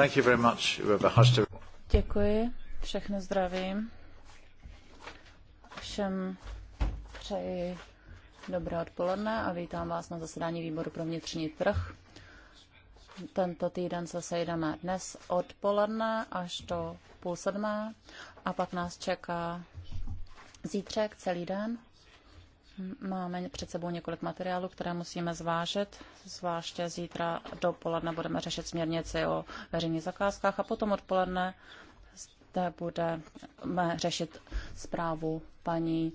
Thank you very much, Děkuji, všechny zdravím. Všem přeji dobré odpoledne a vítám vás na zasedání výboru pro vnitřní trh. Tento týden se sejdeme dnes odpoledne až do půl sedmé a pak nás čeká zítřek celý den Máme před sebou několik materiálů, které musíme zvážet. Zvláště zítra dopoledne budeme řešit směrnici o veřejných zakázkách a potom odpoledne zde budeme řešit zprávu paní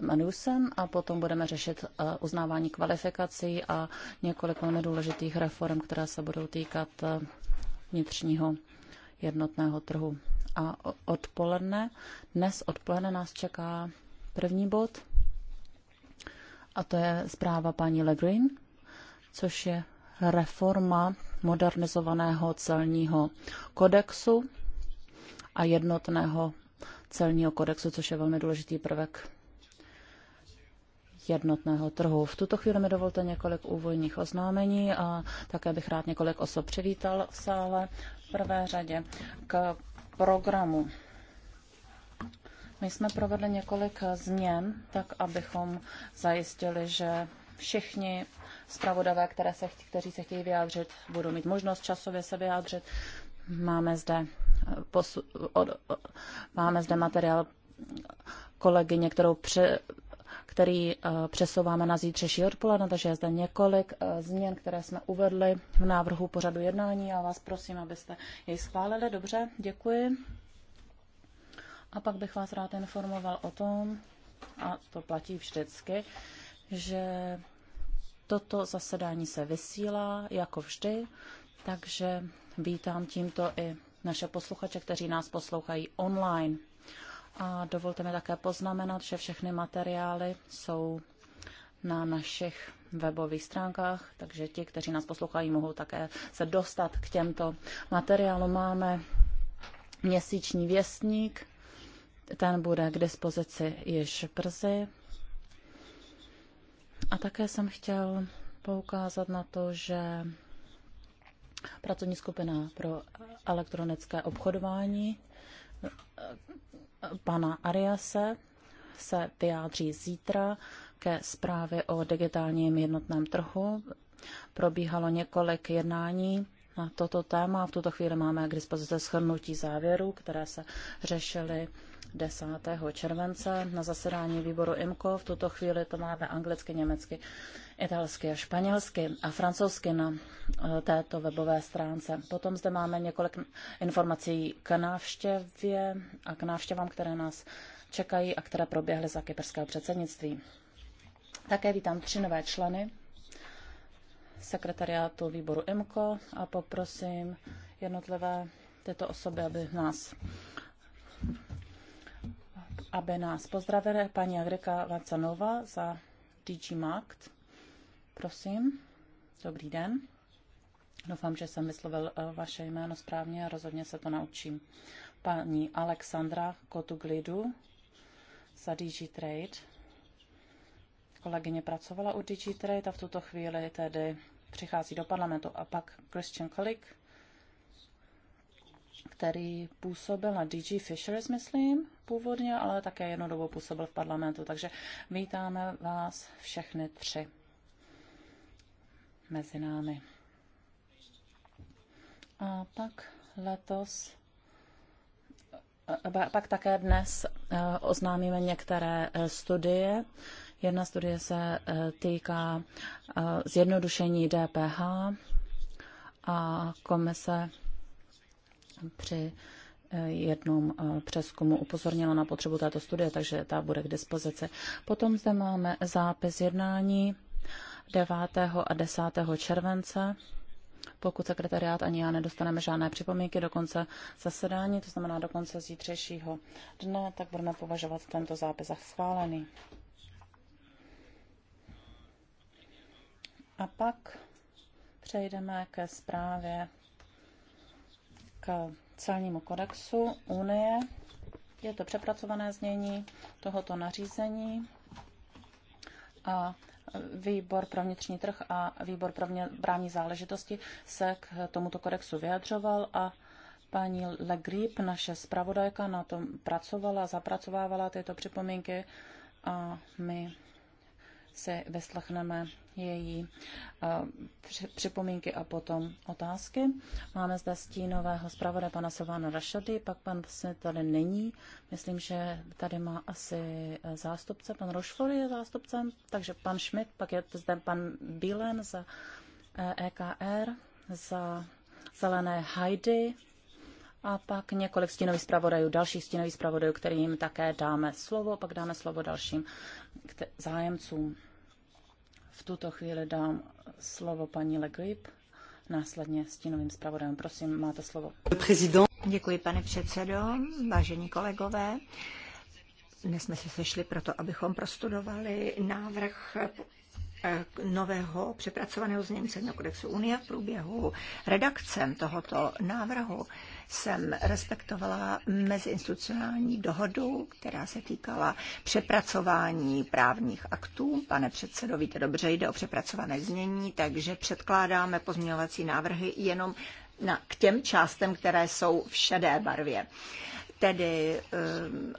Manusen a potom budeme řešit eh, uznávání kvalifikací a několik velmi důležitých reform, které se budou týkat eh, vnitřního jednotného trhu. A odpoledne, dnes odpoledne nás čeká první bod – a to je zpráva paní Legreen, což je reforma modernizovaného celního kodexu a jednotného celního kodexu, což je velmi důležitý prvek jednotného trhu. V tuto chvíli mi dovolte několik úvodních oznámení a také bych rád několik osob přivítal v sále. V prvé řadě k programu my jsme provedli několik změn, tak abychom zajistili, že všichni zpravodavé, které se, kteří se chtějí vyjádřit, budou mít možnost časově se vyjádřit. Máme zde, eh, posu, od, od, máme zde materiál kolegyně, kterou pře, který eh, přesouváme na zítřejší odpoledne, takže je zde několik eh, změn, které jsme uvedli v návrhu pořadu jednání a vás prosím, abyste jej schválili. Dobře, děkuji. A pak bych vás rád informoval o tom, a to platí vždycky, že toto zasedání se vysílá jako vždy, takže vítám tímto i naše posluchače, kteří nás poslouchají online. A dovolte mi také poznamenat, že všechny materiály jsou na našich webových stránkách, takže ti, kteří nás poslouchají, mohou také se dostat k těmto materiálům. Máme měsíční věstník, ten bude k dispozici již brzy. A také jsem chtěl poukázat na to, že pracovní skupina pro elektronické obchodování eh, pana Ariase se vyjádří zítra ke zprávě o digitálním jednotném trhu. Probíhalo několik jednání na toto téma. V tuto chvíli máme k dispozici shrnutí závěrů, které se řešily 10. července na zasedání výboru IMCO. V tuto chvíli to máme anglicky, německy, italsky a španělsky a francouzsky na eh, této webové stránce. Potom zde máme několik informací k návštěvě a k návštěvám, které nás čekají a které proběhly za kyperského předsednictví. Také vítám tři nové členy sekretariátu výboru IMCO a poprosím jednotlivé tyto osoby, aby nás aby nás pozdravila paní Agrika Vacanova za DG Markt. Prosím, dobrý den. Doufám, že jsem vyslovil eh, vaše jméno správně a rozhodně se to naučím. Paní Alexandra Kotuglidu za DG Trade. Kolegyně pracovala u DG Trade a v tuto chvíli tedy přichází do parlamentu. A pak Christian Kolik, který působil na DG Fishers, myslím, původně, ale také jednu dobu působil v parlamentu. Takže vítáme vás všechny tři mezi námi. A pak letos eh, eh, pak také dnes eh, oznámíme některé studie. Jedna studie se týká zjednodušení DPH a komise při jednom eh, přeskumu upozornila na potřebu této studie, takže ta bude k dispozici. Potom zde máme zápis jednání 9. a 10. července. Pokud sekretariát ani já nedostaneme žádné připomínky do konce zasedání, to znamená do konce zítřejšího dne, tak budeme považovat tento zápis za schválený. A pak přejdeme ke zprávě k celnímu kodexu Unie. Je to přepracované znění tohoto nařízení a výbor pro vnitřní trh a výbor pro právní záležitosti se k tomuto kodexu vyjadřoval a paní Le Grip, naše zpravodajka, na tom pracovala, zapracovávala tyto připomínky a my si vyslechneme její eh, připomínky a potom otázky. Máme zde stínového zpravodaje pana Silvána Rašady, pak pan se tady není. Myslím, že tady má asi eh, zástupce, pan Rošfor je zástupcem, takže pan Schmidt, pak je zde pan Bílen za EKR, eh, e za zelené Heidi, a pak několik stínových zpravodajů, dalších stínových zpravodajů, kterým také dáme slovo, pak dáme slovo dalším zájemcům. V tuto chvíli dám slovo paní Grip, následně stínovým zpravodajům. Prosím, máte slovo. Děkuji, pane předsedo, vážení kolegové. Dnes jsme se sešli proto, abychom prostudovali návrh nového přepracovaného znění kodexu Unie v průběhu redakce tohoto návrhu jsem respektovala meziinstitucionální dohodu, která se týkala přepracování právních aktů. Pane předsedo, víte dobře, jde o přepracované znění, takže předkládáme pozměňovací návrhy jenom na, k těm částem, které jsou v šedé barvě. Tedy um,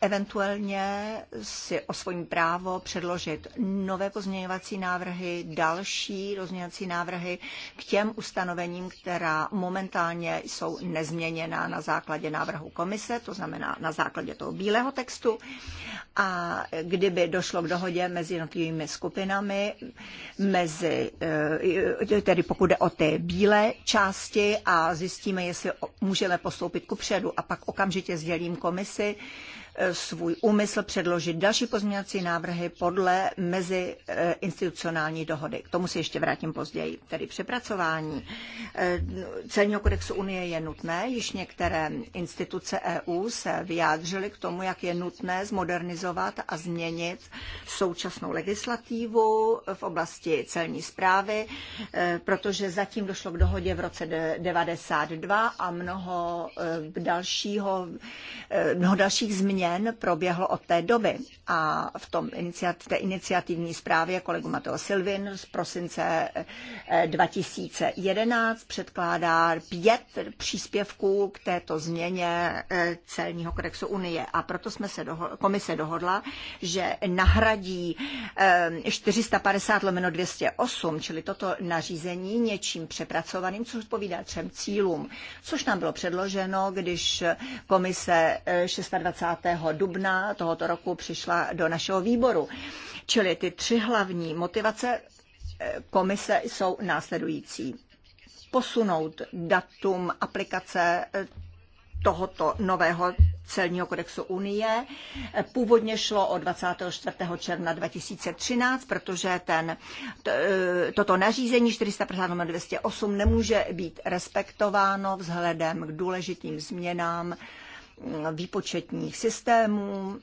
eventuálně si osvojím právo předložit nové pozměňovací návrhy, další rozměňovací návrhy k těm ustanovením, která momentálně jsou nezměněná na základě návrhu komise, to znamená na základě toho bílého textu. A kdyby došlo k dohodě mezi jednotlivými skupinami, mezi, eh, tedy pokud jde o ty bílé části a zjistíme, jestli můžeme postoupit ku předu a pak okamžitě sdělím komisi, svůj úmysl předložit další pozměňovací návrhy podle meziinstitucionální eh, dohody. K tomu se ještě vrátím později, tedy přepracování. Eh, celního kodexu Unie je nutné, již některé instituce EU se vyjádřily k tomu, jak je nutné zmodernizovat a změnit současnou legislativu v oblasti celní zprávy, eh, protože zatím došlo k dohodě v roce 92 a mnoho dalšího, mnoho dalších změn změn proběhlo od té doby a v tom iniciat, té iniciativní zprávě kolegu Mateo Silvin z prosince 2011 eh, předkládá pět příspěvků k této změně eh, celního kodexu Unie. A proto jsme se dohodla, komise dohodla, že nahradí 450 eh, lomeno 208, čili toto nařízení něčím přepracovaným, což odpovídá třem cílům, což nám bylo předloženo, když komise 26. dubna tohoto roku přišla do našeho výboru. Čili ty tři hlavní motivace eh, komise jsou následující. Posunout datum aplikace eh, tohoto nového celního kodexu Unie. Eh, původně šlo o 24. června 2013, protože ten, toto nařízení 408 nemůže být respektováno vzhledem k důležitým změnám mm, výpočetních systémů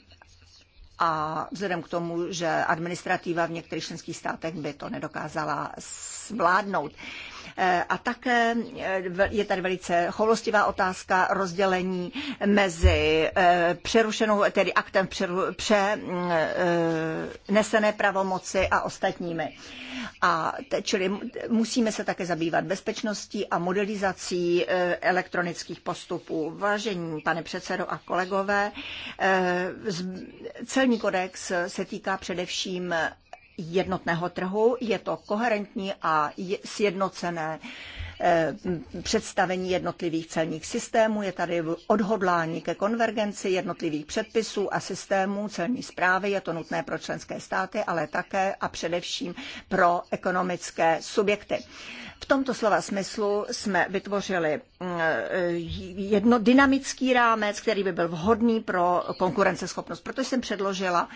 a vzhledem k tomu, že administrativa v některých členských státech by to nedokázala zvládnout. Eh, a také eh, je tady velice choulostivá otázka rozdělení mezi eh, přerušenou, tedy aktem přenesené pravomoci a ostatními. A čili musíme se také zabývat bezpečností a modelizací elektronických postupů. Vážení pane předsedo a kolegové, celní kodex se týká především jednotného trhu. Je to koherentní a sjednocené eh, představení jednotlivých celních systémů, je tady odhodlání ke konvergenci jednotlivých předpisů a systémů celní zprávy, je to nutné pro členské státy, ale také a především pro ekonomické subjekty. V tomto slova smyslu jsme vytvořili eh, jedno dynamický rámec, který by byl vhodný pro konkurenceschopnost. Proto jsem předložila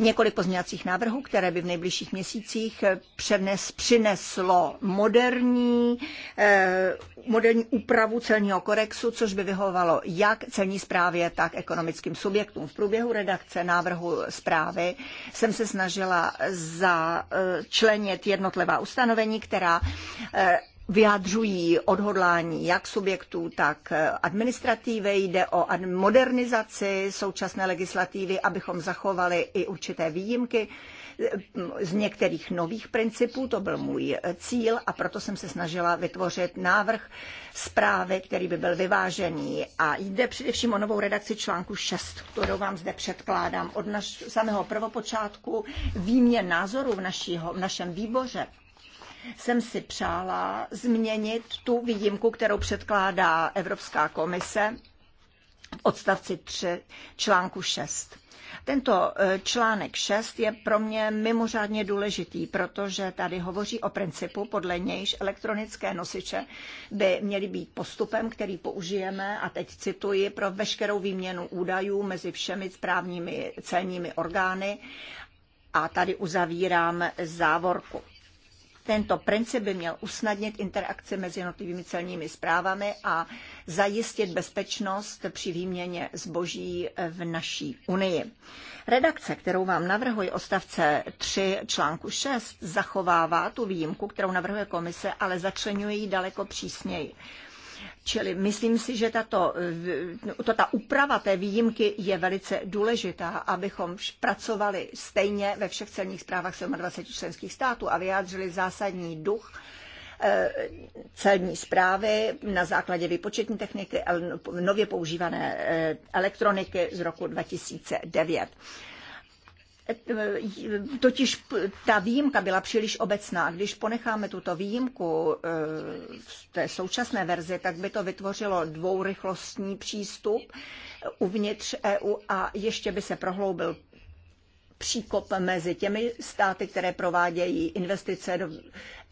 několik pozměňovacích návrhů, které by v nejbližších měsících eh, přenes, přineslo moderní, eh, moderní úpravu celního korexu, což by vyhovovalo jak celní správě, tak ekonomickým subjektům. V průběhu redakce návrhu zprávy jsem se snažila začlenit eh, jednotlivá ustanovení, která eh, vyjadřují odhodlání jak subjektů, tak eh, administrativy. Jde o modernizaci současné legislativy, abychom zachovali i určité výjimky eh, z některých nových principů, to byl můj eh, cíl a proto jsem se snažila vytvořit návrh zprávy, který by byl vyvážený. A jde především o novou redakci článku 6, kterou vám zde předkládám od naš, samého prvopočátku výměn názorů v, našího, v našem výboře jsem si přála změnit tu výjimku, kterou předkládá Evropská komise v odstavci 3 článku 6. Tento e, článek 6 je pro mě mimořádně důležitý, protože tady hovoří o principu, podle nějž elektronické nosiče by měly být postupem, který použijeme, a teď cituji, pro veškerou výměnu údajů mezi všemi správními celními orgány. A tady uzavírám závorku. Tento princip by měl usnadnit interakce mezi jednotlivými celními zprávami a zajistit bezpečnost při výměně zboží v naší Unii. Redakce, kterou vám navrhuji odstavce 3 článku 6, zachovává tu výjimku, kterou navrhuje komise, ale začlenuje ji daleko přísněji. Čili myslím si, že tato, to, ta úprava té výjimky je velice důležitá, abychom pracovali stejně ve všech celních zprávách 27 členských států a vyjádřili zásadní duch eh, celní zprávy na základě výpočetní techniky nově používané eh, elektroniky z roku 2009. Eh, totiž ta výjimka byla příliš obecná. Když ponecháme tuto výjimku eh, v té současné verzi, tak by to vytvořilo dvourychlostní přístup uvnitř EU a ještě by se prohloubil příkop mezi těmi státy, které provádějí investice do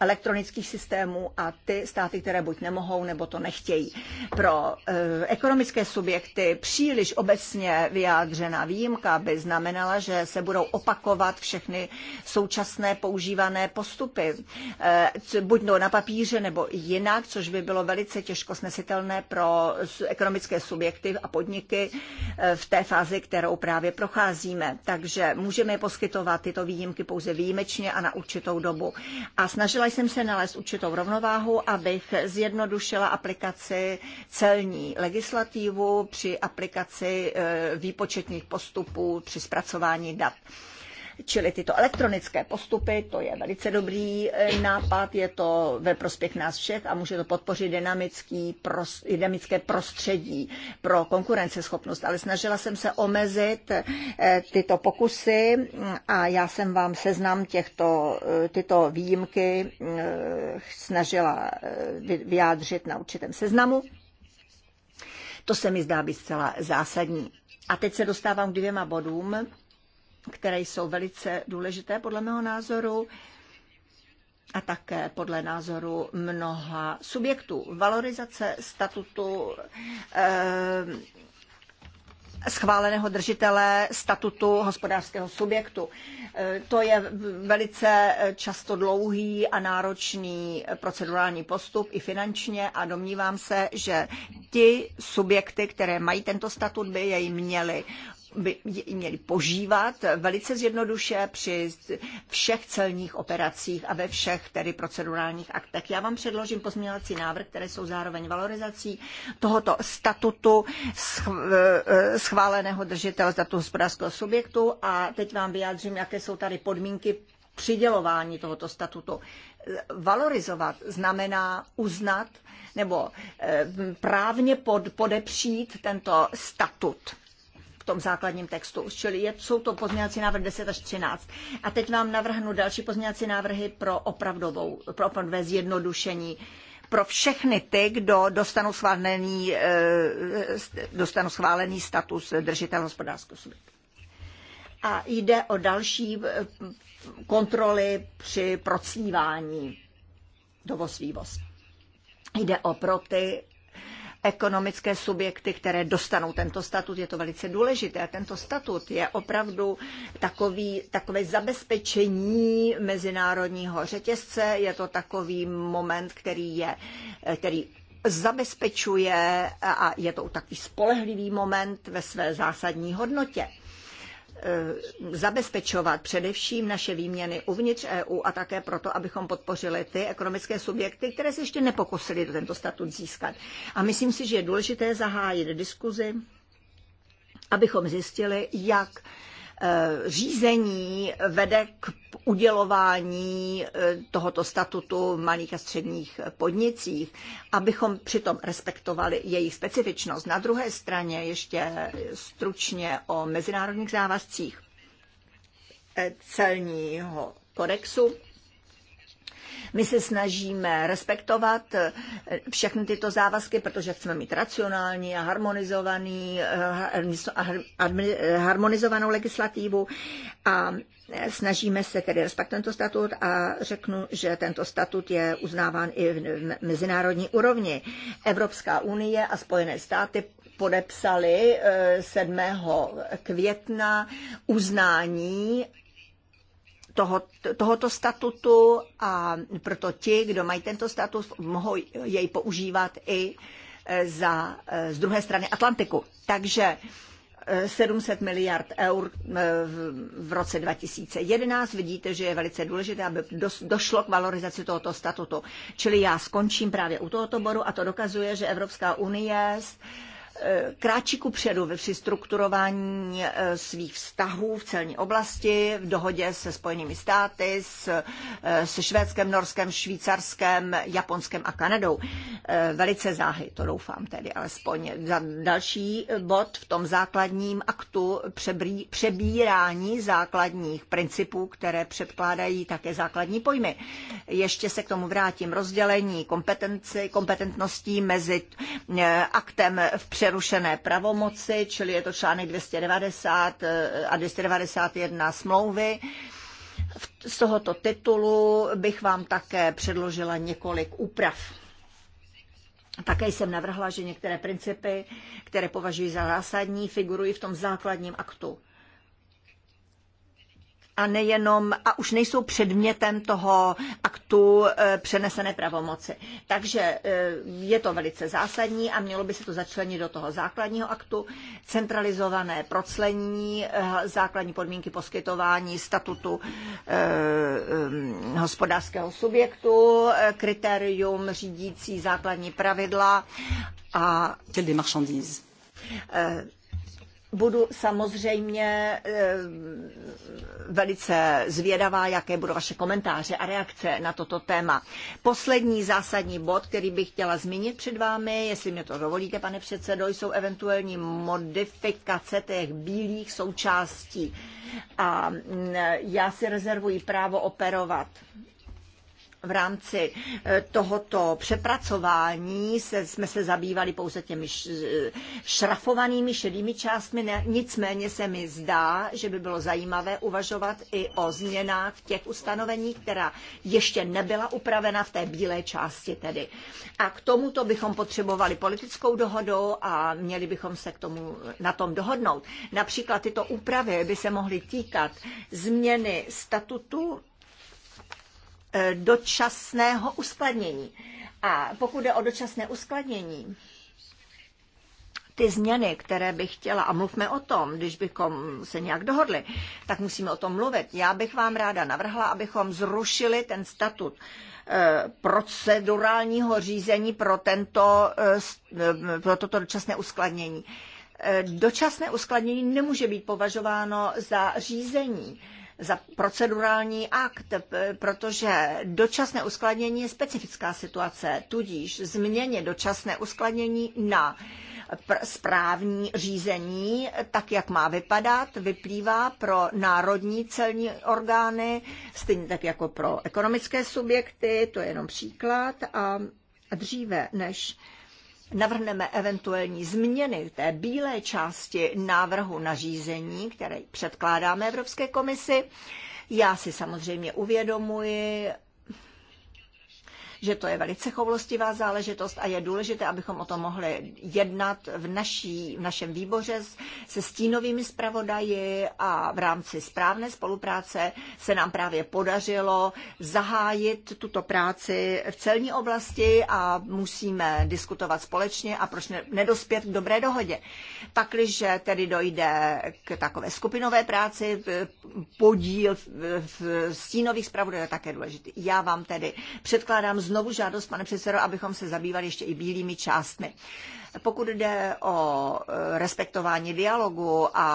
elektronických systémů a ty státy, které buď nemohou, nebo to nechtějí. Pro eh, ekonomické subjekty příliš obecně vyjádřená výjimka by znamenala, že se budou opakovat všechny současné používané postupy, eh, buď no na papíře nebo jinak, což by bylo velice těžko snesitelné pro ekonomické subjekty a podniky eh, v té fázi, kterou právě procházíme. Takže můžeme poskytovat tyto výjimky pouze výjimečně a na určitou dobu. A snažila jsem se nalézt určitou rovnováhu, abych zjednodušila aplikaci celní legislativu při aplikaci eh, výpočetních postupů při zpracování dat. Čili tyto elektronické postupy, to je velice dobrý e, nápad, je to ve prospěch nás všech a může to podpořit dynamický, pros, dynamické prostředí pro konkurenceschopnost. Ale snažila jsem se omezit e, tyto pokusy a já jsem vám seznam těchto, e, tyto výjimky snažila vyjádřit na určitém seznamu. To se mi zdá být zcela zásadní. A teď se dostávám k dvěma bodům, které jsou velice důležité podle mého názoru a také podle názoru mnoha subjektů. Valorizace statutu eh, schváleného držitele statutu hospodářského subjektu. Eh, to je velice často dlouhý a náročný procedurální postup i finančně a domnívám se, že ti subjekty, které mají tento statut, by jej měly by měli požívat velice zjednoduše při všech celních operacích a ve všech tedy procedurálních aktech. Já vám předložím pozměňovací návrh, které jsou zároveň valorizací tohoto statutu eh, schváleného držitele statutu hospodářského subjektu a teď vám vyjádřím, jaké jsou tady podmínky přidělování tohoto statutu. Valorizovat znamená uznat nebo eh, právně pod, podepřít tento statut tom základním textu. Čili je, jsou to pozměňovací návrh 10 až 13. A teď vám navrhnu další pozměňovací návrhy pro, opravdovou, pro opravdové zjednodušení pro všechny ty, kdo dostanou schválený, eh, dostanou schválený status držitel hospodářského subjektu. A jde o další eh, kontroly při procnívání dovoz-vývoz. Jde o pro ty, ekonomické subjekty, které dostanou tento statut. Je to velice důležité. A tento statut je opravdu takový, takové zabezpečení mezinárodního řetězce. Je to takový moment, který je, který zabezpečuje a je to takový spolehlivý moment ve své zásadní hodnotě. Eh, zabezpečovat především naše výměny uvnitř EU a také proto, abychom podpořili ty ekonomické subjekty, které se ještě nepokusili do tento statut získat. A myslím si, že je důležité zahájit diskuzi, abychom zjistili, jak Eh, řízení vede k udělování eh, tohoto statutu v malých a středních podnicích, abychom přitom respektovali jejich specifičnost. Na druhé straně ještě stručně o mezinárodních závazcích eh, celního kodexu my se snažíme respektovat eh, všechny tyto závazky, protože chceme mít racionální a harmonizovaný, eh, eh, harmonizovanou legislativu a snažíme se tedy respektovat tento statut a řeknu, že tento statut je uznáván i v mezinárodní úrovni. Evropská unie a Spojené státy podepsali 7. května uznání toho, tohoto statutu a proto ti, kdo mají tento status, mohou jej používat i e, za, e, z druhé strany Atlantiku. Takže 700 e, miliard eur v roce 2011. Vidíte, že je velice důležité, aby došlo k valorizaci tohoto statutu. Čili já skončím právě u tohoto bodu a to dokazuje, že Evropská unie kráčí ku předu ve strukturování e, svých vztahů v celní oblasti, v dohodě se Spojenými státy, s, e, se Švédskem, Norskem, Švýcarskem, Japonskem a Kanadou. E, velice záhy, to doufám tedy alespoň. Další bod v tom základním aktu přebrí, přebírání základních principů, které předkládají také základní pojmy. Ještě se k tomu vrátím. Rozdělení kompetenci, kompetentností mezi aktem v před přerušené pravomoci, čili je to článek 290 eh, a 291 smlouvy. Z tohoto titulu bych vám také předložila několik úprav. Také jsem navrhla, že některé principy, které považuji za zásadní, figurují v tom základním aktu a nejenom, a už nejsou předmětem toho aktu eh, přenesené pravomoci. Takže eh, je to velice zásadní a mělo by se to začlenit do toho základního aktu, centralizované proclení, eh, základní podmínky poskytování statutu hospodářského subjektu, kritérium řídící základní pravidla a... Quel des marchandises Budu samozřejmě eh, velice zvědavá, jaké budou vaše komentáře a reakce na toto téma. Poslední zásadní bod, který bych chtěla zmínit před vámi, jestli mě to dovolíte, pane předsedo, jsou eventuální modifikace těch bílých součástí. A mm, já si rezervuji právo operovat v rámci eh, tohoto přepracování se, jsme se zabývali pouze těmi eh, šrafovanými šedými částmi, nicméně se mi zdá, že by bylo zajímavé uvažovat i o změnách těch ustanovení, která ještě nebyla upravena v té bílé části tedy. A k tomuto bychom potřebovali politickou dohodu a měli bychom se k tomu na tom dohodnout. Například tyto úpravy by se mohly týkat změny statutu Eh, dočasného uskladnění. A pokud jde o dočasné uskladnění, ty změny, které bych chtěla, a mluvme o tom, když bychom se nějak dohodli, tak musíme o tom mluvit. Já bych vám ráda navrhla, abychom zrušili ten statut eh, procedurálního řízení pro, tento, eh, pro toto dočasné uskladnění. Dočasné uskladnění nemůže být považováno za řízení za procedurální akt, protože dočasné uskladnění je specifická situace, tudíž změně dočasné uskladnění na správní řízení, tak jak má vypadat, vyplývá pro národní celní orgány, stejně tak jako pro ekonomické subjekty, to je jenom příklad. A dříve než navrhneme eventuální změny té bílé části návrhu nařízení, které předkládáme Evropské komisi. Já si samozřejmě uvědomuji že to je velice choulostivá záležitost a je důležité, abychom o tom mohli jednat v, naší, v našem výboře se stínovými zpravodaji a v rámci správné spolupráce se nám právě podařilo zahájit tuto práci v celní oblasti a musíme diskutovat společně a proč nedospět k dobré dohodě. Pakliže tedy dojde k takové skupinové práci, podíl v stínových zpravodajů je také důležitý. Já vám tedy předkládám znovu žádost, pane předsedo, abychom se zabývali ještě i bílými částmi. Pokud jde o eh, respektování dialogu a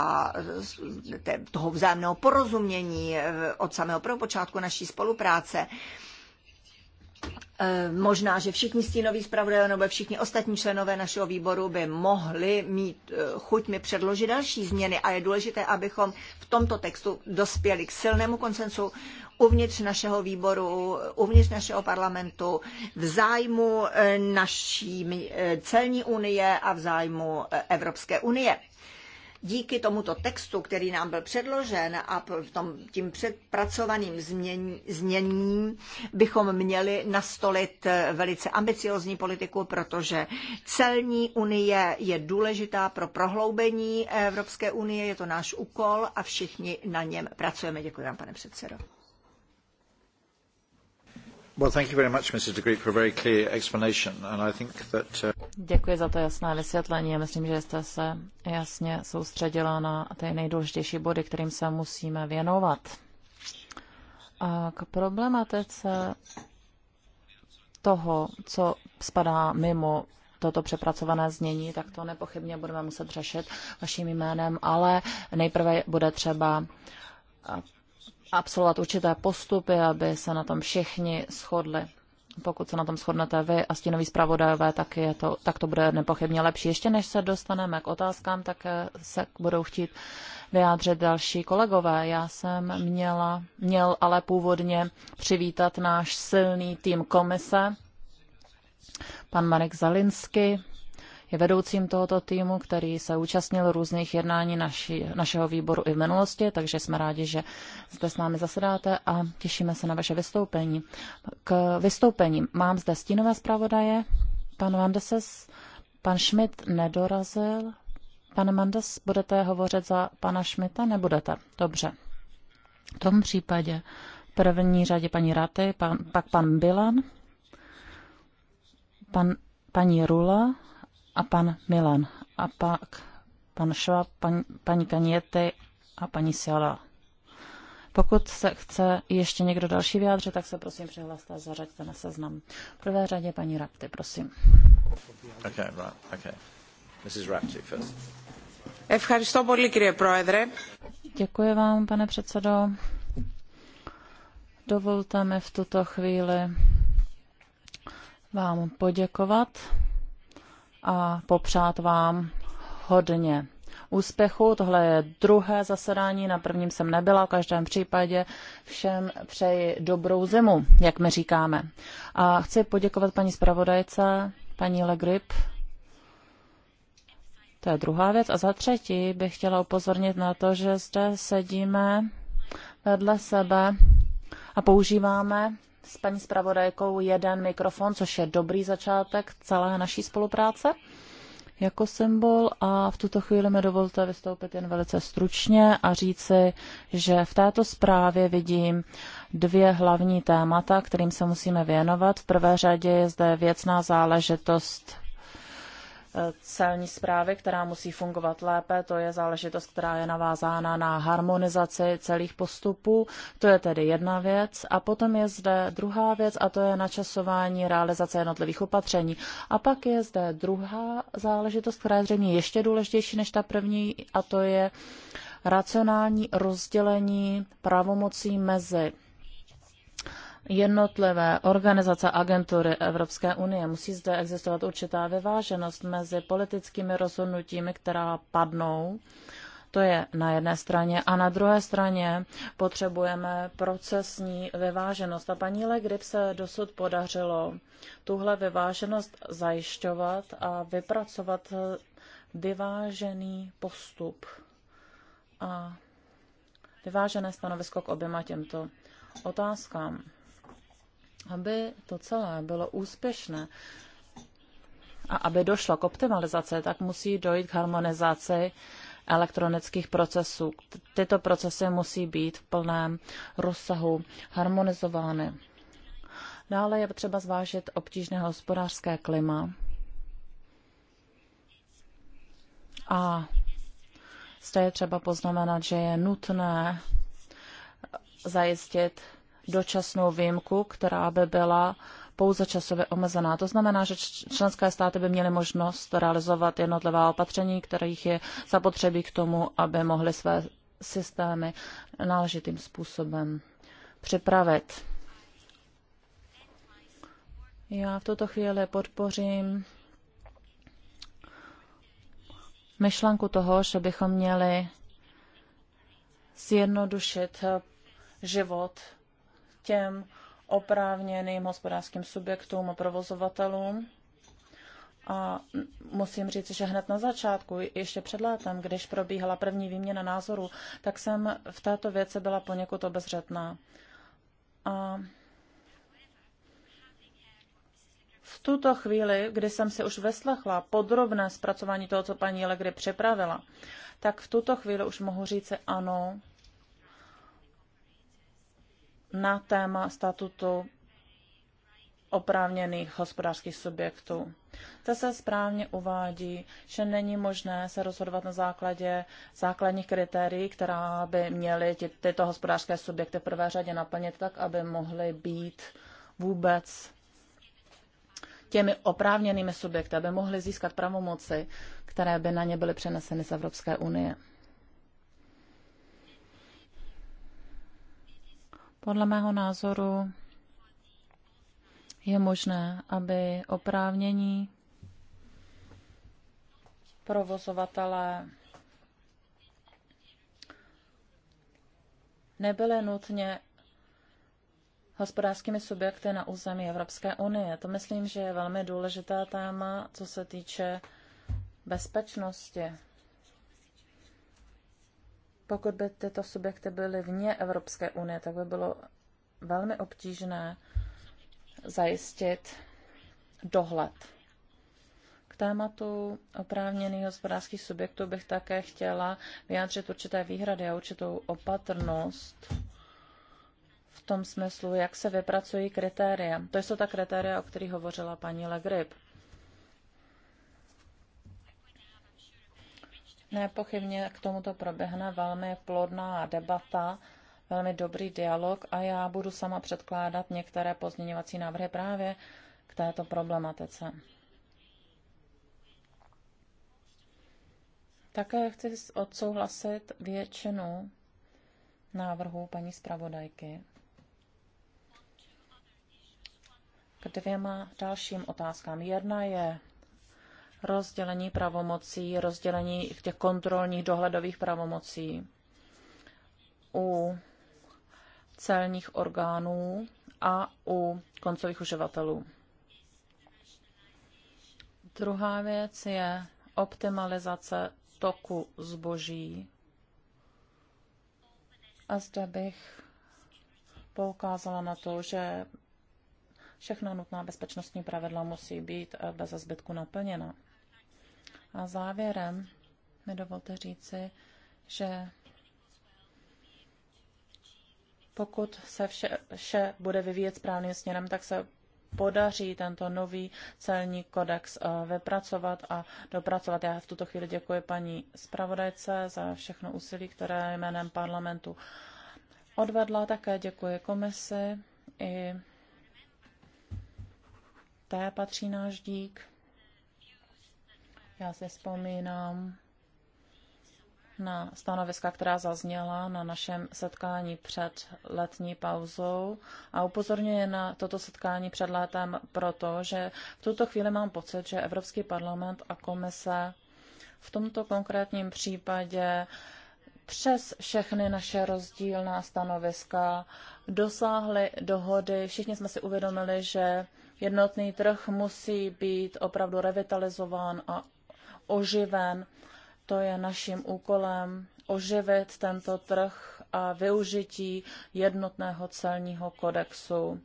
eh, toho vzájemného porozumění eh, od samého prvopočátku naší spolupráce, Eh, možná, že všichni stínoví zpravodajové nebo všichni ostatní členové našeho výboru by mohli mít eh, chuť mi předložit další změny a je důležité, abychom v tomto textu dospěli k silnému koncensu uvnitř našeho výboru, uvnitř našeho parlamentu, v zájmu eh, naší celní unie a v zájmu Evropské unie díky tomuto textu, který nám byl předložen a tom, tím předpracovaným změn, změním bychom měli nastolit eh, velice ambiciozní politiku, protože celní unie je důležitá pro prohloubení Evropské unie, je to náš úkol a všichni na něm pracujeme. Děkuji vám, pane předsedo. Děkuji za to jasné vysvětlení. Já myslím, že jste se jasně soustředila na ty nejdůležitější body, kterým se musíme věnovat. A k problematice toho, co spadá mimo toto přepracované znění, tak to nepochybně budeme muset řešit vaším jménem, ale nejprve bude třeba absolvovat určité postupy, aby se na tom všichni shodli. Pokud se na tom shodnete vy a stínoví zpravodajové, tak, je to, tak to bude nepochybně lepší. Ještě než se dostaneme k otázkám, tak eh, se budou chtít vyjádřit další kolegové. Já jsem měla, měl ale původně přivítat náš silný tým komise, pan Marek Zalinsky, je vedoucím tohoto týmu, který se účastnil různých jednání naši, našeho výboru i v minulosti, takže jsme rádi, že zde s námi zasedáte a těšíme se na vaše vystoupení. K vystoupení mám zde stínové zpravodaje, pan Vandeses, pan Schmidt nedorazil. Pane Mandes, budete hovořit za pana Schmidta? Nebudete. Dobře. V tom případě v první řadě paní Raty, pan, pak pan Bilan, pan, paní Rula a pan Milan a pak pan Šva, pan, paní Kaněty a paní Siala. Pokud se chce ještě někdo další vyjádřit, tak se prosím přihlaste a zařaďte na seznam. V prvé řadě paní Rapty, prosím. Okay, right, okay. Mrs. Rapti first. Děkuji vám, pane předsedo. Dovolte mi v tuto chvíli vám poděkovat a popřát vám hodně úspěchu. Tohle je druhé zasedání, na prvním jsem nebyla, v každém případě všem přeji dobrou zimu, jak my říkáme. A chci poděkovat paní zpravodajce, paní Legrip. To je druhá věc. A za třetí bych chtěla upozornit na to, že zde sedíme vedle sebe a používáme s paní zpravodajkou jeden mikrofon, což je dobrý začátek celé naší spolupráce jako symbol a v tuto chvíli mi dovolte vystoupit jen velice stručně a říci, že v této zprávě vidím dvě hlavní témata, kterým se musíme věnovat. V prvé řadě je zde věcná záležitost celní zprávy, která musí fungovat lépe. To je záležitost, která je navázána na harmonizaci celých postupů. To je tedy jedna věc. A potom je zde druhá věc a to je načasování realizace jednotlivých opatření. A pak je zde druhá záležitost, která je zřejmě ještě důležitější než ta první a to je racionální rozdělení pravomocí mezi jednotlivé organizace agentury Evropské unie. Musí zde existovat určitá vyváženost mezi politickými rozhodnutími, která padnou, to je na jedné straně. A na druhé straně potřebujeme procesní vyváženost. A paní Legrip se dosud podařilo tuhle vyváženost zajišťovat a vypracovat vyvážený postup a vyvážené stanovisko k oběma těmto otázkám aby to celé bylo úspěšné a aby došlo k optimalizaci, tak musí dojít k harmonizaci elektronických procesů. Tyto procesy musí být v plném rozsahu harmonizovány. Dále je třeba zvážit obtížné hospodářské klima a zde je třeba poznamenat, že je nutné zajistit dočasnou výjimku, která by byla pouze časově omezená. To znamená, že členské státy by měly možnost realizovat jednotlivá opatření, kterých je zapotřebí k tomu, aby mohly své systémy náležitým způsobem připravit. Já v tuto chvíli podpořím myšlenku toho, že bychom měli zjednodušit život těm oprávněným hospodářským subjektům a provozovatelům. A musím říct, že hned na začátku, ještě před létem, když probíhala první výměna názorů, tak jsem v této věci byla poněkud obezřetná. A v tuto chvíli, kdy jsem si už vyslechla podrobné zpracování toho, co paní Legry připravila, tak v tuto chvíli už mohu říci ano, na téma statutu oprávněných hospodářských subjektů. To se správně uvádí, že není možné se rozhodovat na základě základních kritérií, která by měly ty, tyto hospodářské subjekty v prvé řadě naplnit tak, aby mohly být vůbec těmi oprávněnými subjekty, aby mohly získat pravomoci, které by na ně byly přeneseny z Evropské unie. Podle mého názoru je možné, aby oprávnění provozovatele nebyly nutně hospodářskými subjekty na území Evropské unie. To myslím, že je velmi důležité téma, co se týče bezpečnosti pokud by tyto subjekty byly vně Evropské unie, tak by bylo velmi obtížné zajistit dohled. K tématu oprávněných hospodářských subjektů bych také chtěla vyjádřit určité výhrady a určitou opatrnost v tom smyslu, jak se vypracují kritéria. To jsou ta kritéria, o kterých hovořila paní Legrip. Nepochybně k tomuto proběhne velmi plodná debata, velmi dobrý dialog a já budu sama předkládat některé pozměňovací návrhy právě k této problematice. Také chci odsouhlasit většinu návrhů paní zpravodajky k dvěma dalším otázkám. Jedna je rozdělení pravomocí, rozdělení těch kontrolních dohledových pravomocí u celních orgánů a u koncových uživatelů. Druhá věc je optimalizace toku zboží. A zde bych poukázala na to, že všechna nutná bezpečnostní pravidla musí být eh, bez zbytku naplněna. A závěrem mi dovolte říci, že pokud se vše, vše bude vyvíjet správným směrem, tak se podaří tento nový celní kodex eh, vypracovat a dopracovat. Já v tuto chvíli děkuji paní zpravodajce za všechno úsilí, které jménem parlamentu odvedla. Také děkuji komisi i té patří náš dík. Já si vzpomínám na stanoviska, která zazněla na našem setkání před letní pauzou a upozorňuje na toto setkání před létem proto, že v tuto chvíli mám pocit, že Evropský parlament a komise v tomto konkrétním případě přes všechny naše rozdílná stanoviska dosáhly dohody. Všichni jsme si uvědomili, že jednotný trh musí být opravdu revitalizován a oživen. To je naším úkolem oživit tento trh a využití jednotného celního kodexu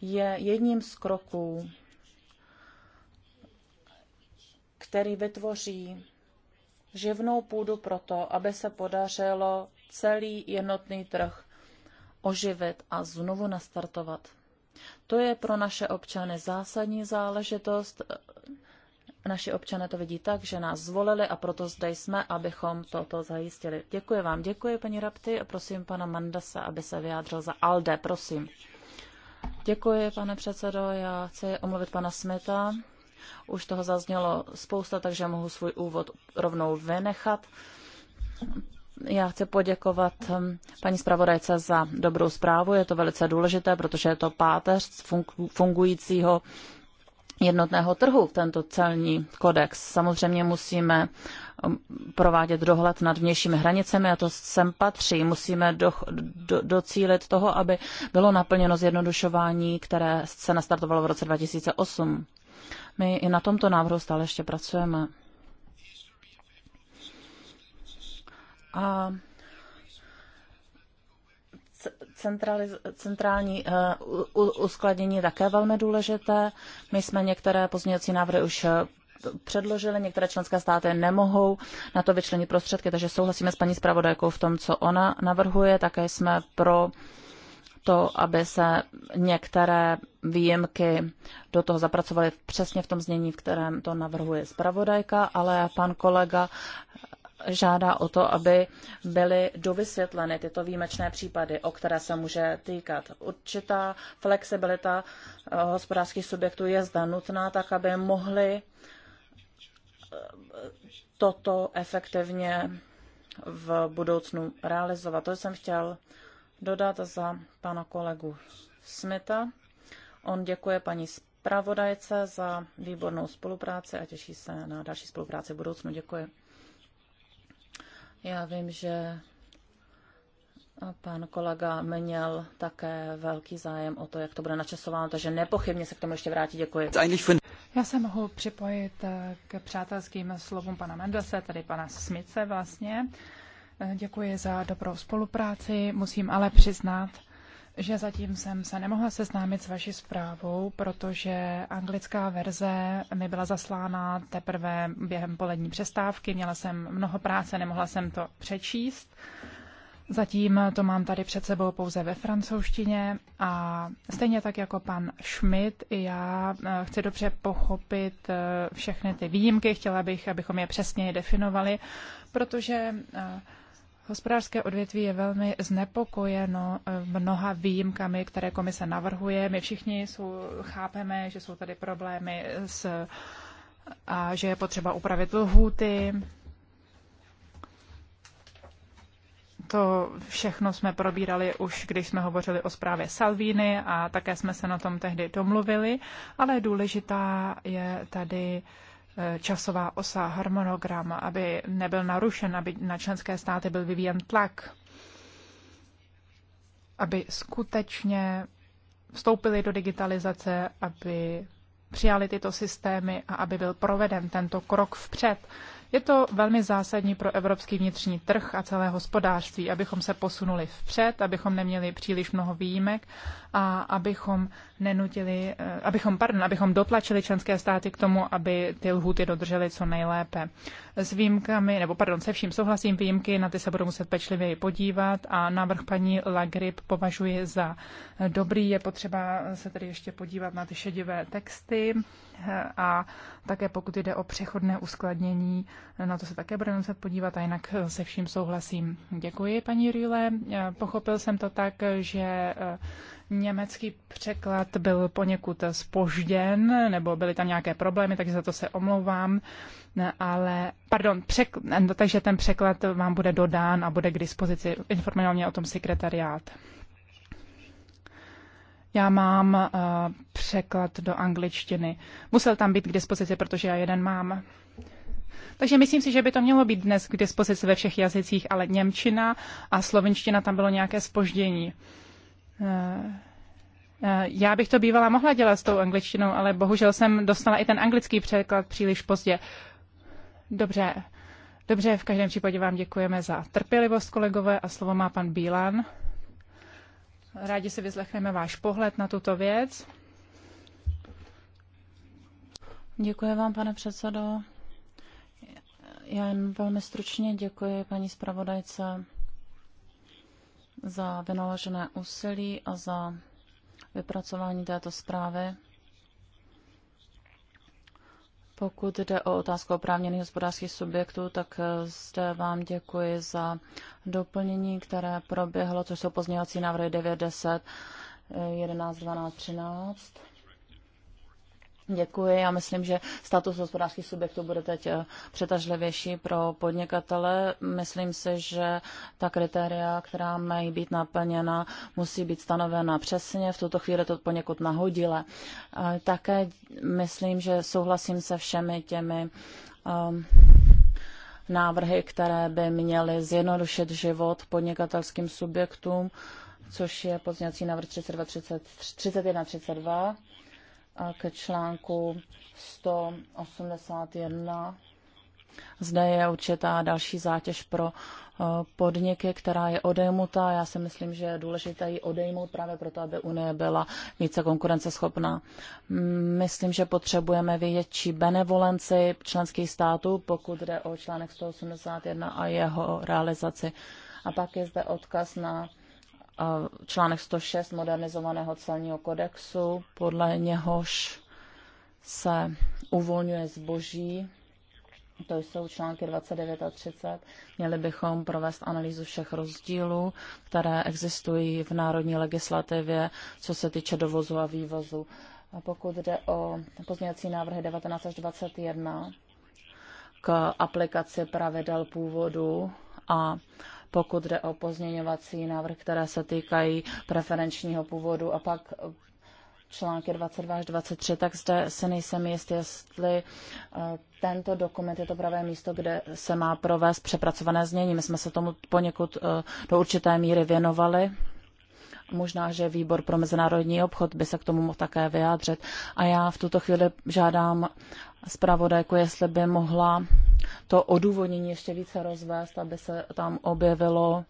je jedním z kroků, který vytvoří živnou půdu pro to, aby se podařilo celý jednotný trh oživit a znovu nastartovat. To je pro naše občany zásadní záležitost. Naši občané to vidí tak, že nás zvolili a proto zde jsme, abychom toto zajistili. Děkuji vám, děkuji paní Rapty a prosím pana Mandasa, aby se vyjádřil za ALDE, prosím. Děkuji, pane předsedo. Já chci omluvit pana Smita. Už toho zaznělo spousta, takže mohu svůj úvod rovnou vynechat. Já chci poděkovat hm, paní zpravodajce za dobrou zprávu. Je to velice důležité, protože je to páteř fungujícího jednotného trhu, tento celní kodex. Samozřejmě musíme um, provádět dohled nad vnějšími hranicemi a to sem patří. Musíme do, do, docílit toho, aby bylo naplněno zjednodušování, které se nastartovalo v roce 2008. My i na tomto návrhu stále ještě pracujeme. A centrální uh, uskladnění je také velmi důležité. My jsme některé pozměňovací návrhy už eh, předložili, některé členské státy nemohou na to vyčlenit prostředky, takže souhlasíme s paní zpravodajkou v tom, co ona navrhuje. Také jsme pro to, aby se některé výjimky do toho zapracovaly přesně v tom znění, v kterém to navrhuje zpravodajka, ale pan kolega žádá o to, aby byly dovysvětleny tyto výjimečné případy, o které se může týkat. Určitá flexibilita eh, hospodářských subjektů je zda nutná, tak aby mohli eh, toto efektivně v budoucnu realizovat. To jsem chtěl dodat za pana kolegu Smita. On děkuje paní zpravodajce za výbornou spolupráci a těší se na další spolupráci v budoucnu. Děkuji. Já vím, že pan kolega měl také velký zájem o to, jak to bude načasováno, takže nepochybně se k tomu ještě vrátí. Děkuji. Já se mohu připojit eh, k přátelským slovům pana Mendelse, tedy pana Smice vlastně. Eh, Děkuji za dobrou spolupráci. Musím ale přiznat, že zatím jsem se nemohla seznámit s vaší zprávou, protože anglická verze mi byla zaslána teprve během polední přestávky. Měla jsem mnoho práce, nemohla jsem to přečíst. Zatím to mám tady před sebou pouze ve francouzštině a stejně tak jako pan Schmidt, i já eh, chci dobře pochopit eh, všechny ty výjimky, chtěla bych, abychom je přesněji definovali, protože eh, Hospodářské odvětví je velmi znepokojeno eh, mnoha výjimkami, které komise navrhuje. My všichni jsou, chápeme, že jsou tady problémy s, a že je potřeba upravit lhůty. To všechno jsme probírali už, když jsme hovořili o zprávě Salvíny a také jsme se na tom tehdy domluvili, ale důležitá je tady časová osa, harmonogram, aby nebyl narušen, aby na členské státy byl vyvíjen tlak, aby skutečně vstoupili do digitalizace, aby přijali tyto systémy a aby byl proveden tento krok vpřed. Je to velmi zásadní pro evropský vnitřní trh a celé hospodářství, abychom se posunuli vpřed, abychom neměli příliš mnoho výjimek a abychom nenutili, eh, abychom, pardon, abychom dotlačili členské státy k tomu, aby ty lhuty dodržely co nejlépe. S výjimkami, nebo pardon, se vším souhlasím, výjimky na ty se budou muset pečlivěji podívat a návrh paní Lagrip považuji za eh, dobrý. Je potřeba se tedy ještě podívat na ty šedivé texty eh, a také pokud jde o přechodné uskladnění, na to se také budeme muset podívat a jinak se vším souhlasím. Děkuji, paní Rýle. Pochopil jsem to tak, že Německý překlad byl poněkud spožděn, nebo byly tam nějaké problémy, takže za to se omlouvám. Ale, pardon, přek, takže ten překlad vám bude dodán a bude k dispozici. Informoval mě o tom sekretariát. Já mám uh, překlad do angličtiny. Musel tam být k dispozici, protože já jeden mám. Takže myslím si, že by to mělo být dnes k dispozici ve všech jazycích, ale Němčina a slovenština tam bylo nějaké spoždění. Uh, Eh, eh, já bych to bývala mohla dělat s tou angličtinou, ale bohužel jsem dostala i ten anglický překlad příliš pozdě. Dobře, dobře, v každém případě vám děkujeme za trpělivost, kolegové, a slovo má pan Bílan. Rádi si vyslechneme váš pohled na tuto věc. Děkuji vám, pane předsedo. Já jen velmi stručně děkuji paní zpravodajce za vynaložené úsilí a za vypracování této zprávy. Pokud jde o otázku oprávněných hospodářských subjektů, tak eh, zde vám děkuji za doplnění, které proběhlo, což jsou pozměňovací návrhy 9, 10, 11, 12, 13. Děkuji. Já myslím, že status hospodářských subjektů bude teď eh, přetažlivější pro podnikatele. Myslím si, že ta kritéria, která mají být naplněna, musí být stanovena přesně. V tuto chvíli to poněkud nahodile. Eh, také myslím, že souhlasím se všemi těmi um, návrhy, které by měly zjednodušit život podnikatelským subjektům, což je pozněcí návrh 32, 30, 31, 32 k článku 181. Zde je určitá další zátěž pro eh, podniky, která je odejmutá. Já si myslím, že je důležité ji odejmout právě proto, aby Unie byla více konkurenceschopná. Myslím, že potřebujeme větší benevolenci členských států, pokud jde o článek 181 a jeho realizaci. A pak je zde odkaz na Eh, článek 106 modernizovaného celního kodexu, podle něhož se uvolňuje zboží. To jsou články 29 a 30. Měli bychom provést analýzu všech rozdílů, které existují v národní legislativě, co se týče dovozu a vývozu. A pokud jde o pozměňovací návrhy 19 až 21 k aplikaci pravidel původu a pokud jde o pozměňovací návrh, které se týkají preferenčního původu a pak články 22 až 23, tak zde se nejsem jist, jestli eh, tento dokument je to pravé místo, kde se má provést přepracované znění. My jsme se tomu poněkud eh, do určité míry věnovali Možná, že výbor pro mezinárodní obchod by se k tomu mohl také vyjádřit. A já v tuto chvíli žádám zpravodajku, jestli by mohla to odůvodnění ještě více rozvést, aby se tam objevilo,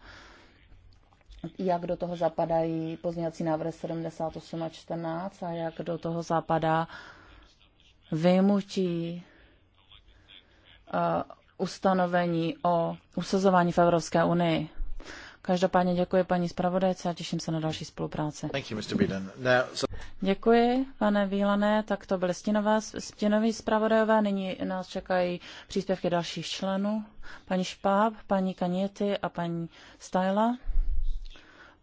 jak do toho zapadají pozměňovací návrhy 78 a 14 a jak do toho zapadá vymutí uh, eh, ustanovení o usazování v Evropské unii. Každopádně děkuji paní zpravodajce a těším se na další spolupráce. You, Now, so... Děkuji, pane Výlané. Tak to byly stinové, stínoví zpravodajové. Nyní nás čekají příspěvky dalších členů. Paní Špáb, paní Kaněty a paní Stajla.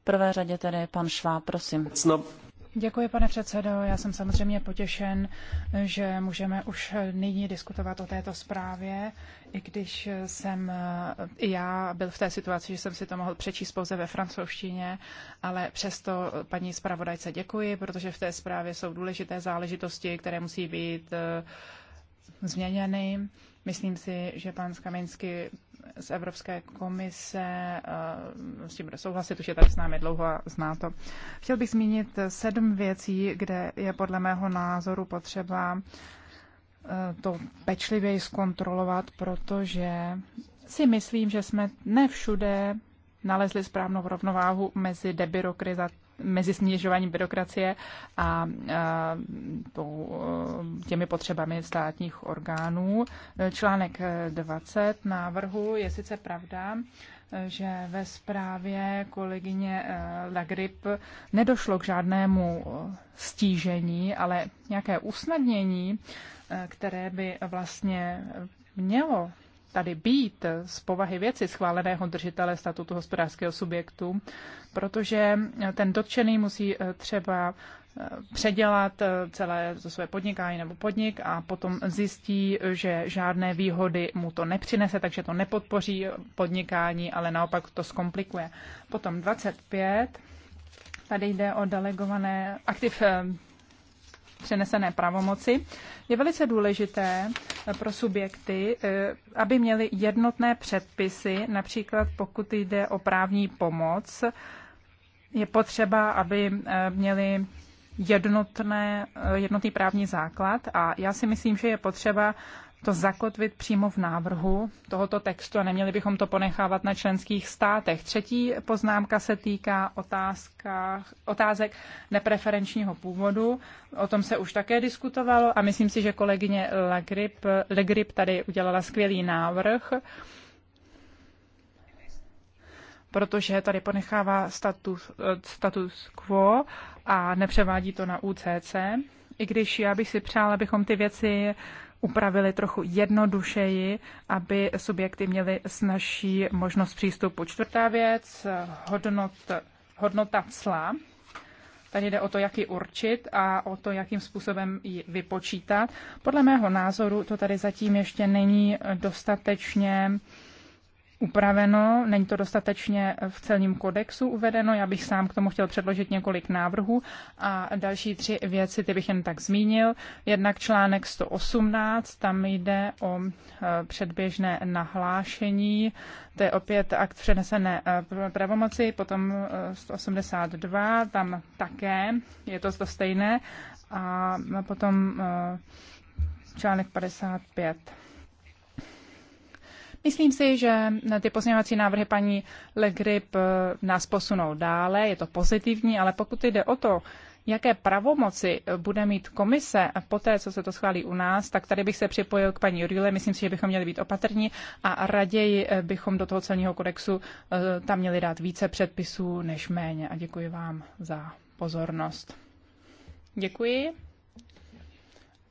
V prvé řadě tedy pan Šváb, prosím. No. Děkuji, pane předsedo. Já jsem samozřejmě potěšen, že můžeme už nyní diskutovat o této zprávě, i když jsem i já byl v té situaci, že jsem si to mohl přečíst pouze ve francouzštině, ale přesto paní zpravodajce děkuji, protože v té zprávě jsou důležité záležitosti, které musí být eh, změněny. Myslím si, že pan Skaminsky z Evropské komise eh, s tím bude souhlasit, už je tady s námi dlouho a zná to. Chtěl bych zmínit sedm věcí, kde je podle mého názoru potřeba eh, to pečlivěji zkontrolovat, protože si myslím, že jsme nevšude nalezli správnou rovnováhu mezi mezi snižováním byrokracie a e, těmi potřebami státních orgánů. E, článek 20 e, návrhu je sice pravda, že ve zprávě kolegyně Lagrip nedošlo k žádnému stížení, ale nějaké usnadnění, které by vlastně mělo tady být z povahy věci schváleného držitele statutu hospodářského subjektu, protože ten dotčený musí eh, třeba eh, předělat eh, celé to své podnikání nebo podnik a potom zjistí, že žádné výhody mu to nepřinese, takže to nepodpoří podnikání, ale naopak to zkomplikuje. Potom 25. Tady jde o delegované aktiv přenesené pravomoci, je velice důležité pro subjekty, aby měly jednotné předpisy, například pokud jde o právní pomoc, je potřeba, aby eh, měli jednotné, eh, jednotný právní základ a já si myslím, že je potřeba to zakotvit přímo v návrhu tohoto textu a neměli bychom to ponechávat na členských státech. Třetí poznámka se týká otázka, otázek nepreferenčního původu. O tom se už také diskutovalo a myslím si, že kolegyně Legrip, Legrip tady udělala skvělý návrh protože tady ponechává status, status quo a nepřevádí to na UCC. I když já bych si přál, abychom ty věci upravili trochu jednodušeji, aby subjekty měly snažší možnost přístupu. Čtvrtá věc, hodnot, hodnota cla. Tady jde o to, jak ji určit a o to, jakým způsobem ji vypočítat. Podle mého názoru to tady zatím ještě není dostatečně uh, upraveno, není to dostatečně v celním kodexu uvedeno. Já bych sám k tomu chtěl předložit několik návrhů a další tři věci, ty bych jen tak zmínil. Jednak článek 118, tam jde o e, předběžné nahlášení, to je opět akt přenesené e, pravomoci, potom 182, e, tam také je to to stejné a potom článek 55. Myslím si, že ty pozměňovací návrhy paní Legrip eh, nás posunou dále, je to pozitivní, ale pokud jde o to, jaké pravomoci eh, bude mít komise po poté, co se to schválí u nás, tak tady bych se připojil k paní Jurile. Myslím si, že bychom měli být opatrní a raději eh, bychom do toho celního kodexu tam měli dát více předpisů než méně. A děkuji vám za pozornost. Děkuji.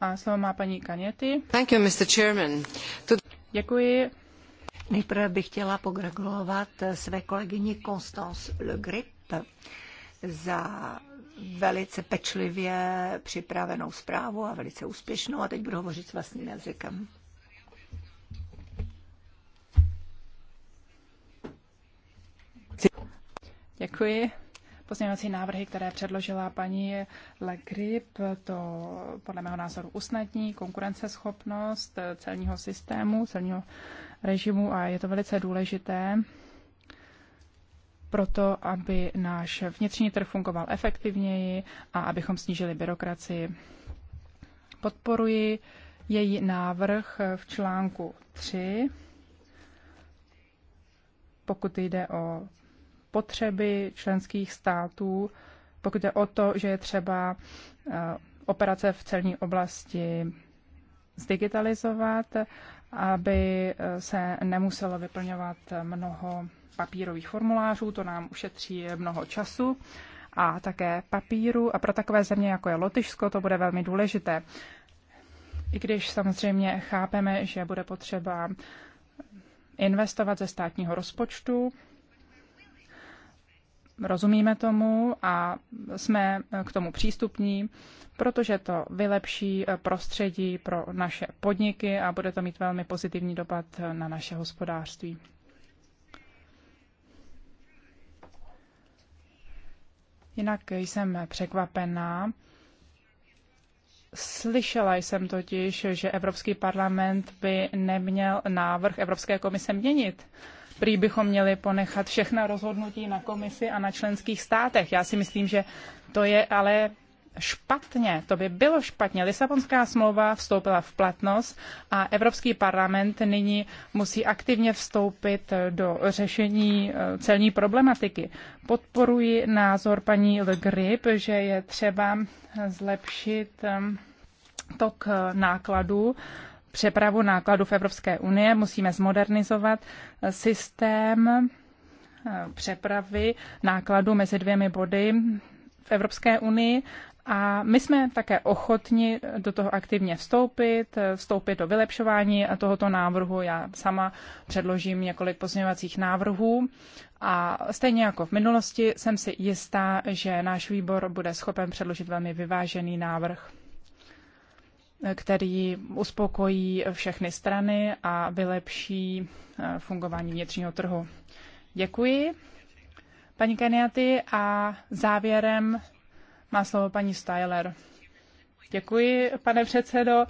A slovo má paní Kaněty. Thank you, Mr. Chairman. To... Děkuji. Nejprve bych chtěla pogratulovat své kolegyni Constance Le Grip za velice pečlivě připravenou zprávu a velice úspěšnou. A teď budu hovořit s vlastním jazykem. Děkuji. Pozměňovací návrhy, které předložila paní Le Grip, to podle mého názoru usnadní konkurenceschopnost celního systému, celního režimu a je to velice důležité proto, aby náš vnitřní trh fungoval efektivněji a abychom snížili byrokracii. Podporuji její návrh v článku 3, pokud jde o potřeby členských států, pokud jde o to, že je třeba eh, operace v celní oblasti zdigitalizovat aby eh, se nemuselo vyplňovat mnoho papírových formulářů, to nám ušetří mnoho času a také papíru. A pro takové země, jako je Lotyšsko, to bude velmi důležité. I když samozřejmě chápeme, že bude potřeba investovat ze státního rozpočtu, rozumíme tomu a jsme k tomu přístupní, protože to vylepší prostředí pro naše podniky a bude to mít velmi pozitivní dopad na naše hospodářství. Jinak jsem překvapená. Slyšela jsem totiž, že Evropský parlament by neměl návrh Evropské komise měnit prý bychom měli ponechat všechna rozhodnutí na komisi a na členských státech. Já si myslím, že to je ale špatně, to by bylo špatně. Lisabonská smlouva vstoupila v platnost a Evropský parlament nyní musí aktivně vstoupit do řešení eh, celní problematiky. Podporuji názor paní Le Grip, že je třeba zlepšit ehm, tok eh, nákladů přepravu nákladů v Evropské unie. Musíme zmodernizovat eh, systém eh, přepravy nákladů mezi dvěmi body v Evropské unii a my jsme také ochotni do toho aktivně vstoupit, eh, vstoupit do vylepšování tohoto návrhu. Já sama předložím několik pozměňovacích návrhů a stejně jako v minulosti jsem si jistá, že náš výbor bude schopen předložit velmi vyvážený návrh který uspokojí všechny strany a vylepší eh, fungování vnitřního trhu. Děkuji, paní Keniaty, a závěrem má slovo paní Styler. Děkuji, pane předsedo.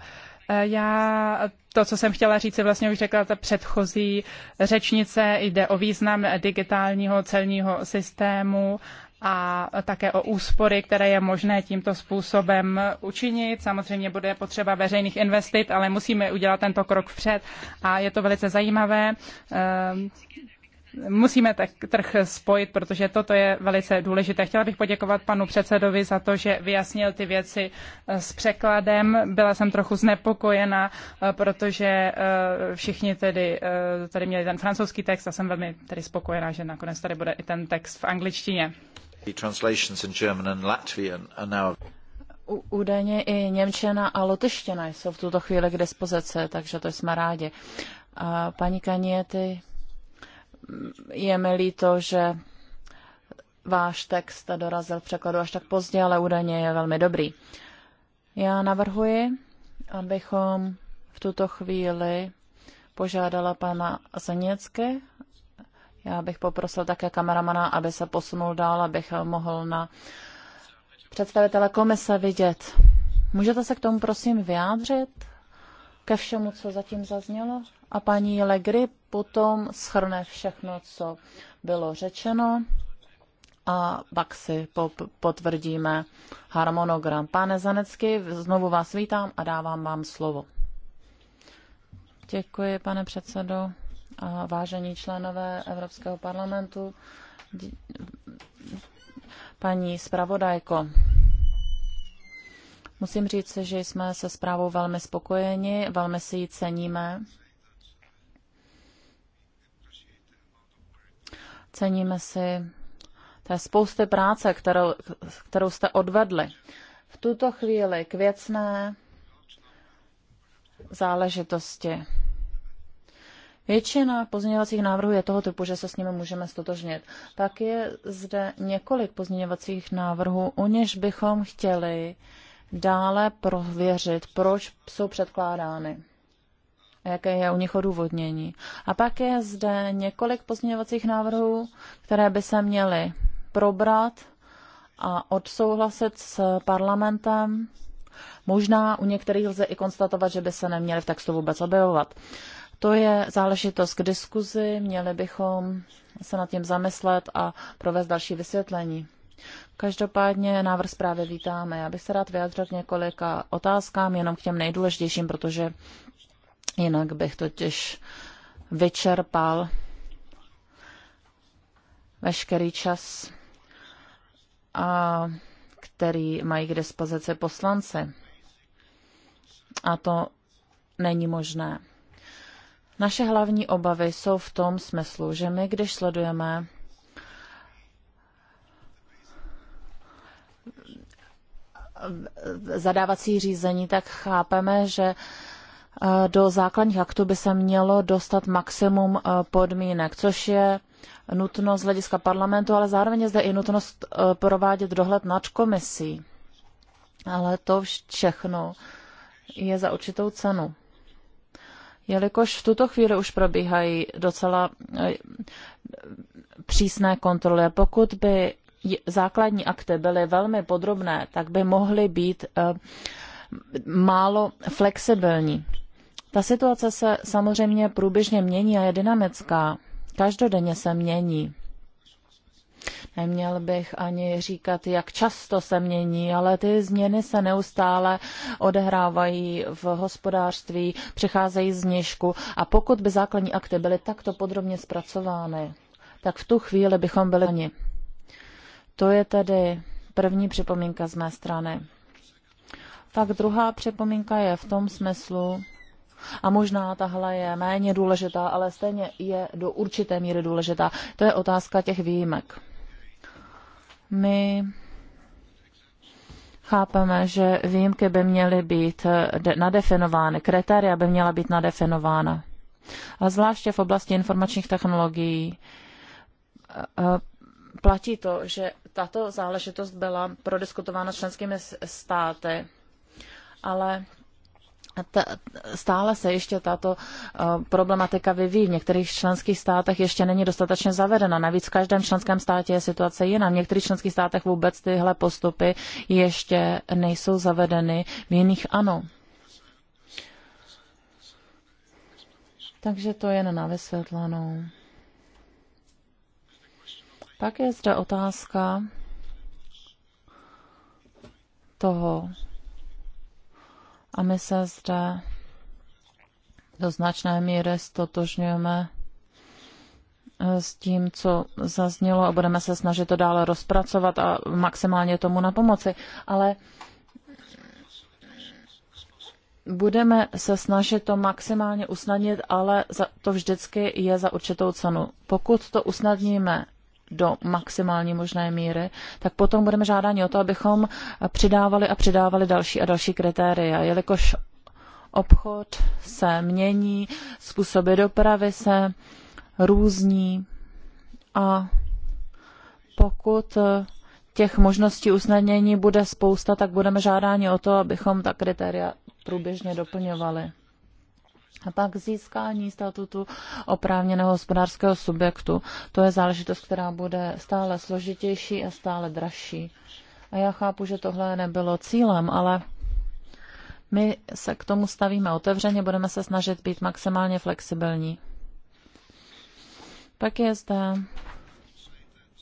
Eh, já to, co jsem chtěla říct, vlastně už řekla ta předchozí řečnice. Jde o význam digitálního celního systému a také o úspory, které je možné tímto způsobem učinit. Samozřejmě bude potřeba veřejných investit, ale musíme udělat tento krok vpřed a je to velice zajímavé. Ehm, musíme tak trh spojit, protože toto je velice důležité. Chtěla bych poděkovat panu předsedovi za to, že vyjasnil ty věci e, s překladem. Byla jsem trochu znepokojena, e, protože e, všichni tedy tady měli ten francouzský text a jsem velmi tedy spokojená, že nakonec tady bude i ten text v angličtině. Údajně i Němčina a Lotyština jsou v tuto chvíli k dispozici, takže to jsme rádi. A paní Kaniety, je mi líto, že váš text dorazil v překladu až tak pozdě, ale údajně je velmi dobrý. Já navrhuji, abychom v tuto chvíli požádala pana Zaněcké, já bych poprosil také kameramana, aby se posunul dál, abych mohl na představitele komise vidět. Můžete se k tomu prosím vyjádřit? Ke všemu, co zatím zaznělo? A paní Legry potom schrne všechno, co bylo řečeno a pak si potvrdíme harmonogram. Pane Zanecky, znovu vás vítám a dávám vám slovo. Děkuji, pane předsedo a vážení členové Evropského parlamentu, paní zpravodajko, musím říct, že jsme se zprávou velmi spokojeni, velmi si ji ceníme. Ceníme si té spousty práce, kterou, kterou jste odvedli. V tuto chvíli k věcné záležitosti. Většina pozměňovacích návrhů je toho typu, že se s nimi můžeme stotožnit. Pak je zde několik pozměňovacích návrhů, o něž bychom chtěli dále prověřit, proč jsou předkládány jaké je u nich odůvodnění. A pak je zde několik pozměňovacích návrhů, které by se měly probrat a odsouhlasit s parlamentem. Možná u některých lze i konstatovat, že by se neměly v textu vůbec objevovat. To je záležitost k diskuzi, měli bychom se nad tím zamyslet a provést další vysvětlení. Každopádně návrh zprávy vítáme. Já bych se rád vyjádřil k několika otázkám, jenom k těm nejdůležitějším, protože jinak bych totiž vyčerpal veškerý čas, a který mají k dispozici poslanci. A to není možné. Naše hlavní obavy jsou v tom smyslu, že my, když sledujeme zadávací řízení, tak chápeme, že eh, do základních aktů by se mělo dostat maximum eh, podmínek, což je nutnost z hlediska parlamentu, ale zároveň je zde i nutnost eh, provádět dohled nad komisí. Ale to všechno je za určitou cenu jelikož v tuto chvíli už probíhají docela eh, přísné kontroly. Pokud by základní akty byly velmi podrobné, tak by mohly být eh, málo flexibilní. Ta situace se samozřejmě průběžně mění a je dynamická. Každodenně se mění. Neměl bych ani říkat, jak často se mění, ale ty změny se neustále odehrávají v hospodářství, přicházejí z něžku a pokud by základní akty byly takto podrobně zpracovány, tak v tu chvíli bychom byli ani. To je tedy první připomínka z mé strany. Tak druhá připomínka je v tom smyslu, a možná tahle je méně důležitá, ale stejně je do určité míry důležitá. To je otázka těch výjimek. My chápeme, že výjimky by měly být eh, nadefinovány, kritéria by měla být nadefinována. A zvláště v oblasti informačních technologií eh, platí to, že tato záležitost byla prodiskutována s členskými státy, ale ta, stále se ještě tato uh, problematika vyvíjí. V některých členských státech ještě není dostatečně zavedena. Navíc v každém členském státě je situace jiná. V některých členských státech vůbec tyhle postupy ještě nejsou zavedeny, v jiných ano. Takže to je na vysvětlenou. Pak je zde otázka toho, a my se zde do značné míry stotožňujeme eh, s tím, co zaznělo a budeme se snažit to dále rozpracovat a maximálně tomu na pomoci. Ale budeme se snažit to maximálně usnadnit, ale to vždycky je za určitou cenu. Pokud to usnadníme do maximální možné míry, tak potom budeme žádáni o to, abychom přidávali a přidávali další a další kritéria, jelikož obchod se mění, způsoby dopravy se různí a pokud těch možností usnadnění bude spousta, tak budeme žádáni o to, abychom ta kritéria průběžně doplňovali. A pak získání statutu oprávněného hospodářského subjektu. To je záležitost, která bude stále složitější a stále dražší. A já chápu, že tohle nebylo cílem, ale my se k tomu stavíme otevřeně, budeme se snažit být maximálně flexibilní. Pak je zde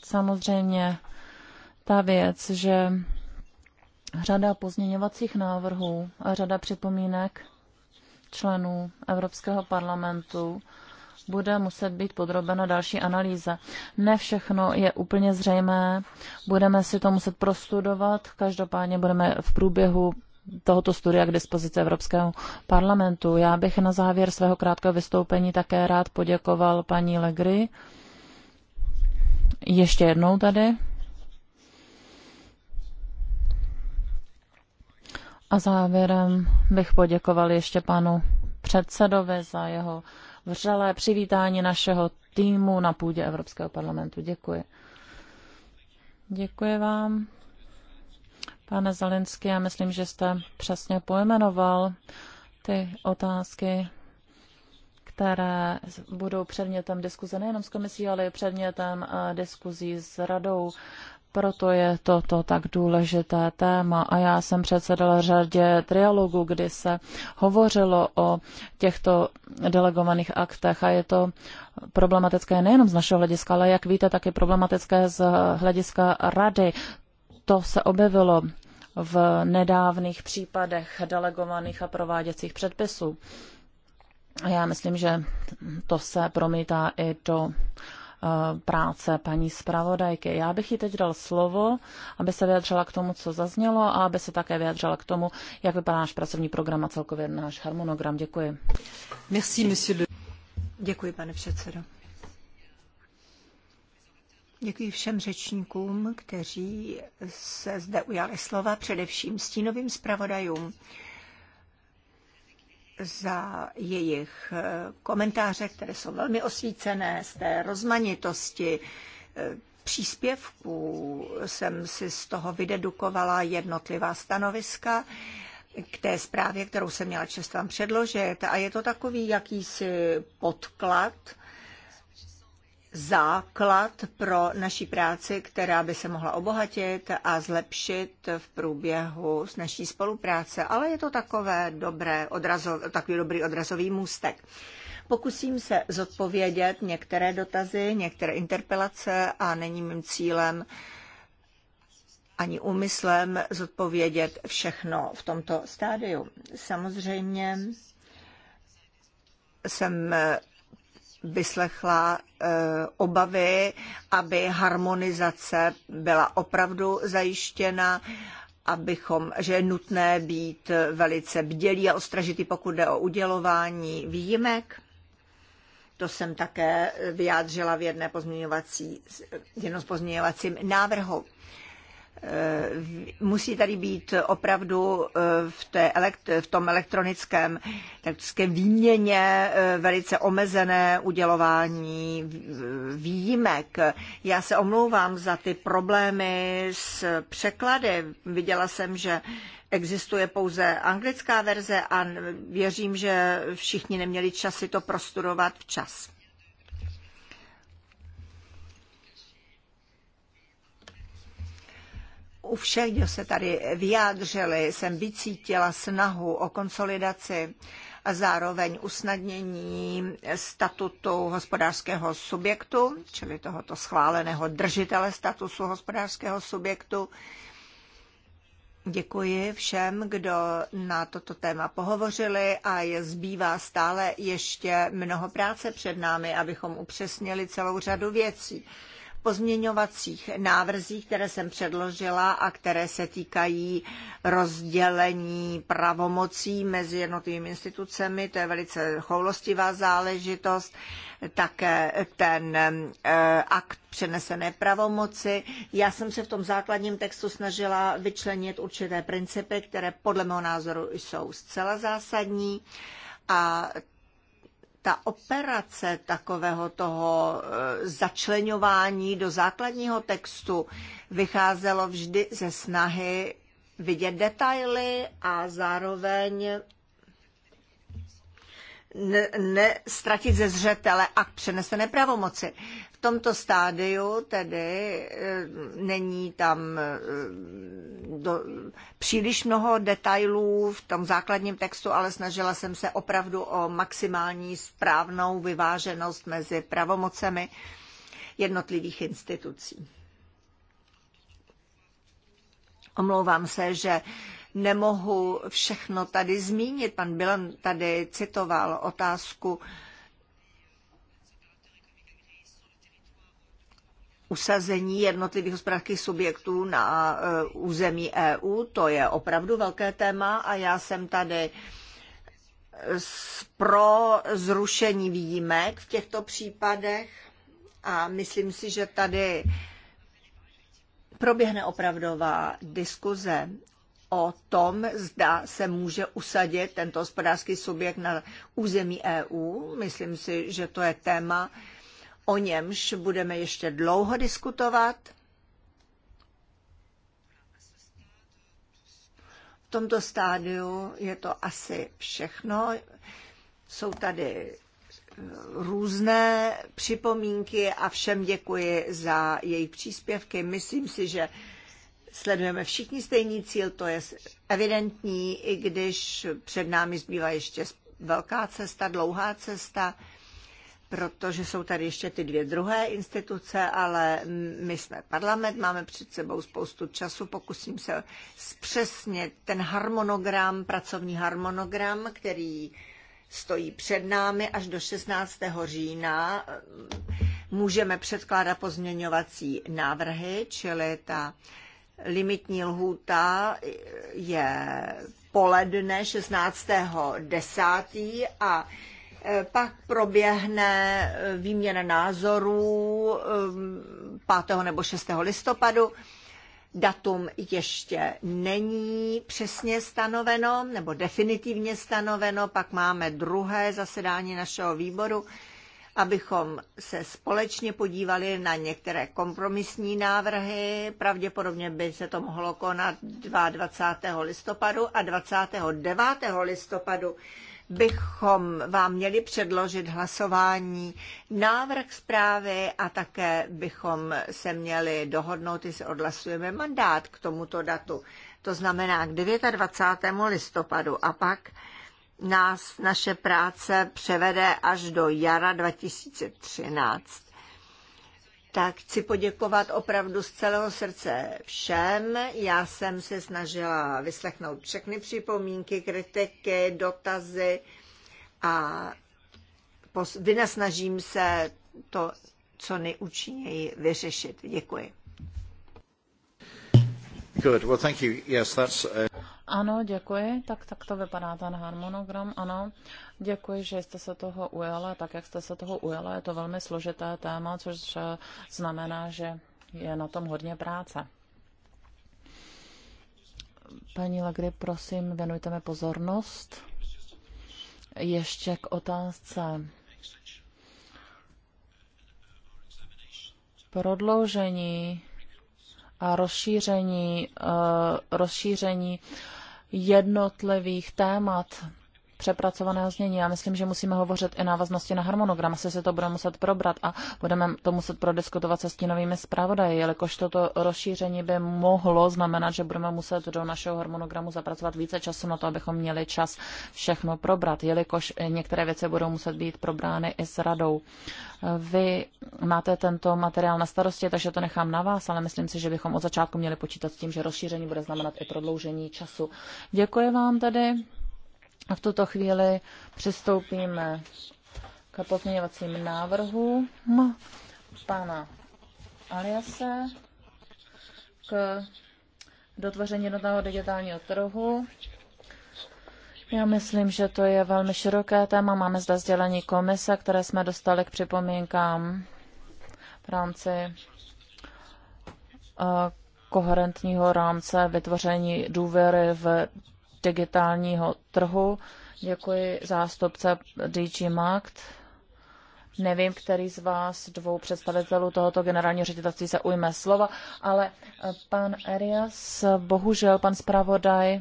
samozřejmě ta věc, že řada pozměňovacích návrhů a řada připomínek členů Evropského parlamentu bude muset být podrobena další analýze. Ne všechno je úplně zřejmé, budeme si to muset prostudovat, každopádně budeme v průběhu tohoto studia k dispozici Evropského parlamentu. Já bych na závěr svého krátkého vystoupení také rád poděkoval paní Legry ještě jednou tady A závěrem bych poděkoval ještě panu předsedovi za jeho vřelé přivítání našeho týmu na půdě Evropského parlamentu. Děkuji. Děkuji vám. Pane Zalinsky, já myslím, že jste přesně pojmenoval ty otázky, které budou předmětem diskuze nejenom s komisí, ale i předmětem eh, diskuzí s radou. Proto je toto tak důležité téma a já jsem předsedala řadě trialogů, kdy se hovořilo o těchto delegovaných aktech a je to problematické nejenom z našeho hlediska, ale jak víte, taky problematické z hlediska rady. To se objevilo v nedávných případech delegovaných a prováděcích předpisů. A já myslím, že to se promítá i do Eh, práce paní zpravodajky. Já bych jí teď dal slovo, aby se vyjadřila k tomu, co zaznělo a aby se také vyjadřila k tomu, jak vypadá náš pracovní program a celkově náš harmonogram. Děkuji. Merci, monsieur le... Děkuji, pane předsedo. Děkuji všem řečníkům, kteří se zde ujali slova, především stínovým zpravodajům za jejich eh, komentáře, které jsou velmi osvícené z té rozmanitosti eh, příspěvků. Jsem si z toho vydedukovala jednotlivá stanoviska k té zprávě, kterou jsem měla čest vám předložit. A je to takový jakýsi podklad, základ pro naší práci, která by se mohla obohatit a zlepšit v průběhu s naší spolupráce, ale je to takové dobré odrazo, takový dobrý odrazový můstek. Pokusím se zodpovědět některé dotazy, některé interpelace a není mým cílem ani úmyslem zodpovědět všechno v tomto stádiu. Samozřejmě jsem vyslechla eh, obavy, aby harmonizace byla opravdu zajištěna, abychom, že je nutné být velice bdělí a ostražitý, pokud jde o udělování výjimek. To jsem také vyjádřila v, jedné pozměňovací, jednom z pozměňovacím návrhu eh, musí tady být opravdu eh, v, té elekt- v tom elektronickém výměně eh, velice omezené udělování výjimek. Já se omlouvám za ty problémy s překlady. Viděla jsem, že existuje pouze anglická verze a věřím, že všichni neměli čas si to prostudovat včas. u všech, kdo se tady vyjádřili, jsem vycítila snahu o konsolidaci a zároveň usnadnění statutu hospodářského subjektu, čili tohoto schváleného držitele statusu hospodářského subjektu. Děkuji všem, kdo na toto téma pohovořili a je zbývá stále ještě mnoho práce před námi, abychom upřesnili celou řadu věcí pozměňovacích návrzích, které jsem předložila a které se týkají rozdělení pravomocí mezi jednotlivými institucemi. To je velice choulostivá záležitost. Také ten eh, akt přenesené pravomoci. Já jsem se v tom základním textu snažila vyčlenit určité principy, které podle mého názoru jsou zcela zásadní a ta operace takového toho e, začlenování do základního textu vycházelo vždy ze snahy vidět detaily a zároveň nestratit ze zřetele a přenesené pravomoci. V tomto stádiu tedy eh, není tam eh, do, příliš mnoho detailů v tom základním textu, ale snažila jsem se opravdu o maximální správnou vyváženost mezi pravomocemi jednotlivých institucí. Omlouvám se, že nemohu všechno tady zmínit. Pan Bilan tady citoval otázku usazení jednotlivých hospodářských subjektů na eh, území EU. To je opravdu velké téma a já jsem tady eh, pro zrušení výjimek v těchto případech a myslím si, že tady proběhne opravdová diskuze o tom, zda se může usadit tento hospodářský subjekt na území EU. Myslím si, že to je téma, o němž budeme ještě dlouho diskutovat. V tomto stádiu je to asi všechno. Jsou tady eh, různé připomínky a všem děkuji za jejich příspěvky. Myslím si, že sledujeme všichni stejný cíl, to je evidentní, i když před námi zbývá ještě velká cesta, dlouhá cesta, protože jsou tady ještě ty dvě druhé instituce, ale my jsme parlament, máme před sebou spoustu času, pokusím se zpřesnit ten harmonogram, pracovní harmonogram, který stojí před námi až do 16. října. Můžeme předkládat pozměňovací návrhy, čili ta Limitní lhůta je poledne 16.10. a e, pak proběhne e, výměna názorů 5. E, nebo 6. listopadu. Datum ještě není přesně stanoveno nebo definitivně stanoveno, pak máme druhé zasedání našeho výboru abychom se společně podívali na některé kompromisní návrhy. Pravděpodobně by se to mohlo konat 22. listopadu a 29. listopadu bychom vám měli předložit hlasování návrh zprávy a také bychom se měli dohodnout, jestli odhlasujeme mandát k tomuto datu. To znamená k 29. listopadu a pak nás naše práce převede až do jara 2013. Tak chci poděkovat opravdu z celého srdce všem. Já jsem se snažila vyslechnout všechny připomínky, kritiky, dotazy a vynasnažím se to co nejúčinněji vyřešit. Děkuji. Good. Well, thank you. Yes, that's, uh... Ano, děkuji. Tak, tak to vypadá ten harmonogram. Ano, děkuji, že jste se toho ujala. Tak, jak jste se toho ujala, je to velmi složité téma, což eh, znamená, že je na tom hodně práce. Paní Lagry, prosím, věnujte mi pozornost. Ještě k otázce prodloužení a rozšíření, uh, rozšíření jednotlivých témat přepracovaného znění. Já myslím, že musíme hovořit i návaznosti na harmonogram, asi se to bude muset probrat a budeme to muset prodiskutovat se stínovými zpravodaji, jelikož toto rozšíření by mohlo znamenat, že budeme muset do našeho harmonogramu zapracovat více času na to, abychom měli čas všechno probrat, jelikož některé věci budou muset být probrány i s radou. Vy máte tento materiál na starosti, takže to nechám na vás, ale myslím si, že bychom od začátku měli počítat s tím, že rozšíření bude znamenat i prodloužení času. Děkuji vám tedy. A v tuto chvíli přistoupíme k pozměňovacím návrhům pana Aliase k dotvoření jednotného digitálního trhu. Já myslím, že to je velmi široké téma. Máme zde sdělení komise, které jsme dostali k připomínkám v rámci eh, koherentního rámce vytvoření důvěry v digitálního trhu. Děkuji zástupce DG Markt. Nevím, který z vás, dvou představitelů tohoto generálního ředitelství, se ujme slova, ale eh, pan Arias, bohužel pan zpravodaj,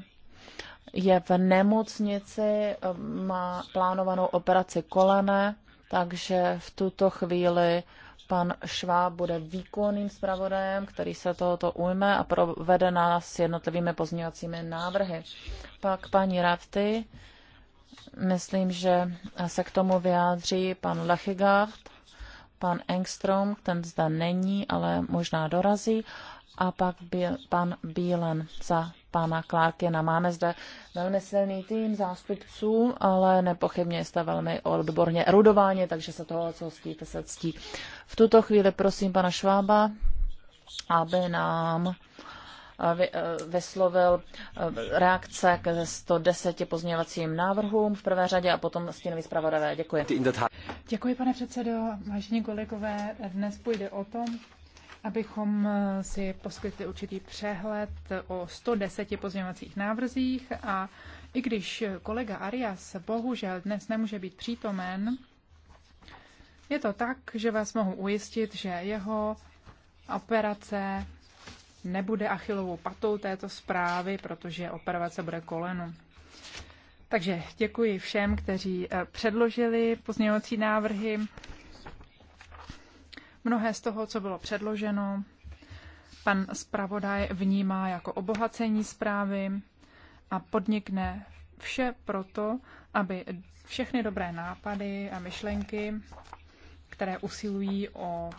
je v nemocnici, eh, má plánovanou operaci kolene, takže v tuto chvíli Pan Šváb bude výkonným zpravodajem, který se tohoto ujme a provede nás s jednotlivými pozměňovacími návrhy. Pak paní Rapty, myslím, že se k tomu vyjádří pan Lechigard, pan Engstrom, ten zde není, ale možná dorazí a pak byl pan Bílen za pana Clarkena. Máme zde velmi silný tým zástupců, ale nepochybně jste velmi odborně erudováni, takže se toho, co stíte, se ctí. V tuto chvíli prosím pana Švába, aby nám eh, eh, vyslovil eh, reakce k 110 pozměňovacím návrhům v prvé řadě a potom stínový zpravodavé. Děkuji. Děkuji, pane předsedo. Vážení kolegové, dnes půjde o tom, abychom eh, si poskytli určitý přehled o 110 pozměňovacích návrzích a i když kolega Arias bohužel dnes nemůže být přítomen, je to tak, že vás mohu ujistit, že jeho operace nebude achilovou patou této zprávy, protože operace bude kolenu. Takže děkuji všem, kteří eh, předložili pozměňovací návrhy. Mnohé z toho, co bylo předloženo, pan zpravodaj vnímá jako obohacení zprávy a podnikne vše proto, aby všechny dobré nápady a myšlenky, které usilují o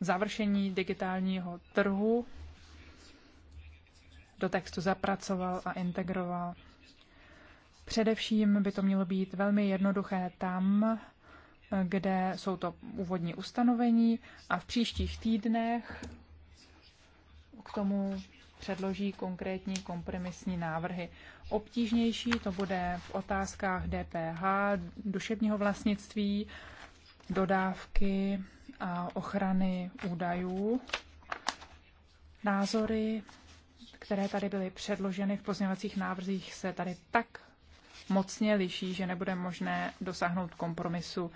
završení digitálního trhu, do textu zapracoval a integroval. Především by to mělo být velmi jednoduché tam, kde jsou to úvodní ustanovení a v příštích týdnech k tomu předloží konkrétní kompromisní návrhy. Obtížnější to bude v otázkách DPH, duševního vlastnictví, dodávky a ochrany údajů. Názory, které tady byly předloženy v pozměňovacích návrzích, se tady tak mocně liší, že nebude možné dosáhnout kompromisu,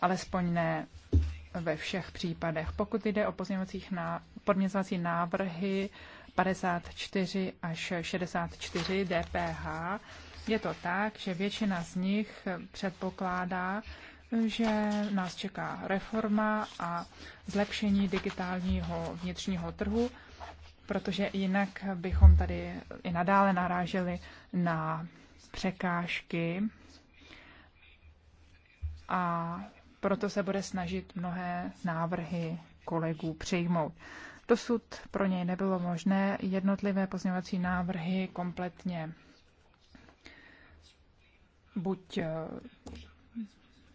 alespoň ne ve všech případech. Pokud jde o podměňovací návrhy 54 až 64 DPH, je to tak, že většina z nich předpokládá, že nás čeká reforma a zlepšení digitálního vnitřního trhu, protože jinak bychom tady i nadále naráželi na překážky a proto se bude snažit mnohé návrhy kolegů přijmout. Dosud pro něj nebylo možné jednotlivé pozměňovací návrhy kompletně buď eh,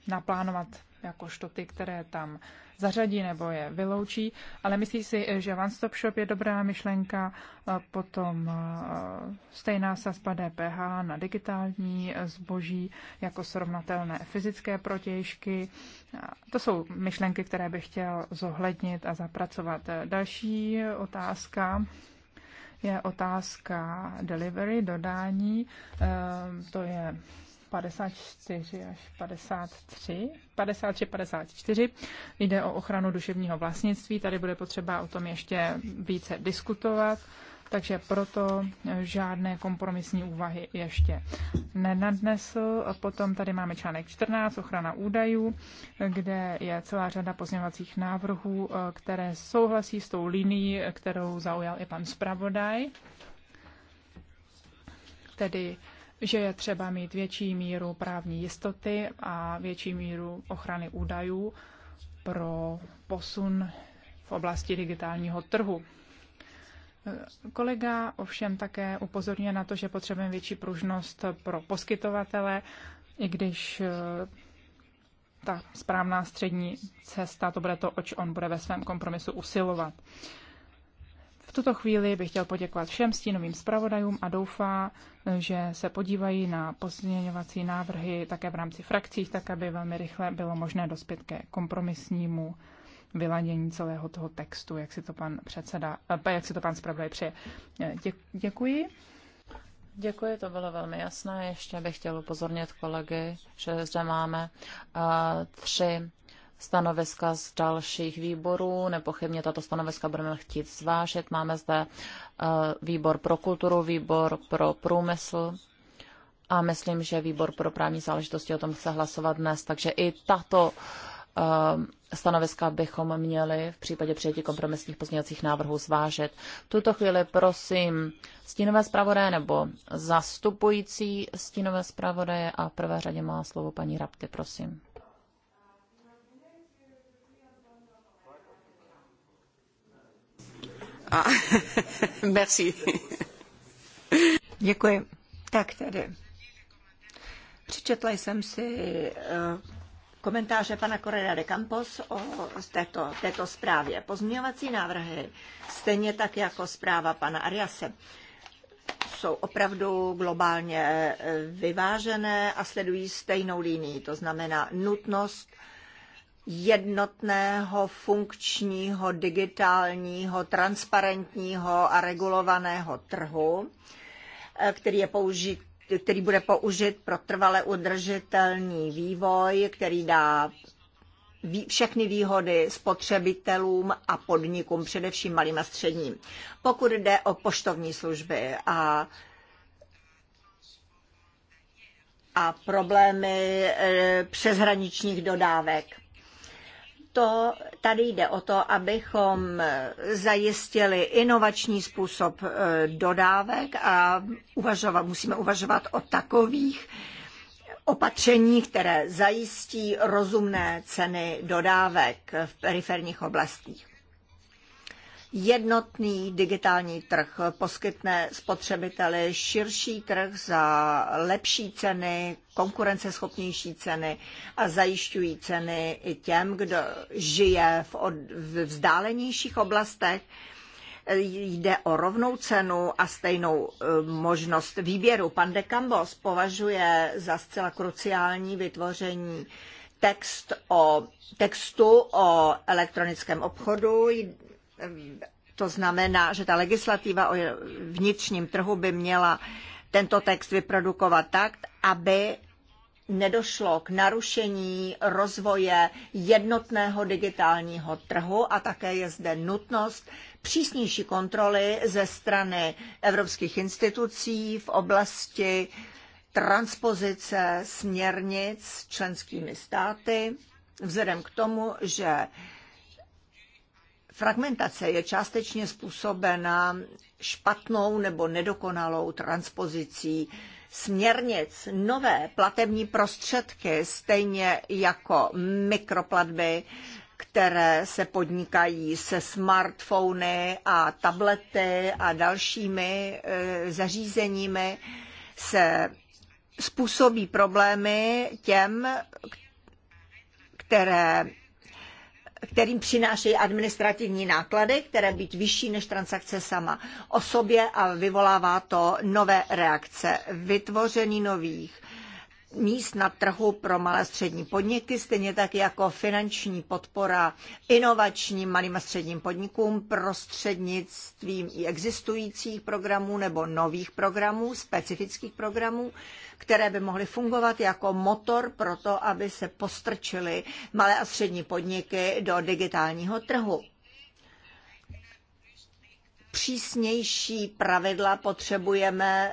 naplánovat jakožto ty, které tam zařadí nebo je vyloučí, ale myslí si, že One Stop Shop je dobrá myšlenka, potom stejná sazba DPH na digitální zboží jako srovnatelné fyzické protějšky. To jsou myšlenky, které bych chtěl zohlednit a zapracovat. Další otázka je otázka delivery, dodání. Ehm, to je 54 až 53, 53, 54. Jde o ochranu duševního vlastnictví. Tady bude potřeba o tom ještě více diskutovat, takže proto žádné kompromisní úvahy ještě nenadnesl. Potom tady máme článek 14, ochrana údajů, kde je celá řada pozměňovacích návrhů, eh, které souhlasí s tou linií, kterou zaujal i pan zpravodaj. Tedy že je třeba mít větší míru právní jistoty a větší míru ochrany údajů pro posun v oblasti digitálního trhu. Kolega ovšem také upozorňuje na to, že potřebujeme větší pružnost pro poskytovatele, i když eh, ta správná střední cesta, to bude to, oč on bude ve svém kompromisu usilovat. V tuto chvíli bych chtěl poděkovat všem stínovým zpravodajům a doufá, že se podívají na pozměňovací návrhy také v rámci frakcích, tak aby velmi rychle bylo možné dospět ke kompromisnímu vyladění celého toho textu, jak si to pan předseda, eh, jak si to pan zpravodaj přeje. Eh, děkuji. Děkuji, to bylo velmi jasné. Ještě bych chtěl upozornit kolegy, že zde máme eh, tři stanoviska z dalších výborů. Nepochybně tato stanoviska budeme chtít zvážit. Máme zde eh, výbor pro kulturu, výbor pro průmysl a myslím, že výbor pro právní záležitosti o tom chce hlasovat dnes. Takže i tato eh, stanoviska bychom měli v případě přijetí kompromisních pozměňovacích návrhů zvážit. V tuto chvíli prosím stínové zpravodaje nebo zastupující stínové zpravodaje a v prvé řadě má slovo paní Rapty, prosím. Děkuji. Tak tedy. Přečetla jsem si eh, komentáře pana Correa de Campos o této, této zprávě. Pozměňovací návrhy, stejně tak jako zpráva pana Ariase, jsou opravdu globálně eh, vyvážené a sledují stejnou linii, to znamená nutnost jednotného, funkčního, digitálního, transparentního a regulovaného trhu, eh, který je použit který bude použit pro trvale udržitelný vývoj, který dá všechny výhody spotřebitelům a podnikům, především malým a středním. Pokud jde o poštovní služby a a problémy eh, přeshraničních dodávek to tady jde o to, abychom zajistili inovační způsob e, dodávek a uvažovat, musíme uvažovat o takových opatření, které zajistí rozumné ceny dodávek v periferních oblastích. Jednotný digitální trh poskytne spotřebiteli širší trh za lepší ceny, konkurenceschopnější ceny a zajišťují ceny i těm, kdo žije v, od, v vzdálenějších oblastech. Jde o rovnou cenu a stejnou eh, možnost výběru. Pan de Cambos považuje za zcela kruciální vytvoření text o, textu o elektronickém obchodu to znamená, že ta legislativa o vnitřním trhu by měla tento text vyprodukovat tak, aby nedošlo k narušení rozvoje jednotného digitálního trhu a také je zde nutnost přísnější kontroly ze strany evropských institucí v oblasti transpozice směrnic členskými státy, vzhledem k tomu, že Fragmentace je částečně způsobena špatnou nebo nedokonalou transpozicí směrnic, nové platební prostředky, stejně jako mikroplatby, které se podnikají se smartfony a tablety a dalšími e, zařízeními, se způsobí problémy těm, které kterým přinášejí administrativní náklady, které být vyšší než transakce sama o sobě a vyvolává to nové reakce. Vytvoření nových míst na trhu pro malé a střední podniky, stejně tak jako finanční podpora inovačním malým a středním podnikům prostřednictvím i existujících programů nebo nových programů, specifických programů, které by mohly fungovat jako motor pro to, aby se postrčily malé a střední podniky do digitálního trhu přísnější pravidla potřebujeme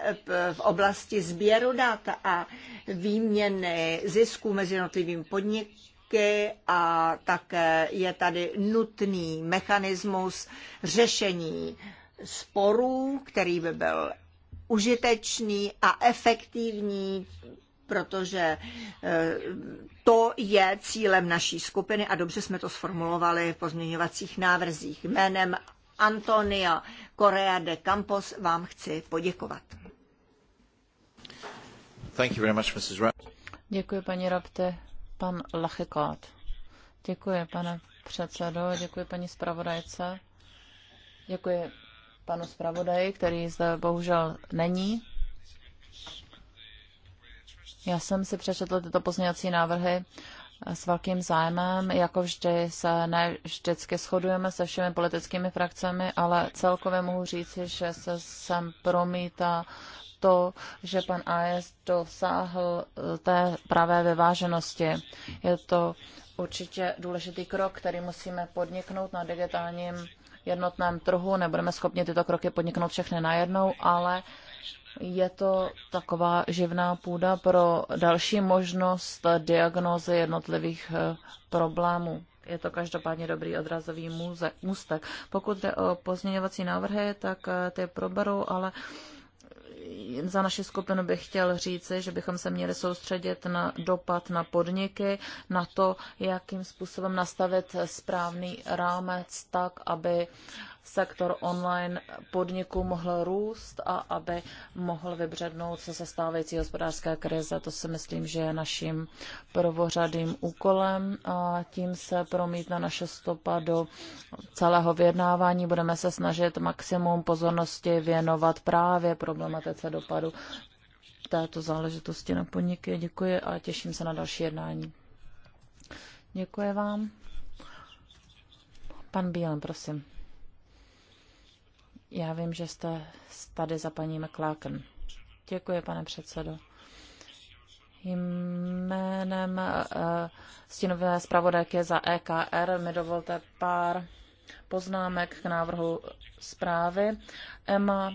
v oblasti sběru dat a výměny zisků mezi jednotlivými podniky a také je tady nutný mechanismus řešení sporů, který by byl užitečný a efektivní, protože eh, to je cílem naší skupiny a dobře jsme to sformulovali v pozměňovacích návrzích. Jménem Antonia Correa de Campos vám chci poděkovat. Thank you very much, Mrs. Ra- Děkuji, paní Rapte. Pan Lachekát. Děkuji, pane předsedo, děkuji paní zpravodajce. Děkuji panu zpravodaji, který zde bohužel není. Já jsem si přečetl tyto pozměňovací návrhy s velkým zájmem. Jako vždy se ne vždycky shodujeme se všemi politickými frakcemi, ale celkově mohu říci, že se sem promítá to, že pan AS dosáhl eh, té pravé vyváženosti. Je to určitě důležitý krok, který musíme podniknout na digitálním jednotném trhu. Nebudeme schopni tyto kroky podniknout všechny najednou, ale uh, je to taková živná půda pro další možnost diagnózy jednotlivých eh, problémů. Je to každopádně dobrý odrazový můstek. Pokud jde o pozměňovací návrhy, tak eh, ty proberu, ale za naši skupinu bych chtěl říci, že bychom se měli soustředit na dopad na podniky, na to, jakým způsobem nastavit správný rámec tak, aby sektor online podniků mohl růst a aby mohl vybřednout se stávající hospodářské krize. To si myslím, že je naším prvořadým úkolem a tím se promítne naše stopa do celého vyjednávání. Budeme se snažit maximum pozornosti věnovat právě problematice dopadu této záležitosti na podniky. Děkuji a těším se na další jednání. Děkuji vám. Pan Bílen, prosím. Já vím, že jste tady za paní McLaken. Děkuji, pane předsedo. Jménem uh, stínové zpravodajky za EKR mi dovolte pár poznámek k návrhu zprávy. Emma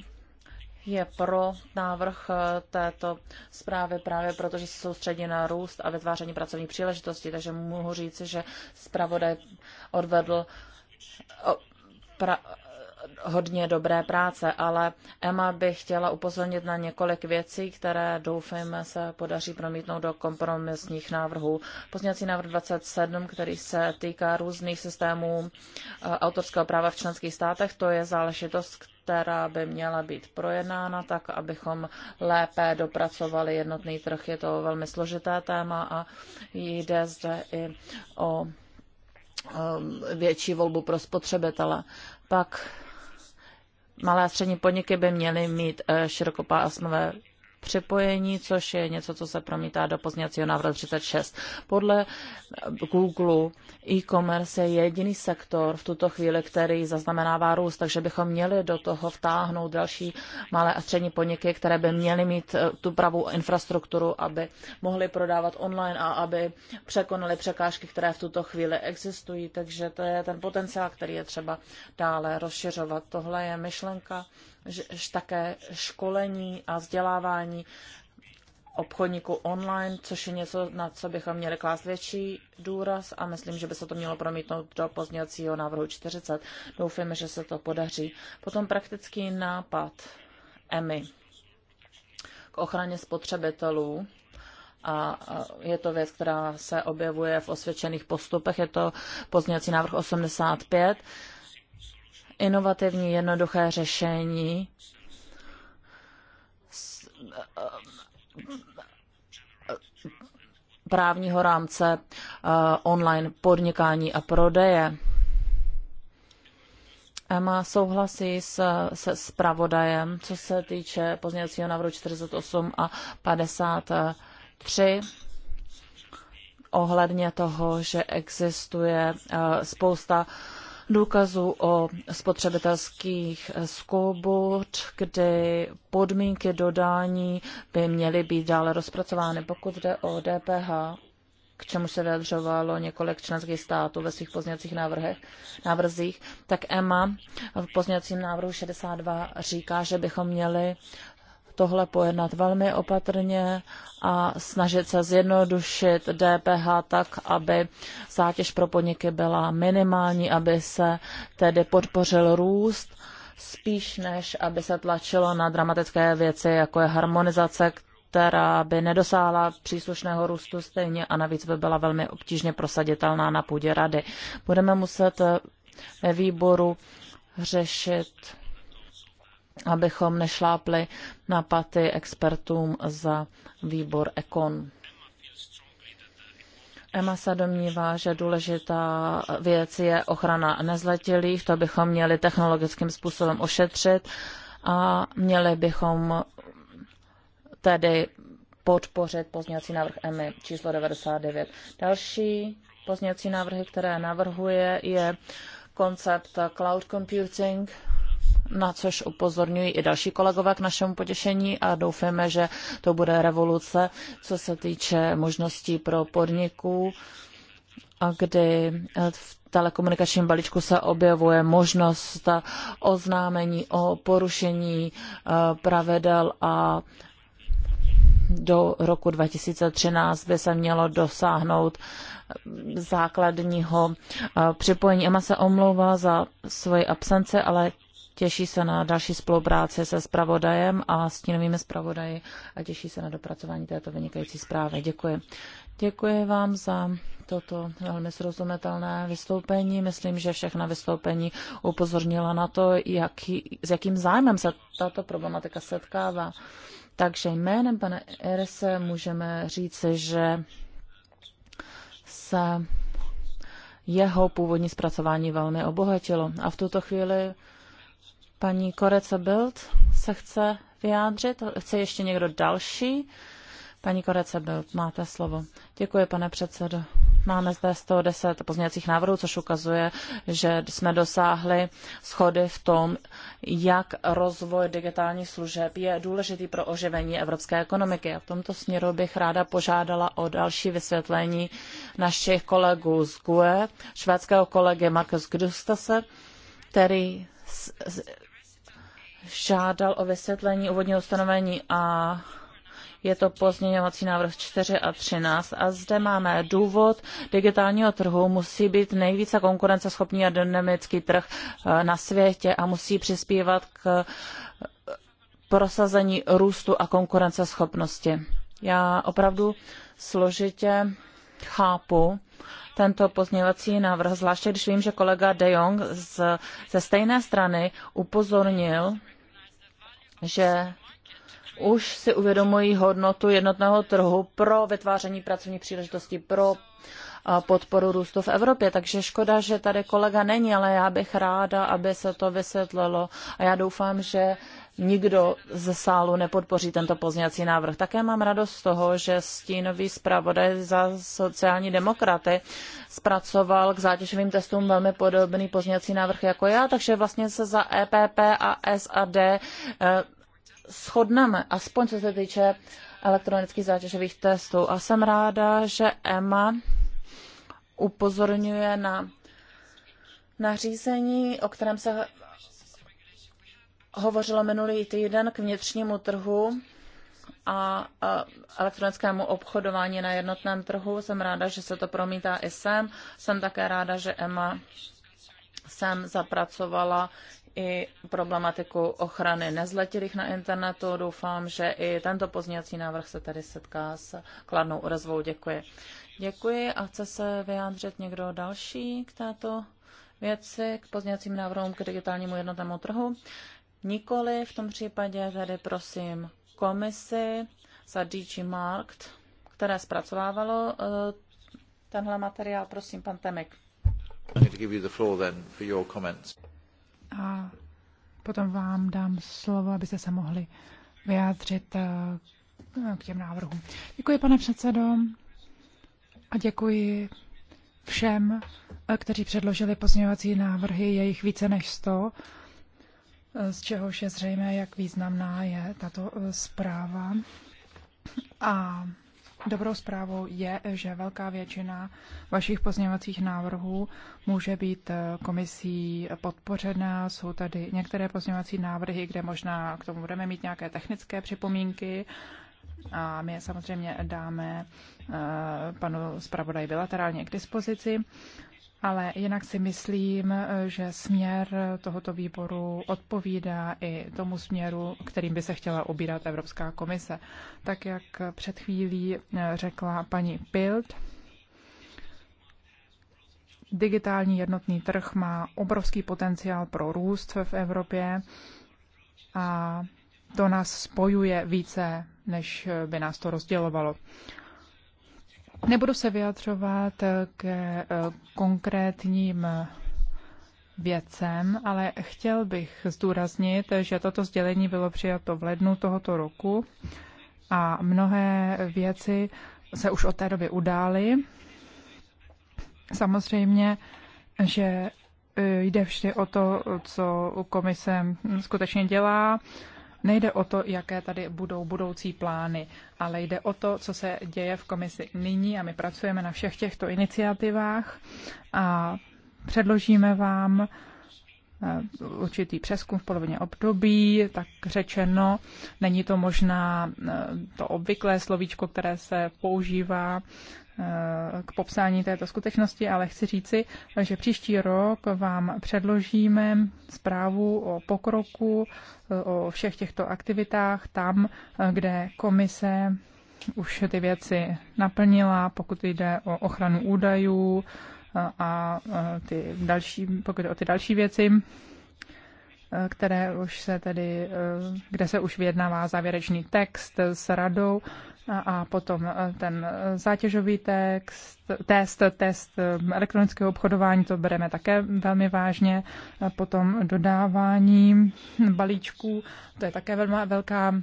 je pro návrh eh, této zprávy právě proto, že se soustředí na růst a vytváření pracovní příležitostí, takže mohu říci, že zpravodaj odvedl pra, hodně dobré práce, ale Emma by chtěla upozornit na několik věcí, které doufejme se podaří promítnout do kompromisních návrhů. Pozněcí návrh 27, který se týká různých systémů eh, autorského práva v členských státech, to je záležitost, která by měla být projednána tak, abychom lépe dopracovali jednotný trh. Je to velmi složité téma a jde zde i o eh, větší volbu pro spotřebitele. Pak malé a střední podniky by měly mít eh, širokopásmové připojení, což je něco, co se promítá do pozněcího návrhu 36. Podle Google e-commerce je jediný sektor v tuto chvíli, který zaznamenává růst, takže bychom měli do toho vtáhnout další malé a střední podniky, které by měly mít eh, tu pravou infrastrukturu, aby mohly prodávat online a aby překonaly překážky, které v tuto chvíli existují. Takže to je ten potenciál, který je třeba dále rozšiřovat. Tohle je myšlenka, také školení a vzdělávání obchodníků online, což je něco, na co bychom měli klást větší důraz a myslím, že by se to mělo promítnout do pozdějacího návrhu 40. Doufejme, že se to podaří. Potom praktický nápad EMI k ochraně spotřebitelů a je to věc, která se objevuje v osvědčených postupech, je to pozměňovací návrh 85 inovativní, jednoduché řešení právního rámce eh, online podnikání a prodeje. Emma souhlasí s, se zpravodajem, co se týče pozměňovacího návrhu 48 a 53 ohledně toho, že existuje eh, spousta uh, důkazů o spotřebitelských skobot, kdy podmínky dodání by měly být dále rozpracovány. Pokud jde o DPH, k čemu se vyjadřovalo několik členských států ve svých pozněcích návrhech, návrzích, tak EMA v pozněcím návrhu 62 říká, že bychom měli tohle pojednat velmi opatrně a snažit se zjednodušit DPH tak, aby zátěž pro podniky byla minimální, aby se tedy podpořil růst spíš než aby se tlačilo na dramatické věci, jako je harmonizace, která by nedosáhla příslušného růstu stejně a navíc by byla velmi obtížně prosaditelná na půdě rady. Budeme muset ve výboru řešit abychom nešlápli na paty expertům za výbor Ekon. Emma se domnívá, že důležitá věc je ochrana nezletilých, to bychom měli technologickým způsobem ošetřit a měli bychom tedy podpořit pozměňovací návrh EMI číslo 99. Další pozměňovací návrhy, které navrhuje, je koncept cloud computing na což upozorňují i další kolegové k našemu potěšení a doufáme, že to bude revoluce, co se týče možností pro podniků, a kdy eh, v telekomunikačním balíčku se objevuje možnost oznámení o porušení eh, pravidel a do roku 2013 by se mělo dosáhnout eh, základního připojení. Emma se omlouvá za svoji absence, ale Těší se na další spolupráci se spravodajem a s tím zpravodaji a těší se na dopracování této vynikající zprávy. Děkuji. Děkuji vám za toto velmi srozumitelné vystoupení. Myslím, že všechna vystoupení upozornila na to, jaký, s jakým zájmem se tato problematika setkává. Takže jménem pana Erse můžeme říci, že se jeho původní zpracování velmi obohatilo. A v tuto chvíli Paní Koreca Bild se chce vyjádřit. Chce ještě někdo další? Paní Korece Bild, máte slovo. Děkuji, pane předsedo. Máme zde 110 pozměňovacích návrhů, což ukazuje, že jsme dosáhli schody v tom, jak rozvoj digitálních služeb je důležitý pro oživení evropské ekonomiky. A v tomto směru bych ráda požádala o další vysvětlení našich kolegů z GUE, švédského kolegy Markus Gustase, který žádal o vysvětlení úvodního ustanovení a je to pozměňovací návrh 4 a 13. A zde máme důvod digitálního trhu. Musí být nejvíce konkurenceschopný a dynamický trh eh, na světě a musí přispívat k eh, prosazení růstu a konkurenceschopnosti. Já opravdu složitě chápu tento pozměňovací návrh, zvláště když vím, že kolega De Jong z, ze stejné strany upozornil že už si uvědomují hodnotu jednotného trhu pro vytváření pracovní příležitosti, pro podporu růstu v Evropě. Takže škoda, že tady kolega není, ale já bych ráda, aby se to vysvětlilo. A já doufám, že nikdo ze sálu nepodpoří tento pozněcí návrh. Také mám radost z toho, že stínový zpravodaj za sociální demokraty zpracoval k zátěžovým testům velmi podobný pozněcí návrh jako já, takže vlastně se za EPP a SAD eh, shodneme, aspoň co se týče elektronických zátěžových testů. A jsem ráda, že EMA upozorňuje na nařízení, o kterém se hovořila minulý týden k vnitřnímu trhu a elektronickému obchodování na jednotném trhu. Jsem ráda, že se to promítá i sem. Jsem také ráda, že Emma sem zapracovala i problematiku ochrany nezletilých na internetu. Doufám, že i tento pozněcí návrh se tady setká s kladnou odezvou. Děkuji. Děkuji a chce se vyjádřit někdo další k této věci, k pozněcím návrhům k digitálnímu jednotnému trhu. Nikoli v tom případě tedy prosím komisi za DG Markt, které zpracovávalo eh, tenhle materiál. Prosím, pan Temek. A potom vám dám slovo, abyste se mohli vyjádřit eh, k těm návrhům. Děkuji, pane předsedo, a děkuji všem, eh, kteří předložili pozměňovací návrhy, je jich více než 100 z čehož je zřejmé, jak významná je tato eh, zpráva. A dobrou zprávou je, že velká většina vašich pozměňovacích návrhů může být eh, komisí podpořena. Jsou tady některé pozměňovací návrhy, kde možná k tomu budeme mít nějaké technické připomínky, a my je samozřejmě dáme eh, panu zpravodaji bilaterálně k dispozici ale jinak si myslím, že směr tohoto výboru odpovídá i tomu směru, kterým by se chtěla obírat Evropská komise. Tak jak před chvílí eh, řekla paní Pilt, digitální jednotný trh má obrovský potenciál pro růst v Evropě a to nás spojuje více, než by nás to rozdělovalo. Nebudu se vyjadřovat eh, k eh, konkrétním eh, věcem, ale chtěl bych zdůraznit, že toto sdělení bylo přijato v lednu tohoto roku a mnohé věci se už od té doby udály. Samozřejmě, že jde vždy o to, co komise skutečně dělá Nejde o to, jaké tady budou budoucí plány, ale jde o to, co se děje v komisi nyní a my pracujeme na všech těchto iniciativách a předložíme vám eh, určitý přeskum v polovině období, tak řečeno, není to možná eh, to obvyklé slovíčko, které se používá k popsání této skutečnosti, ale chci říci, že příští rok vám předložíme zprávu o pokroku, o všech těchto aktivitách tam, kde komise už ty věci naplnila, pokud jde o ochranu údajů a ty další, pokud jde o ty další věci, které už se tedy, eh, kde se už vyjednává závěrečný text s radou a potom eh, ten eh, zátěžový text, test, test eh, elektronického obchodování, to bereme také velmi vážně. Potom dodávání balíčků, to je také velmi velká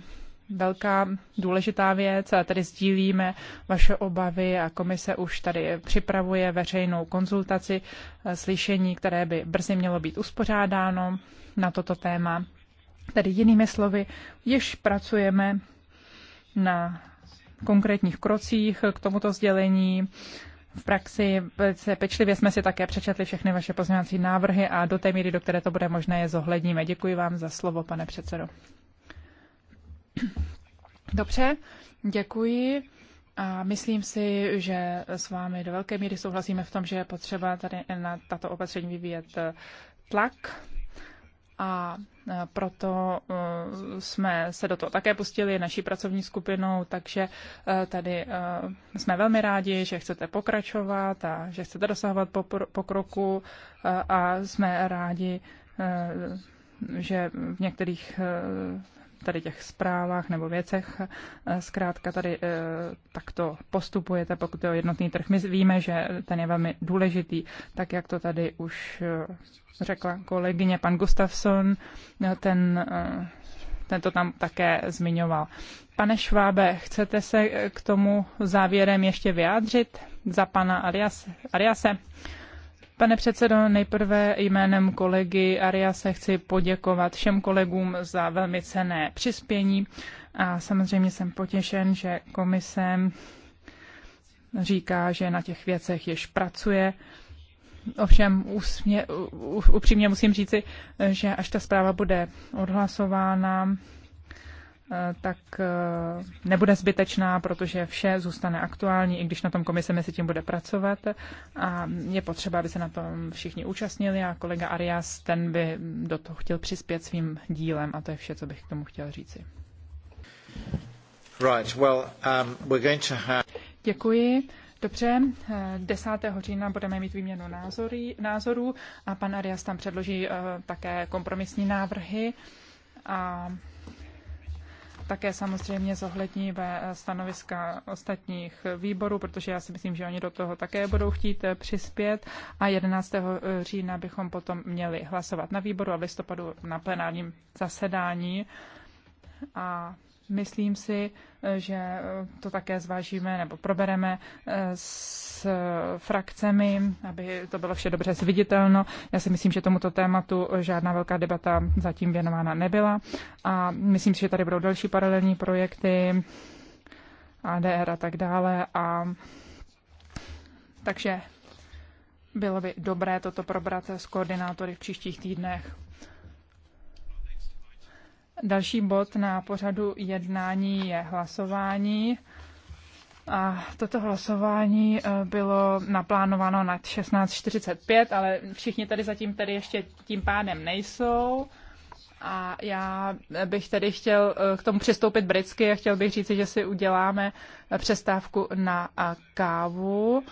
velká důležitá věc a tady sdílíme vaše obavy a komise už tady připravuje veřejnou konzultaci, slyšení, které by brzy mělo být uspořádáno na toto téma. Tedy jinými slovy, již pracujeme na konkrétních krocích k tomuto sdělení. V praxi velice pečlivě jsme si také přečetli všechny vaše pozměňovací návrhy a do té míry, do které to bude možné, je zohledníme. Děkuji vám za slovo, pane předsedo. Dobře, děkuji. A myslím si, že s vámi do velké míry souhlasíme v tom, že je potřeba tady na tato opatření vyvíjet tlak a e, proto e, jsme se do toho také pustili naší pracovní skupinou, takže e, tady jsme velmi rádi, že chcete pokračovat a že chcete dosahovat pokroku a jsme rádi, že v některých tady těch zprávách nebo věcech. Eh, zkrátka tady eh, takto postupujete, pokud je o jednotný trh. My víme, že ten je velmi důležitý, tak jak to tady už eh, řekla kolegyně pan Gustafsson, ten, ten to tam také zmiňoval. Pane Švábe, chcete se k tomu závěrem ještě vyjádřit za pana Ariase? Ariase? Pane předsedo, nejprve jménem kolegy Aria se chci poděkovat všem kolegům za velmi cené přispění a samozřejmě jsem potěšen, že komise říká, že na těch věcech již pracuje. Ovšem úsmě, upřímně musím říci, že až ta zpráva bude odhlasována, Eh, tak eh, nebude zbytečná, protože vše zůstane aktuální, i když na tom komise mezi tím bude pracovat. A je potřeba, aby se na tom všichni účastnili a kolega Arias, ten by do toho chtěl přispět svým dílem a to je vše, co bych k tomu chtěl říci. Right, well, um, we're going to have... Děkuji. Dobře, 10. Eh, října budeme mít výměnu názory, názorů a pan Arias tam předloží uh, také kompromisní návrhy. A také samozřejmě zohlední ve eh, stanoviska ostatních výborů, protože já si myslím, že oni do toho také budou chtít eh, přispět a 11. Eh, října bychom potom měli hlasovat na výboru a v listopadu na plenárním zasedání. A Myslím si, eh, že eh, to také zvážíme nebo probereme eh, s frakcemi, aby to bylo vše dobře zviditelno. Já si myslím, že tomuto tématu žádná velká debata zatím věnována nebyla a myslím si, že tady budou další paralelní projekty, ADR a tak dále a takže bylo by dobré toto probrat s koordinátory v příštích týdnech. Další bod na pořadu jednání je hlasování. A toto hlasování eh, bylo naplánováno na 16.45, ale všichni tady zatím tady ještě tím pádem nejsou. A já bych tedy chtěl eh, k tomu přistoupit britsky a chtěl bych říct, že si uděláme eh, přestávku na kávu.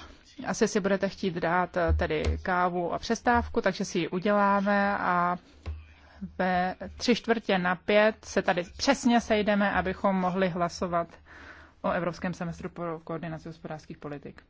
Asi si budete chtít dát tedy kávu a přestávku, takže si ji uděláme a ve tři čtvrtě na pět se tady přesně sejdeme, abychom mohli hlasovat o Evropském semestru pro koordinaci hospodářských politik.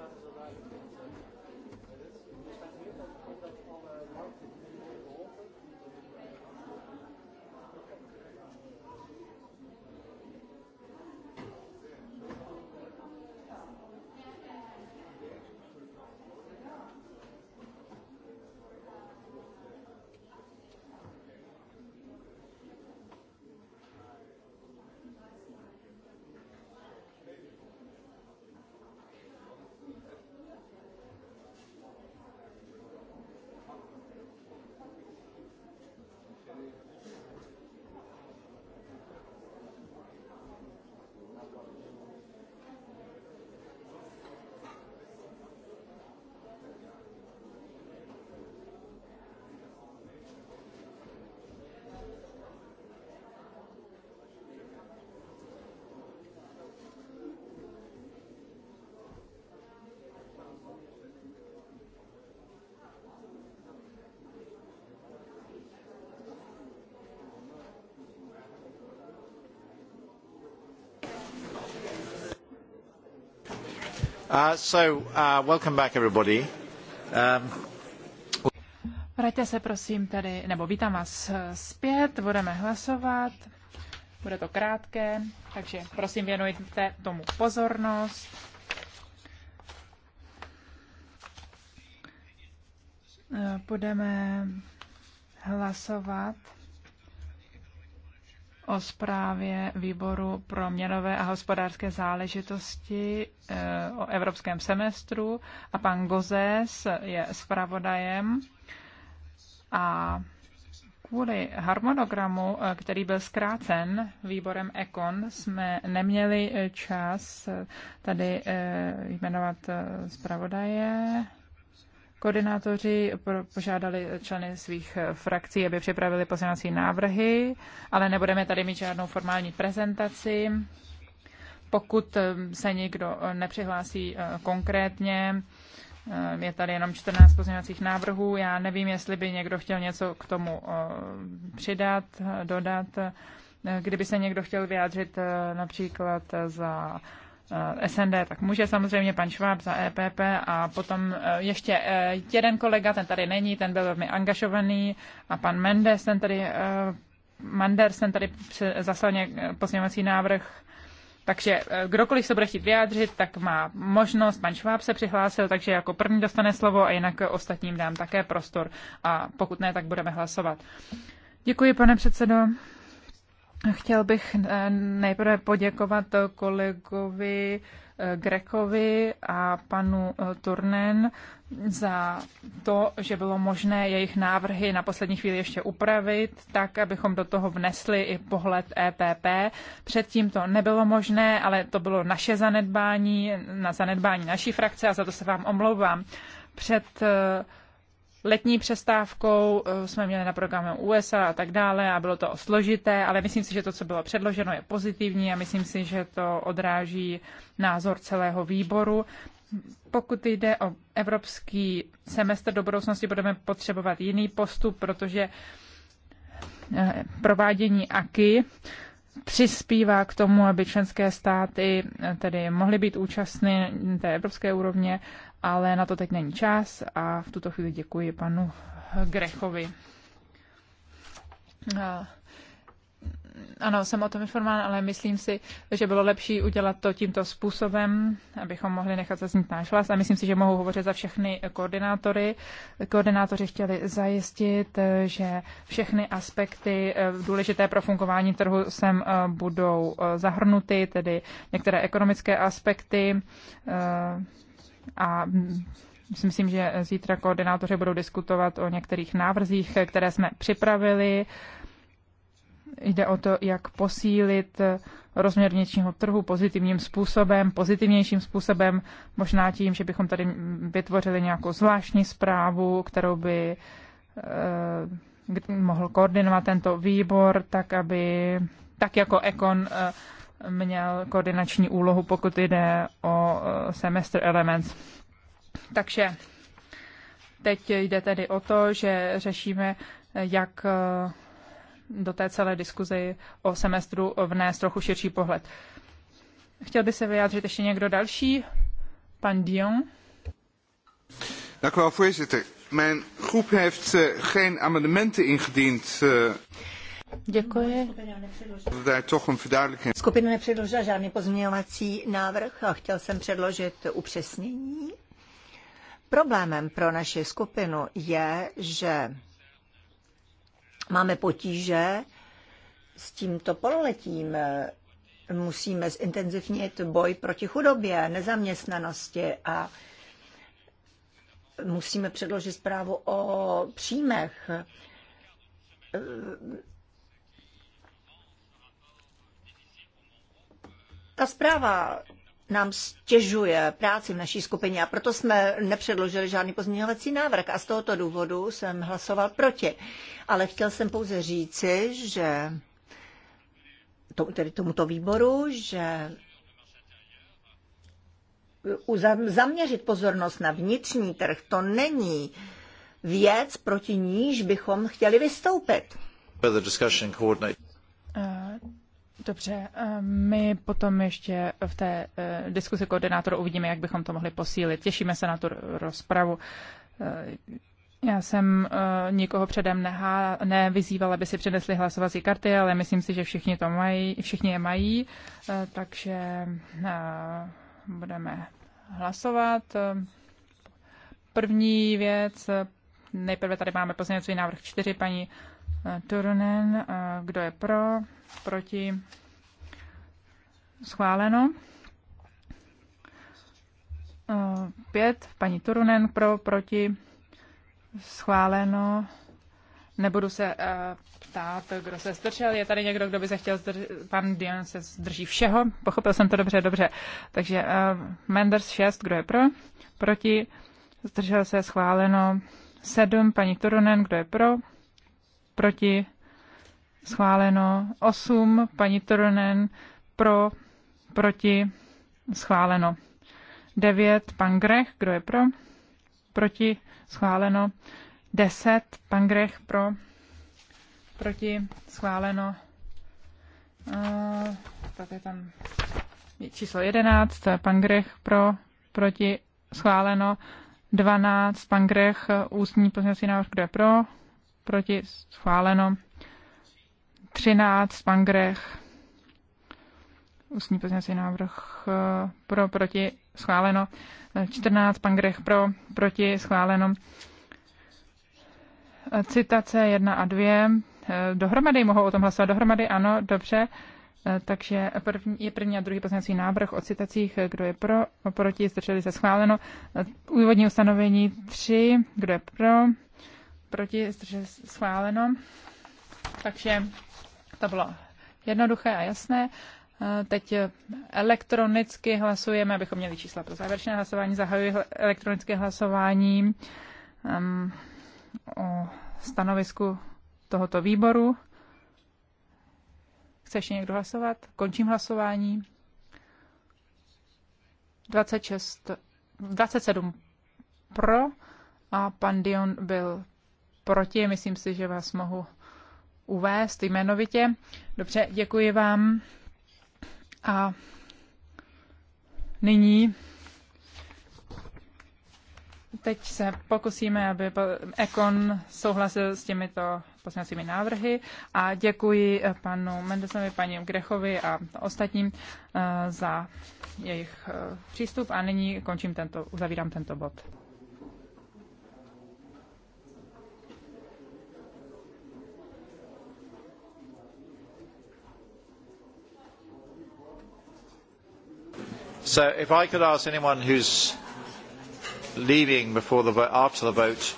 Stati dodali. Uh, uh, um, Vraťte se prosím tedy, nebo vítám vás uh, zpět, budeme hlasovat. Bude to krátké, takže prosím věnujte tomu pozornost. Budeme hlasovat o zprávě výboru pro měnové a hospodářské záležitosti eh, o evropském semestru a pan Gozes je zpravodajem a kvůli harmonogramu, eh, který byl zkrácen výborem Econ, jsme neměli eh, čas tady jmenovat zpravodaje Koordinátoři požádali členy svých eh, frakcí, aby připravili pozměňovací návrhy, ale nebudeme tady mít žádnou formální prezentaci. Pokud eh, se někdo eh, nepřihlásí konkrétně, je tady jenom 14 pozměňovacích návrhů. Já nevím, jestli by někdo chtěl něco k tomu přidat, dodat. Kdyby se někdo chtěl vyjádřit například za Eh, SND, tak může samozřejmě pan Šváb za EPP a potom eh, ještě eh, jeden kolega, ten tady není, ten byl velmi angažovaný a pan Mendes, ten tady, Manders, ten tady zaslal pozměňovací návrh takže kdokoliv se bude chtít vyjádřit, tak má možnost. Pan Šváb se přihlásil, takže jako první dostane slovo a jinak ostatním dám také prostor. A pokud ne, tak budeme hlasovat. Děkuji, pane předsedo. Chtěl bych eh, nejprve poděkovat kolegovi eh, Grekovi a panu eh, Turnen za to, že bylo možné jejich návrhy na poslední chvíli ještě upravit, tak, abychom do toho vnesli i pohled EPP. Předtím to nebylo možné, ale to bylo naše zanedbání, na zanedbání naší frakce a za to se vám omlouvám. Před uh, letní přestávkou eh, jsme měli na programu USA a tak dále a bylo to složité, ale myslím si, že to, co bylo předloženo, je pozitivní a myslím si, že to odráží názor celého výboru. Pokud jde o evropský semestr do budoucnosti, budeme potřebovat jiný postup, protože eh, provádění AKY přispívá k tomu, aby členské státy eh, tedy mohly být účastny té evropské úrovně ale na to teď není čas a v tuto chvíli děkuji panu Grechovi. Ano, jsem o tom informován, ale myslím si, že bylo lepší udělat to tímto způsobem, abychom mohli nechat zaznít náš hlas. A myslím si, že mohu hovořit za všechny koordinátory. Koordinátoři chtěli zajistit, že všechny aspekty eh, důležité pro fungování trhu sem eh, budou eh, zahrnuty, tedy některé ekonomické aspekty, a mm, myslím, že zítra koordinátoři budou diskutovat o některých návrzích, které jsme připravili. Jde o to, jak posílit rozměr vnitřního trhu pozitivním způsobem, pozitivnějším způsobem, možná tím, že bychom tady vytvořili nějakou zvláštní zprávu, kterou by eh, mohl koordinovat tento výbor, tak aby, tak jako Ekon eh, měl koordinační úlohu, pokud jde o eh, semestr Elements. Takže teď jde tedy o to, že řešíme, jak eh, do té celé diskuze o semestru vnést trochu širší pohled. Chtěl by se vyjádřit ještě někdo další? Pan Dion? Dank u wel, voorzitter. Mijn groep heeft uh, geen amendementen ingediend. Uh... Děkuji. Skupina nepředložila žádný pozměňovací návrh a chtěl jsem předložit upřesnění. Problémem pro naši skupinu je, že máme potíže s tímto pololetím. Musíme zintenzivnit boj proti chudobě, nezaměstnanosti a musíme předložit zprávu o příjmech Ta zpráva nám stěžuje práci v naší skupině a proto jsme nepředložili žádný pozměňovací návrh a z tohoto důvodu jsem hlasoval proti. Ale chtěl jsem pouze říci, že to, tedy tomuto výboru, že zaměřit pozornost na vnitřní trh, to není věc, proti níž bychom chtěli vystoupit. Dobře, eh, my potom ještě v té eh, diskuzi koordinátoru uvidíme, jak bychom to mohli posílit. Těšíme se na tu rozpravu. Eh, já jsem nikoho předem nehá, nevyzývala, aby si přinesli hlasovací karty, ale myslím si, že všichni to mají, všichni je mají, takže budeme hlasovat. První věc, nejprve tady máme pozměňovací návrh 4, paní Turunen, kdo je pro? proti, schváleno. E, pět, paní Turunen pro, proti, schváleno. Nebudu se uh, ptát, kdo se zdržel. Je tady někdo, kdo by se chtěl zdržet? Pan Dion se zdrží všeho. Pochopil jsem to dobře, dobře. Takže uh, Menders 6, kdo je pro? Proti. Zdržel se schváleno 7, paní Turunen, kdo je pro? Proti schváleno. 8, paní Turunen, pro, proti, schváleno. 9, pan Grech, kdo je pro, proti, schváleno. 10, pan Grech, pro, proti, schváleno. Uh, tak je tam číslo 11, pan Grech, pro, proti, schváleno. 12, pan Grech, ústní pozměnací návrh, kdo je pro, proti, schváleno. 13, Pangrech, ústní pozměňovací návrh eh, pro, proti, schváleno. 14, eh, Pangrech pro, proti, schváleno. Eh, citace 1 a 2. Dohromady mohou o tom hlasovat. Dohromady ano, dobře. Takže první, je první a druhý poslanecký návrh o citacích, kdo je pro, proti, zdrželi se schváleno. Úvodní ustanovení 3, kdo je pro, proti, zdrželi se schváleno. Takže to bylo jednoduché a jasné. Eh, teď elektronicky hlasujeme, abychom měli čísla pro závěrečné hlasování. Zahajuji elektronické hlasování um, o stanovisku tohoto výboru. Chce ještě někdo hlasovat? Končím hlasování. 26, 27 pro a pan Dion byl proti. Myslím si, že vás mohu uvést jmenovitě. Dobře, děkuji vám. A nyní teď se pokusíme, aby Ekon souhlasil s těmito poslaneckými návrhy a děkuji panu Mendesovi, paní Grechovi a ostatním eh, za jejich eh, přístup a nyní končím tento, uzavírám tento bod. So if I could ask anyone who's leaving before the vote, after the vote,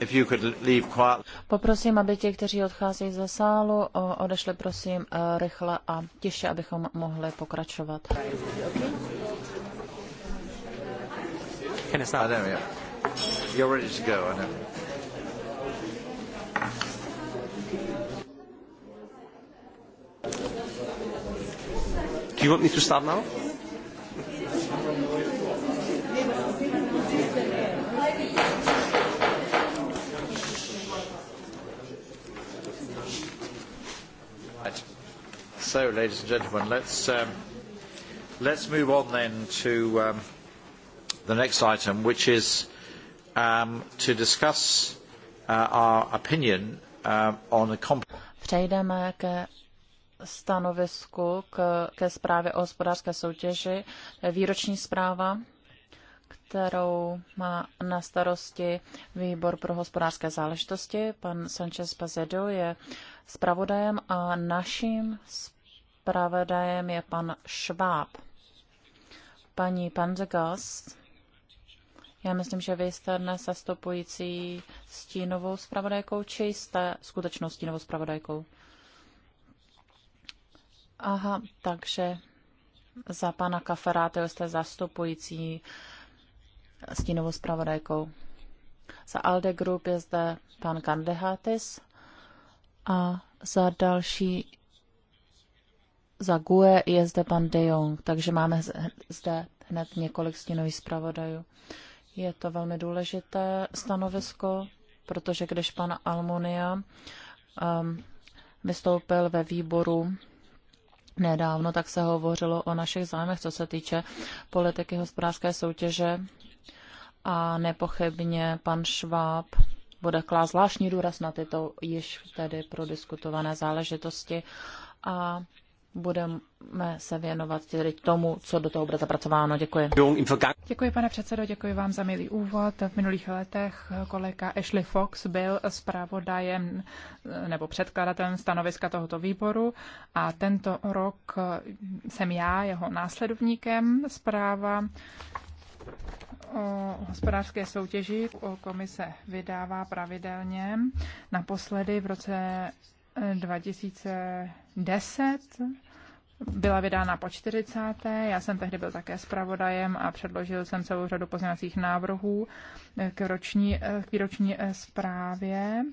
if you could leave quietly. Poprosím, aby ti, kteří odcházejí ze sálu, odešli prosím e, rychle a tiše, abychom mohli pokračovat. Can I start? I know, yeah. You're ready to go, I know. Do you want me to start now? So, ladies and gentlemen, let's, um, let's move on then to um, the next item, which is um, to discuss uh, our opinion uh, on a compromise. Přejdeme k stanovisku k, ke zprávě o hospodářské soutěži. Výroční zpráva, kterou má na starosti výbor pro hospodářské záležitosti. Pan Sanchez Pazedo je zpravodajem a naším zpravodajem je pan Šváb. Paní Panzegas, já myslím, že vy jste dnes zastupující stínovou zpravodajkou, či jste skutečnou stínovou zpravodajkou? Aha, takže za pana Kaferátyho jste zastupující stínovou zpravodajkou. Za Alde Group je zde pan Kandehatis a za další za GUE je zde pan De Jong, takže máme zde hned několik stínových zpravodajů. Je to velmi důležité stanovisko, protože když pan Almunia um, vystoupil ve výboru nedávno, tak se hovořilo o našich zájmech, co se týče politiky hospodářské soutěže. A nepochybně pan Šváb bude klást zvláštní důraz na tyto již tedy prodiskutované záležitosti. A budeme se věnovat tedy tomu, co do toho bude zapracováno. Děkuji. Děkuji, pane předsedo, děkuji vám za milý úvod. V minulých letech kolega Ashley Fox byl zpravodajem nebo předkladatelem stanoviska tohoto výboru a tento rok jsem já jeho následovníkem zpráva o hospodářské soutěži komise vydává pravidelně. Naposledy v roce 2010 byla vydána po 40. Já jsem tehdy byl také zpravodajem a předložil jsem celou řadu pozměňovacích návrhů k, roční, k výroční eh, zprávě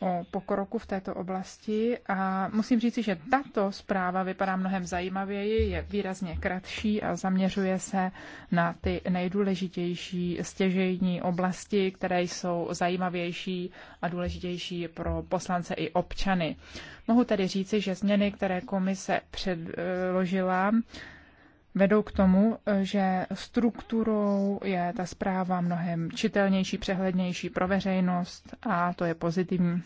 o pokroku v této oblasti a musím říci, že tato zpráva vypadá mnohem zajímavěji, je výrazně kratší a zaměřuje se na ty nejdůležitější stěžejní oblasti, které jsou zajímavější a důležitější pro poslance i občany. Mohu tedy říci, že změny, které komise předložila, vedou k tomu, že strukturou je ta zpráva mnohem čitelnější, přehlednější pro veřejnost a to je pozitivní.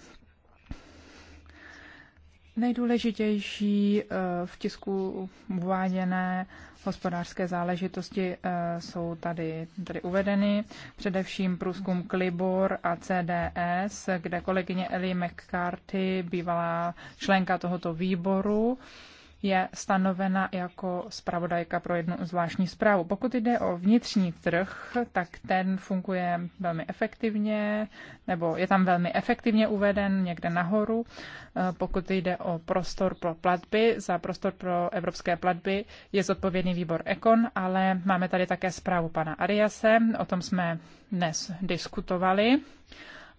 Nejdůležitější eh, v tisku uváděné hospodářské záležitosti eh, jsou tady, tady uvedeny. Především průzkum Klibor a CDS, kde kolegyně Ellie McCarthy, bývalá členka tohoto výboru, je stanovena jako zpravodajka pro jednu zvláštní zprávu. Pokud jde o vnitřní trh, tak ten funguje velmi efektivně, nebo je tam velmi efektivně uveden někde nahoru. Eh, pokud jde o prostor pro platby, za prostor pro evropské platby je zodpovědný výbor Econ, ale máme tady také zprávu pana Ariase, o tom jsme dnes diskutovali.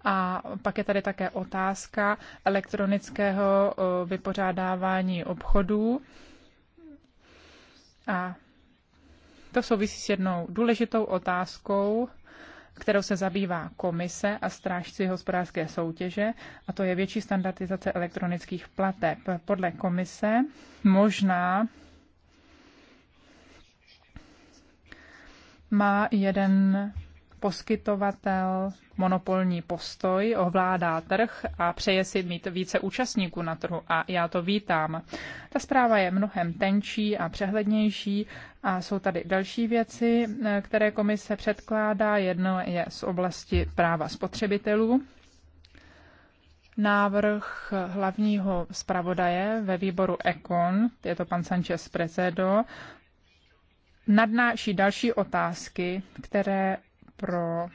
A pak je tady také otázka elektronického vypořádávání obchodů. A to souvisí s jednou důležitou otázkou, kterou se zabývá komise a strážci hospodářské soutěže, a to je větší standardizace elektronických plateb. Podle komise možná má jeden poskytovatel monopolní postoj, ovládá trh a přeje si mít více účastníků na trhu a já to vítám. Ta zpráva je mnohem tenčí a přehlednější a jsou tady další věci, které komise předkládá. Jedno je z oblasti práva spotřebitelů. Návrh hlavního zpravodaje ve výboru ECON, je to pan Sanchez Prezedo, nadnáší další otázky, které pro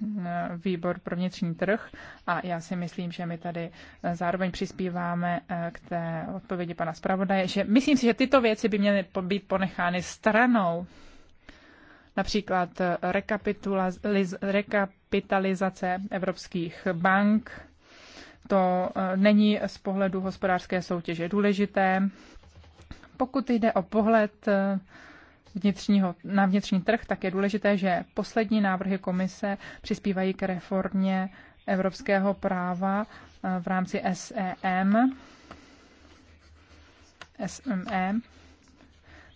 mm, výbor pro vnitřní trh a já si myslím, že my tady eh, zároveň přispíváme eh, k té odpovědi pana zpravodaje, že myslím si, že tyto věci by měly být ponechány stranou. Například eh, rekapitalizace evropských bank, to není z pohledu hospodářské soutěže důležité. Pokud jde o pohled vnitřního, na vnitřní trh, tak je důležité, že poslední návrhy komise přispívají k reformě evropského práva eh, v rámci SEM, SME,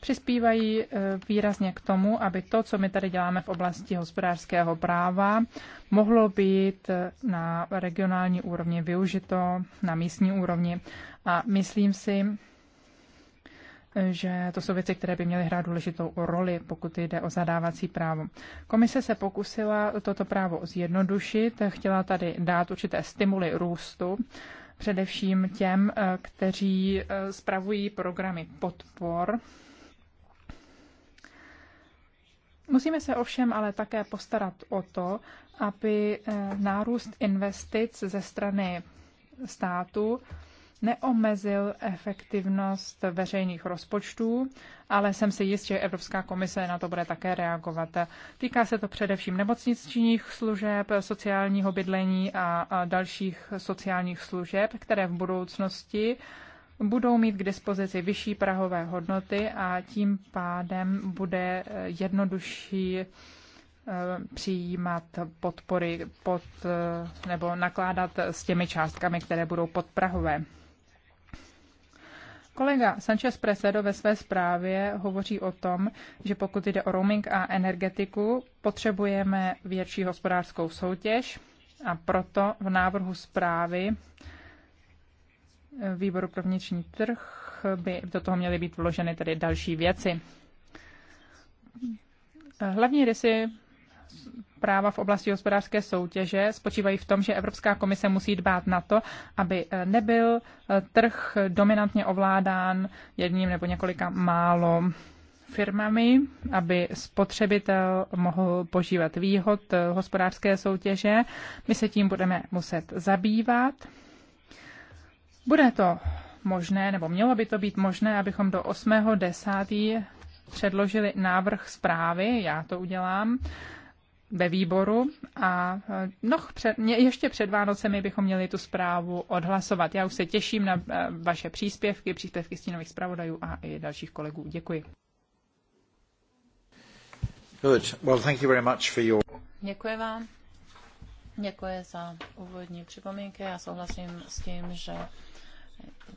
přispívají eh, výrazně k tomu, aby to, co my tady děláme v oblasti hospodářského práva, mohlo být eh, na regionální úrovni využito, na místní úrovni. A myslím si, že to jsou věci, které by měly hrát důležitou roli, pokud jde o zadávací právo. Komise se pokusila toto právo zjednodušit, chtěla tady dát určité stimuly růstu, především těm, eh, kteří eh, spravují programy podpor. Musíme se ovšem ale také postarat o to, aby eh, nárůst investic ze strany státu neomezil efektivnost veřejných rozpočtů, ale jsem si jist, že Evropská komise na to bude také reagovat. Týká se to především nemocničních služeb, sociálního bydlení a dalších sociálních služeb, které v budoucnosti budou mít k dispozici vyšší prahové hodnoty a tím pádem bude jednodušší e, přijímat podpory pod, e, nebo nakládat s těmi částkami, které budou podprahové. Kolega Sanchez Presedo ve své zprávě hovoří o tom, že pokud jde o roaming a energetiku, potřebujeme větší hospodářskou soutěž a proto v návrhu zprávy výboru pro vnitřní trh by do toho měly být vloženy tedy další věci. Hlavní rysy práva v oblasti hospodářské soutěže spočívají v tom, že Evropská komise musí dbát na to, aby eh, nebyl eh, trh dominantně ovládán jedním nebo několika málo firmami, aby spotřebitel mohl požívat výhod eh, hospodářské soutěže. My se tím budeme muset zabývat. Bude to možné, nebo mělo by to být možné, abychom do 8.10. předložili návrh zprávy, já to udělám, ve výboru a no, před, ještě před Vánocemi bychom měli tu zprávu odhlasovat. Já už se těším na e, vaše příspěvky, příspěvky stínových zpravodajů a i dalších kolegů. Děkuji. Good. Well, thank you very much for your... Děkuji vám. Děkuji za úvodní připomínky. Já souhlasím s tím, že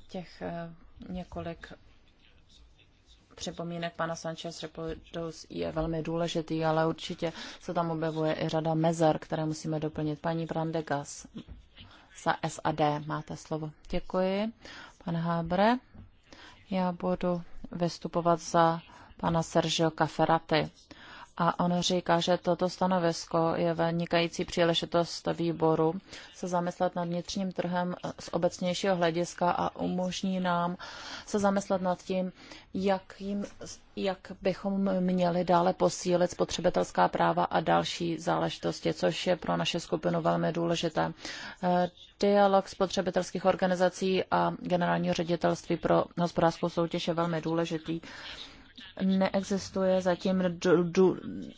těch e, několik připomínek pana Sanchez Repodos je velmi důležitý, ale určitě se tam objevuje i řada mezer, které musíme doplnit. Paní Brandegas za SAD máte slovo. Děkuji. Pan Hábre, já budu vystupovat za pana Sergio Caferati. A on říká, že toto stanovisko je vynikající příležitost výboru se zamyslet nad vnitřním trhem z obecnějšího hlediska a umožní nám se zamyslet nad tím, jak, jim, jak bychom měli dále posílit spotřebitelská práva a další záležitosti, což je pro naše skupinu velmi důležité. Dialog spotřebitelských organizací a generálního ředitelství pro hospodářskou soutěž je velmi důležitý neexistuje zatím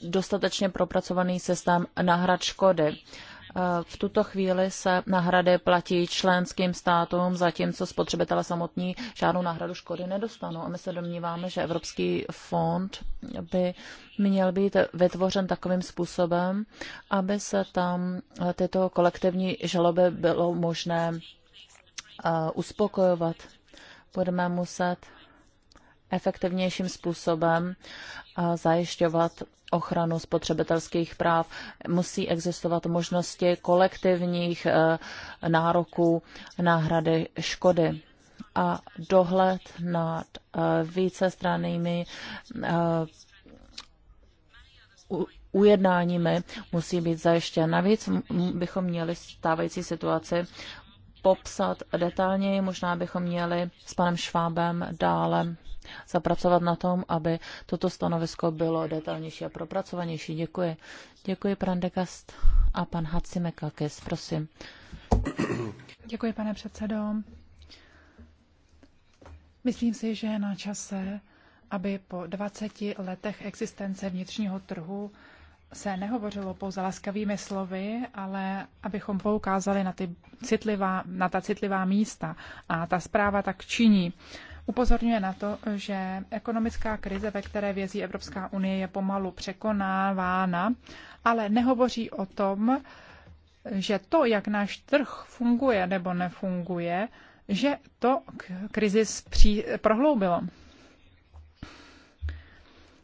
dostatečně propracovaný systém náhrad škody. Eh, v tuto chvíli se náhrady platí členským státům, zatímco spotřebitele samotní žádnou náhradu škody nedostanou. A my se domníváme, že Evropský fond by měl být vytvořen takovým způsobem, aby se tam tyto kolektivní žaloby bylo možné eh, uspokojovat. Budeme muset efektivnějším způsobem zajišťovat ochranu spotřebitelských práv. Musí existovat možnosti kolektivních e, nároků náhrady škody a dohled nad e, vícestrannými e, ujednáními musí být zajištěn. Navíc bychom měli stávající situaci popsat detailněji. Možná bychom měli s panem Švábem dále zapracovat na tom, aby toto stanovisko bylo detailnější a propracovanější. Děkuji. Děkuji, Prandekast a pan Hacimekakis, prosím. Děkuji, pane předsedo. Myslím si, že je na čase, aby po 20 letech existence vnitřního trhu se nehovořilo pouze laskavými slovy, ale abychom poukázali na, ty citlivá, na ta citlivá místa. A ta zpráva tak činí upozorňuje na to, že ekonomická krize, ve které vězí Evropská unie, je pomalu překonávána, ale nehovoří o tom, že to, jak náš trh funguje nebo nefunguje, že to krizi pří, prohloubilo.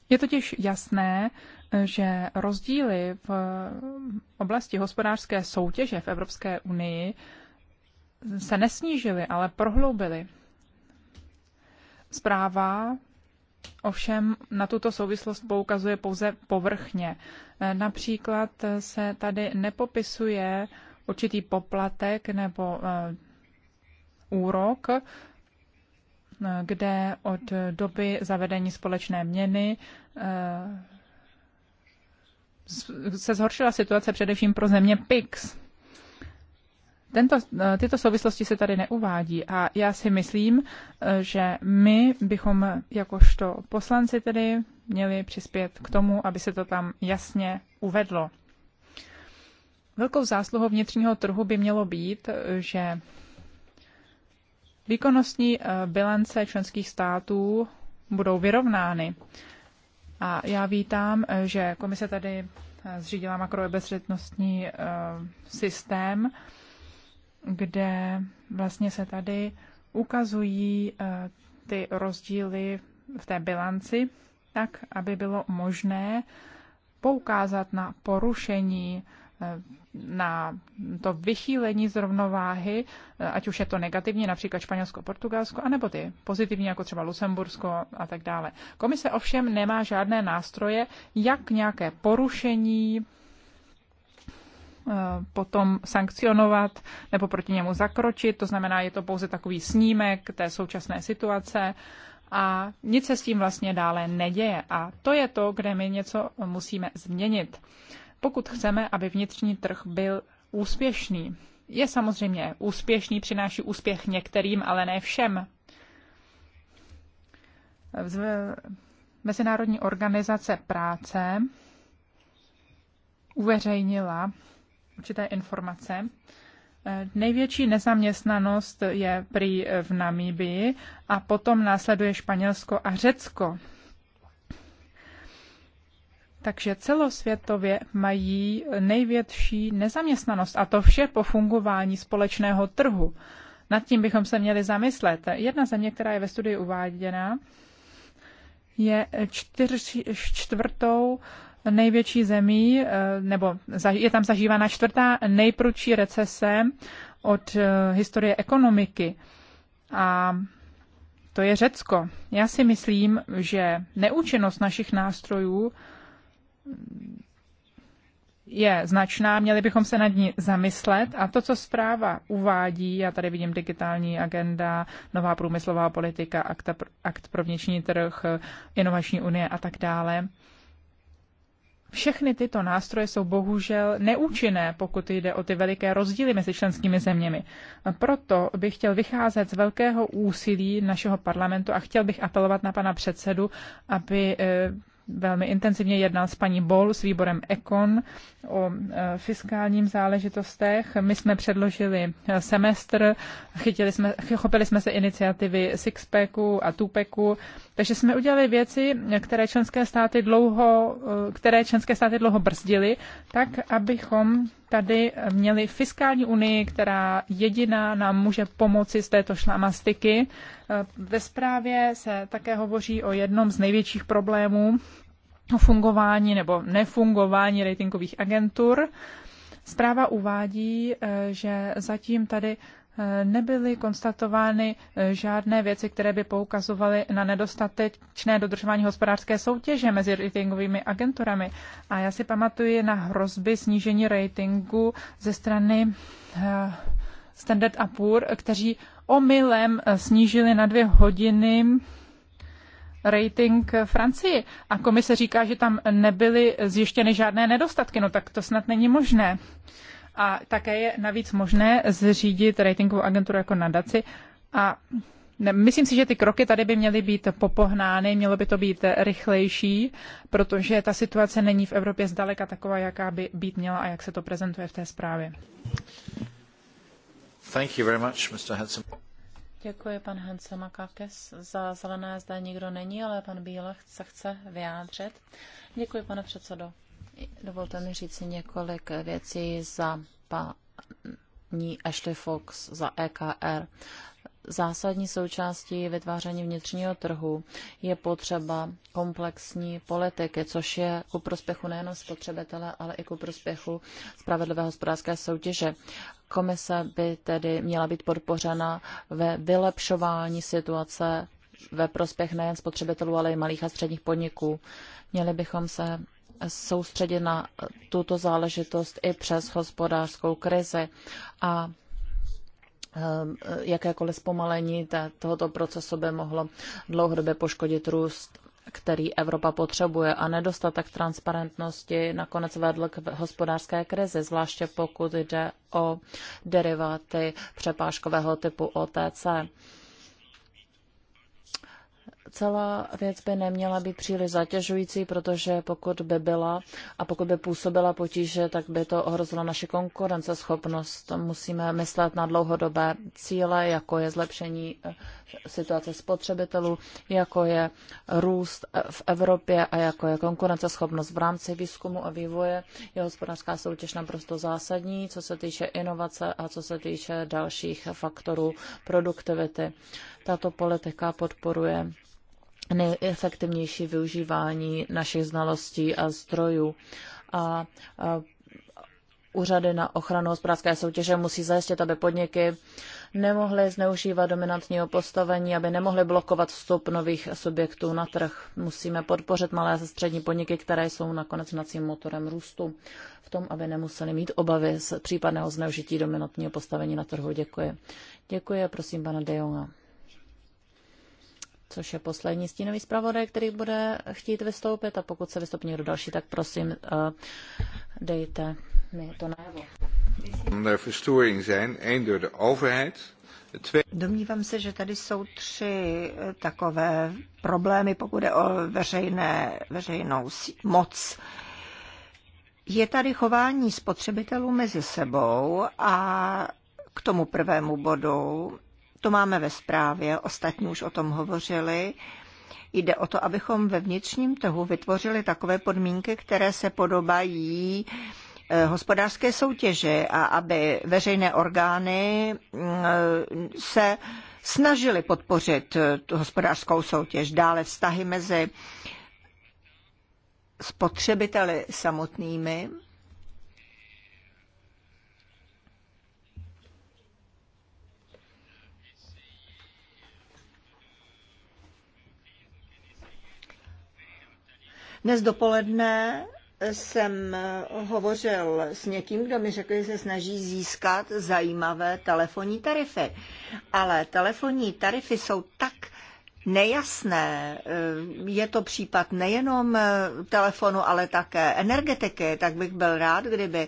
Je totiž jasné, že rozdíly v oblasti hospodářské soutěže v Evropské unii se nesnížily, ale prohloubily. Zpráva ovšem na tuto souvislost poukazuje pouze povrchně. Eh, například eh, se tady nepopisuje určitý poplatek nebo eh, úrok, kde od doby zavedení společné měny se zhoršila situace především pro země PIX. Tento, eh, tyto souvislosti se tady neuvádí a já si myslím, eh, že my bychom jakožto poslanci tedy měli přispět k tomu, aby se to tam jasně uvedlo. Velkou zásluhou vnitřního trhu by mělo být, eh, že výkonnostní bilance členských států budou vyrovnány. A já vítám, že komise tady zřídila makroobezřetnostní systém, kde vlastně se tady ukazují eh, ty rozdíly v té bilanci, tak aby bylo možné poukázat na porušení, eh, na to vychýlení z rovnováhy, eh, ať už je to negativní, například Španělsko, Portugalsko, anebo ty pozitivní, jako třeba Lucembursko a tak dále. Komise ovšem nemá žádné nástroje, jak nějaké porušení potom sankcionovat nebo proti němu zakročit. To znamená, je to pouze takový snímek té současné situace a nic se s tím vlastně dále neděje. A to je to, kde my něco musíme změnit. Pokud chceme, aby vnitřní trh byl úspěšný, je samozřejmě úspěšný, přináší úspěch některým, ale ne všem. Mezinárodní organizace práce uveřejnila určité informace. E, největší nezaměstnanost je prý e, v Namíbii a potom následuje Španělsko a Řecko. Takže celosvětově mají největší nezaměstnanost a to vše po fungování společného trhu. Nad tím bychom se měli zamyslet. Jedna země, která je ve studii uváděna, je čtyř, čtvrtou největší zemí, eh, nebo je tam zažívána čtvrtá nejprudší recese od eh, historie ekonomiky. A to je Řecko. Já si myslím, že neúčinnost našich nástrojů je značná, měli bychom se nad ní zamyslet a to, co zpráva uvádí, já tady vidím digitální agenda, nová průmyslová politika, akt pro vnitřní trh, inovační unie a tak dále, všechny tyto nástroje jsou bohužel neúčinné, pokud jde o ty veliké rozdíly mezi členskými zeměmi. Proto bych chtěl vycházet z velkého úsilí našeho parlamentu a chtěl bych apelovat na pana předsedu, aby eh, velmi intenzivně jednal s paní Bol s výborem Econ o eh, fiskálním záležitostech. My jsme předložili eh, semestr, chytili jsme, chopili jsme se iniciativy Sixpacku a Tupeku takže jsme udělali věci, které členské státy dlouho, které členské státy dlouho brzdily, tak abychom tady měli fiskální unii, která jediná nám může pomoci z této šlamastiky. Ve zprávě se také hovoří o jednom z největších problémů o fungování nebo nefungování ratingových agentur. Zpráva uvádí, že zatím tady nebyly konstatovány eh, žádné věci, které by poukazovaly na nedostatečné dodržování hospodářské soutěže mezi ratingovými agenturami. A já si pamatuji na hrozby snížení ratingu ze strany eh, Standard Poor, kteří omylem eh, snížili na dvě hodiny rating Francii. A komise říká, že tam nebyly zjištěny žádné nedostatky. No tak to snad není možné. A také je navíc možné zřídit ratingovou agenturu jako nadaci. A Myslím si, že ty kroky tady by měly být popohnány, mělo by to být rychlejší, protože ta situace není v Evropě zdaleka taková, jaká by být měla a jak se to prezentuje v té zprávě. Thank you very much, Mr. Hansen. Děkuji, pan Hansen Makakis. Za zelené zde nikdo není, ale pan Bíle se chce vyjádřit. Děkuji, pane předsedo. Dovolte mi říct několik věcí za paní Ashley Fox, za EKR. Zásadní součástí vytváření vnitřního trhu je potřeba komplexní politiky, což je ku prospěchu nejen spotřebitele, ale i ku prospěchu spravedlivé hospodářské soutěže. Komise by tedy měla být podpořena ve vylepšování situace ve prospěch nejen spotřebitelů, ale i malých a středních podniků. Měli bychom se soustředit na tuto záležitost i přes hospodářskou krizi a ehm, jakékoliv zpomalení tohoto procesu by mohlo dlouhodobě poškodit růst který Evropa potřebuje a nedostatek transparentnosti nakonec vedl k hospodářské krizi, zvláště pokud jde o deriváty přepážkového typu OTC celá věc by neměla být příliš zatěžující, protože pokud by byla a pokud by působila potíže, tak by to ohrozilo naši konkurenceschopnost. Musíme myslet na dlouhodobé cíle, jako je zlepšení situace spotřebitelů, jako je růst v Evropě a jako je konkurenceschopnost v rámci výzkumu a vývoje. Je hospodářská soutěž naprosto zásadní, co se týče inovace a co se týče dalších faktorů produktivity. Tato politika podporuje nejefektivnější využívání našich znalostí a zdrojů. A, úřady na ochranu hospodářské soutěže musí zajistit, aby podniky nemohly zneužívat dominantního postavení, aby nemohly blokovat vstup nových subjektů na trh. Musíme podpořit malé a střední podniky, které jsou nakonec nacím motorem růstu, v tom, aby nemuseli mít obavy z případného zneužití dominantního postavení na trhu. Děkuji. Děkuji a prosím pana De Jonga což je poslední stínový zpravodaj, který bude chtít vystoupit a pokud se vystoupí někdo další, tak prosím eh, dejte mi to najevo. Domnívám se, že tady jsou tři eh, takové problémy, pokud je o veřejné, veřejnou moc. Je tady chování spotřebitelů mezi sebou a k tomu prvému bodu, to máme ve zprávě, ostatní už o tom hovořili, Jde o to, abychom ve vnitřním trhu vytvořili takové podmínky, které se podobají Eh, hospodářské soutěže a aby veřejné orgány mm, eh, se snažily podpořit eh, tu hospodářskou soutěž. Dále vztahy mezi spotřebiteli samotnými Dnes dopoledne jsem eh, hovořil s někým, kdo mi řekl, že se snaží získat zajímavé telefonní tarify. Ale telefonní tarify jsou tak nejasné. Eh, je to případ nejenom eh, telefonu, ale také energetiky, tak bych byl rád, kdyby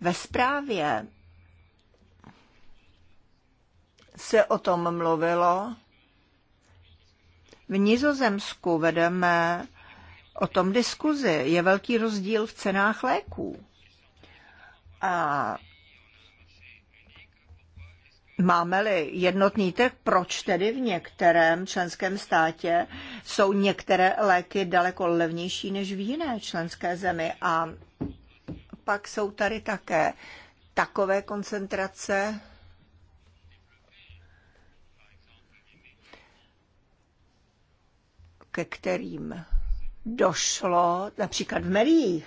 ve zprávě se o tom mluvilo. V Nizozemsku vedeme o tom diskuzi. Je velký rozdíl v cenách léků. A Máme-li jednotný trh, proč tedy v některém členském státě jsou některé léky daleko levnější než v jiné členské zemi? A pak jsou tady také takové koncentrace ke kterým došlo například v médiích,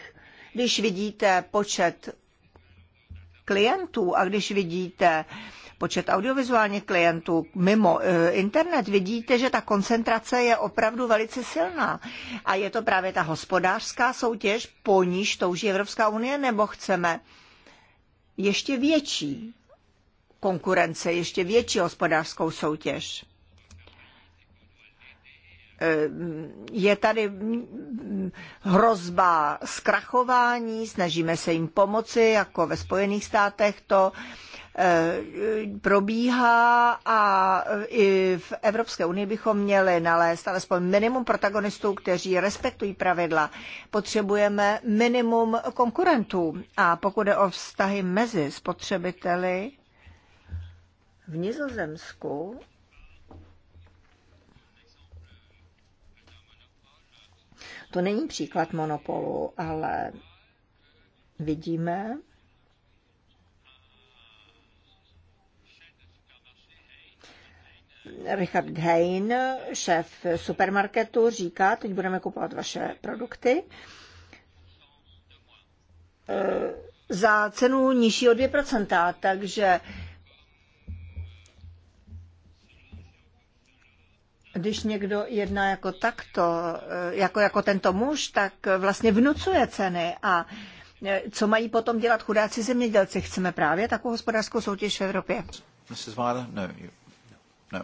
když vidíte počet klientů a když vidíte počet audiovizuálních klientů mimo eh, internet, vidíte, že ta koncentrace je opravdu velice silná. A je to právě ta hospodářská soutěž, po níž touží Evropská unie, nebo chceme ještě větší konkurence, ještě větší hospodářskou soutěž. Eh, je tady hrozba zkrachování, snažíme se jim pomoci, jako ve Spojených státech to eh, probíhá a eh, i v Evropské unii bychom měli nalézt alespoň minimum protagonistů, kteří respektují pravidla. Potřebujeme minimum konkurentů a pokud je o vztahy mezi spotřebiteli v Nizozemsku To není příklad monopolu, ale vidíme, Richard Hein, šéf supermarketu, říká, teď budeme kupovat vaše produkty e, za cenu nižší o 2%, takže když někdo jedná jako takto, eh, jako, jako tento muž, tak vlastně vnucuje ceny a eh, co mají potom dělat chudáci zemědělci? Chceme právě takovou hospodářskou soutěž v Evropě? Mrs. Weiler? No, you, no.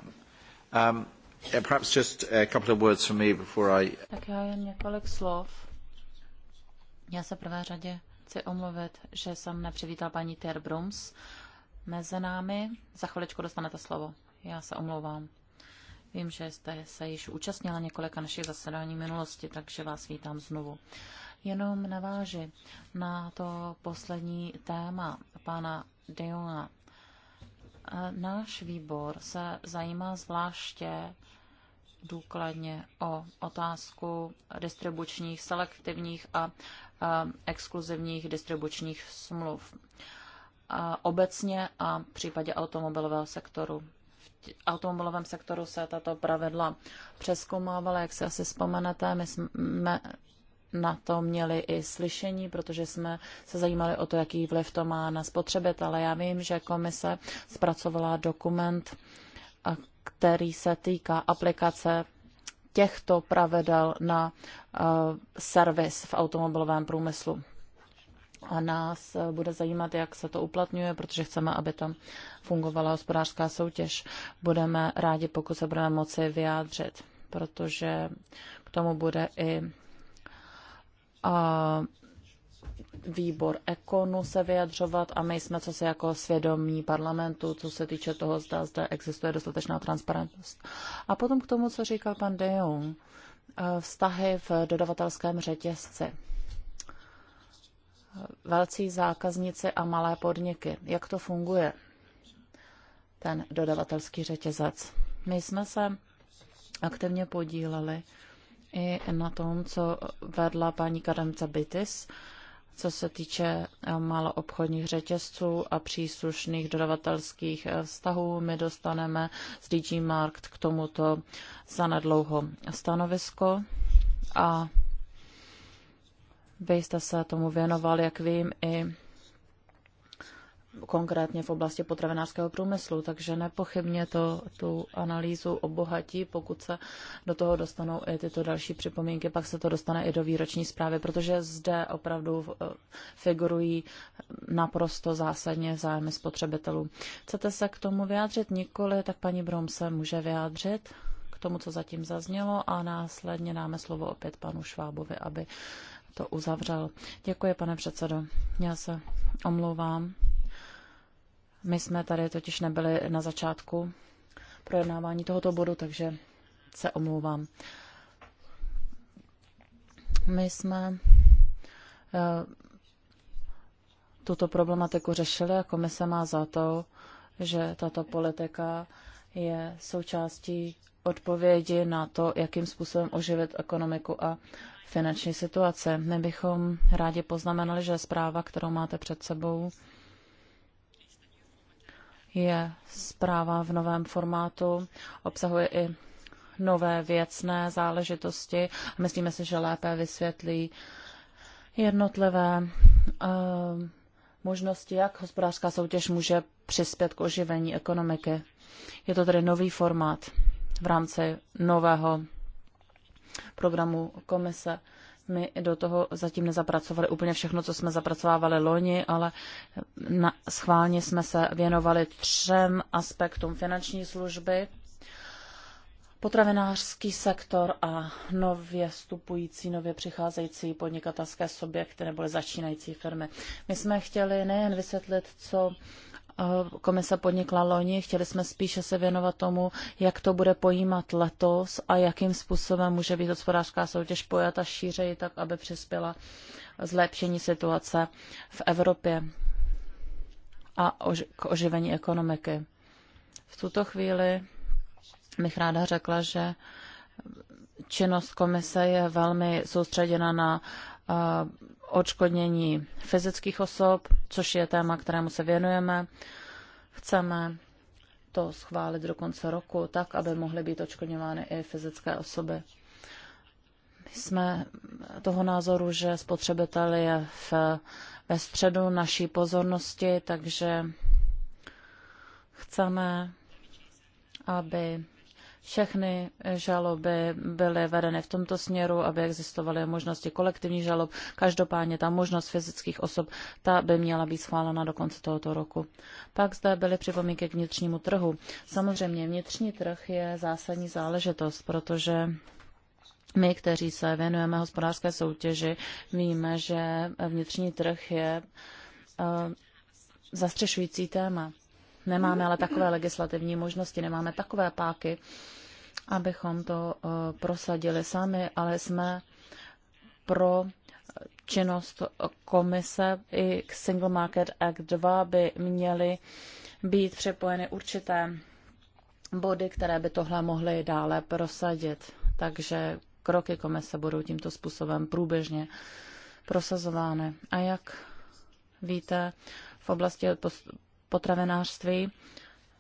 Um, yeah, perhaps just a couple of words from me before I... Tak já jen několik slov. Já se prvé řadě chci omluvit, že jsem nepřivítal paní Terbrums mezi námi. Za chviličku dostanete slovo. Já se omlouvám. Vím, že jste se již účastnila několika našich zasedání minulosti, takže vás vítám znovu. Jenom naváži na to poslední téma pana Deona. E, náš výbor se zajímá zvláště důkladně o otázku distribučních, selektivních a e, exkluzivních distribučních smluv. A e, obecně a v případě automobilového sektoru automobilovém sektoru se tato pravidla přeskoumávala. Jak si asi vzpomenete, my jsme na to měli i slyšení, protože jsme se zajímali o to, jaký vliv to má na spotřebitele. Já vím, že komise zpracovala dokument, který se týká aplikace těchto pravidel na uh, servis v automobilovém průmyslu. A nás eh, bude zajímat, jak se to uplatňuje, protože chceme, aby tam fungovala hospodářská soutěž. Budeme rádi, pokud se budeme moci vyjádřit, protože k tomu bude i a výbor ekonu se vyjadřovat a my jsme co se jako svědomí parlamentu, co se týče toho, zda zde existuje dostatečná transparentnost. A potom k tomu, co říkal pan De Jong, eh, vztahy v dodavatelském řetězci velcí zákazníci a malé podniky. Jak to funguje, ten dodavatelský řetězec? My jsme se aktivně podíleli i na tom, co vedla paní Kademce Bitis, co se týče eh, maloobchodních řetězců a příslušných dodavatelských eh, vztahů. My dostaneme z DG Markt k tomuto zanedlouho stanovisko a vy jste se tomu věnoval, jak vím, i konkrétně v oblasti potravinářského průmyslu, takže nepochybně to tu analýzu obohatí, pokud se do toho dostanou i tyto další připomínky, pak se to dostane i do výroční zprávy, protože zde opravdu eh, figurují naprosto zásadně zájmy spotřebitelů. Chcete se k tomu vyjádřit? Nikoli, tak paní Brom se může vyjádřit k tomu, co zatím zaznělo a následně dáme slovo opět panu Švábovi, aby to uzavřel. Děkuji, pane předsedo. Já se omlouvám. My jsme tady totiž nebyli na začátku projednávání tohoto bodu, takže se omlouvám. My jsme eh, tuto problematiku řešili a komise má za to, že tato politika je součástí odpovědi na to, jakým způsobem oživit ekonomiku a finanční situace. My bychom rádi poznamenali, že zpráva, kterou máte před sebou, je zpráva v novém formátu, obsahuje i nové věcné záležitosti. Myslíme si, že lépe vysvětlí jednotlivé uh, možnosti, jak hospodářská soutěž může přispět k oživení ekonomiky. Je to tedy nový formát v rámci nového programu komise. My do toho zatím nezapracovali úplně všechno, co jsme zapracovávali loni, ale na, schválně jsme se věnovali třem aspektům finanční služby, potravinářský sektor a nově vstupující, nově přicházející podnikatelské subjekty nebo začínající firmy. My jsme chtěli nejen vysvětlit, co Eh, komise podnikla loni. Chtěli jsme spíše se věnovat tomu, jak to bude pojímat letos a jakým způsobem může být hospodářská soutěž pojata šířeji, tak aby přispěla zlepšení situace v Evropě a k oživení ekonomiky. V tuto chvíli bych ráda řekla, že činnost komise je velmi soustředěna na Eh, odškodnění fyzických osob, což je téma, kterému se věnujeme. Chceme to schválit do konce roku, tak, aby mohly být odškodňovány i fyzické osoby. Jsme toho názoru, že spotřebitel je v, ve středu naší pozornosti, takže chceme, aby všechny žaloby byly vedeny v tomto směru, aby existovaly možnosti kolektivních žalob. Každopádně ta možnost fyzických osob, ta by měla být schválena do konce tohoto roku. Pak zde byly připomínky k vnitřnímu trhu. Samozřejmě vnitřní trh je zásadní záležitost, protože my, kteří se věnujeme hospodářské soutěži, víme, že vnitřní trh je eh, zastřešující téma. Nemáme ale takové legislativní možnosti, nemáme takové páky, abychom to eh, prosadili sami, ale jsme pro činnost komise i k Single Market Act 2 by měly být připojeny určité body, které by tohle mohly dále prosadit. Takže kroky komise budou tímto způsobem průběžně prosazovány. A jak víte, v oblasti potravinářství.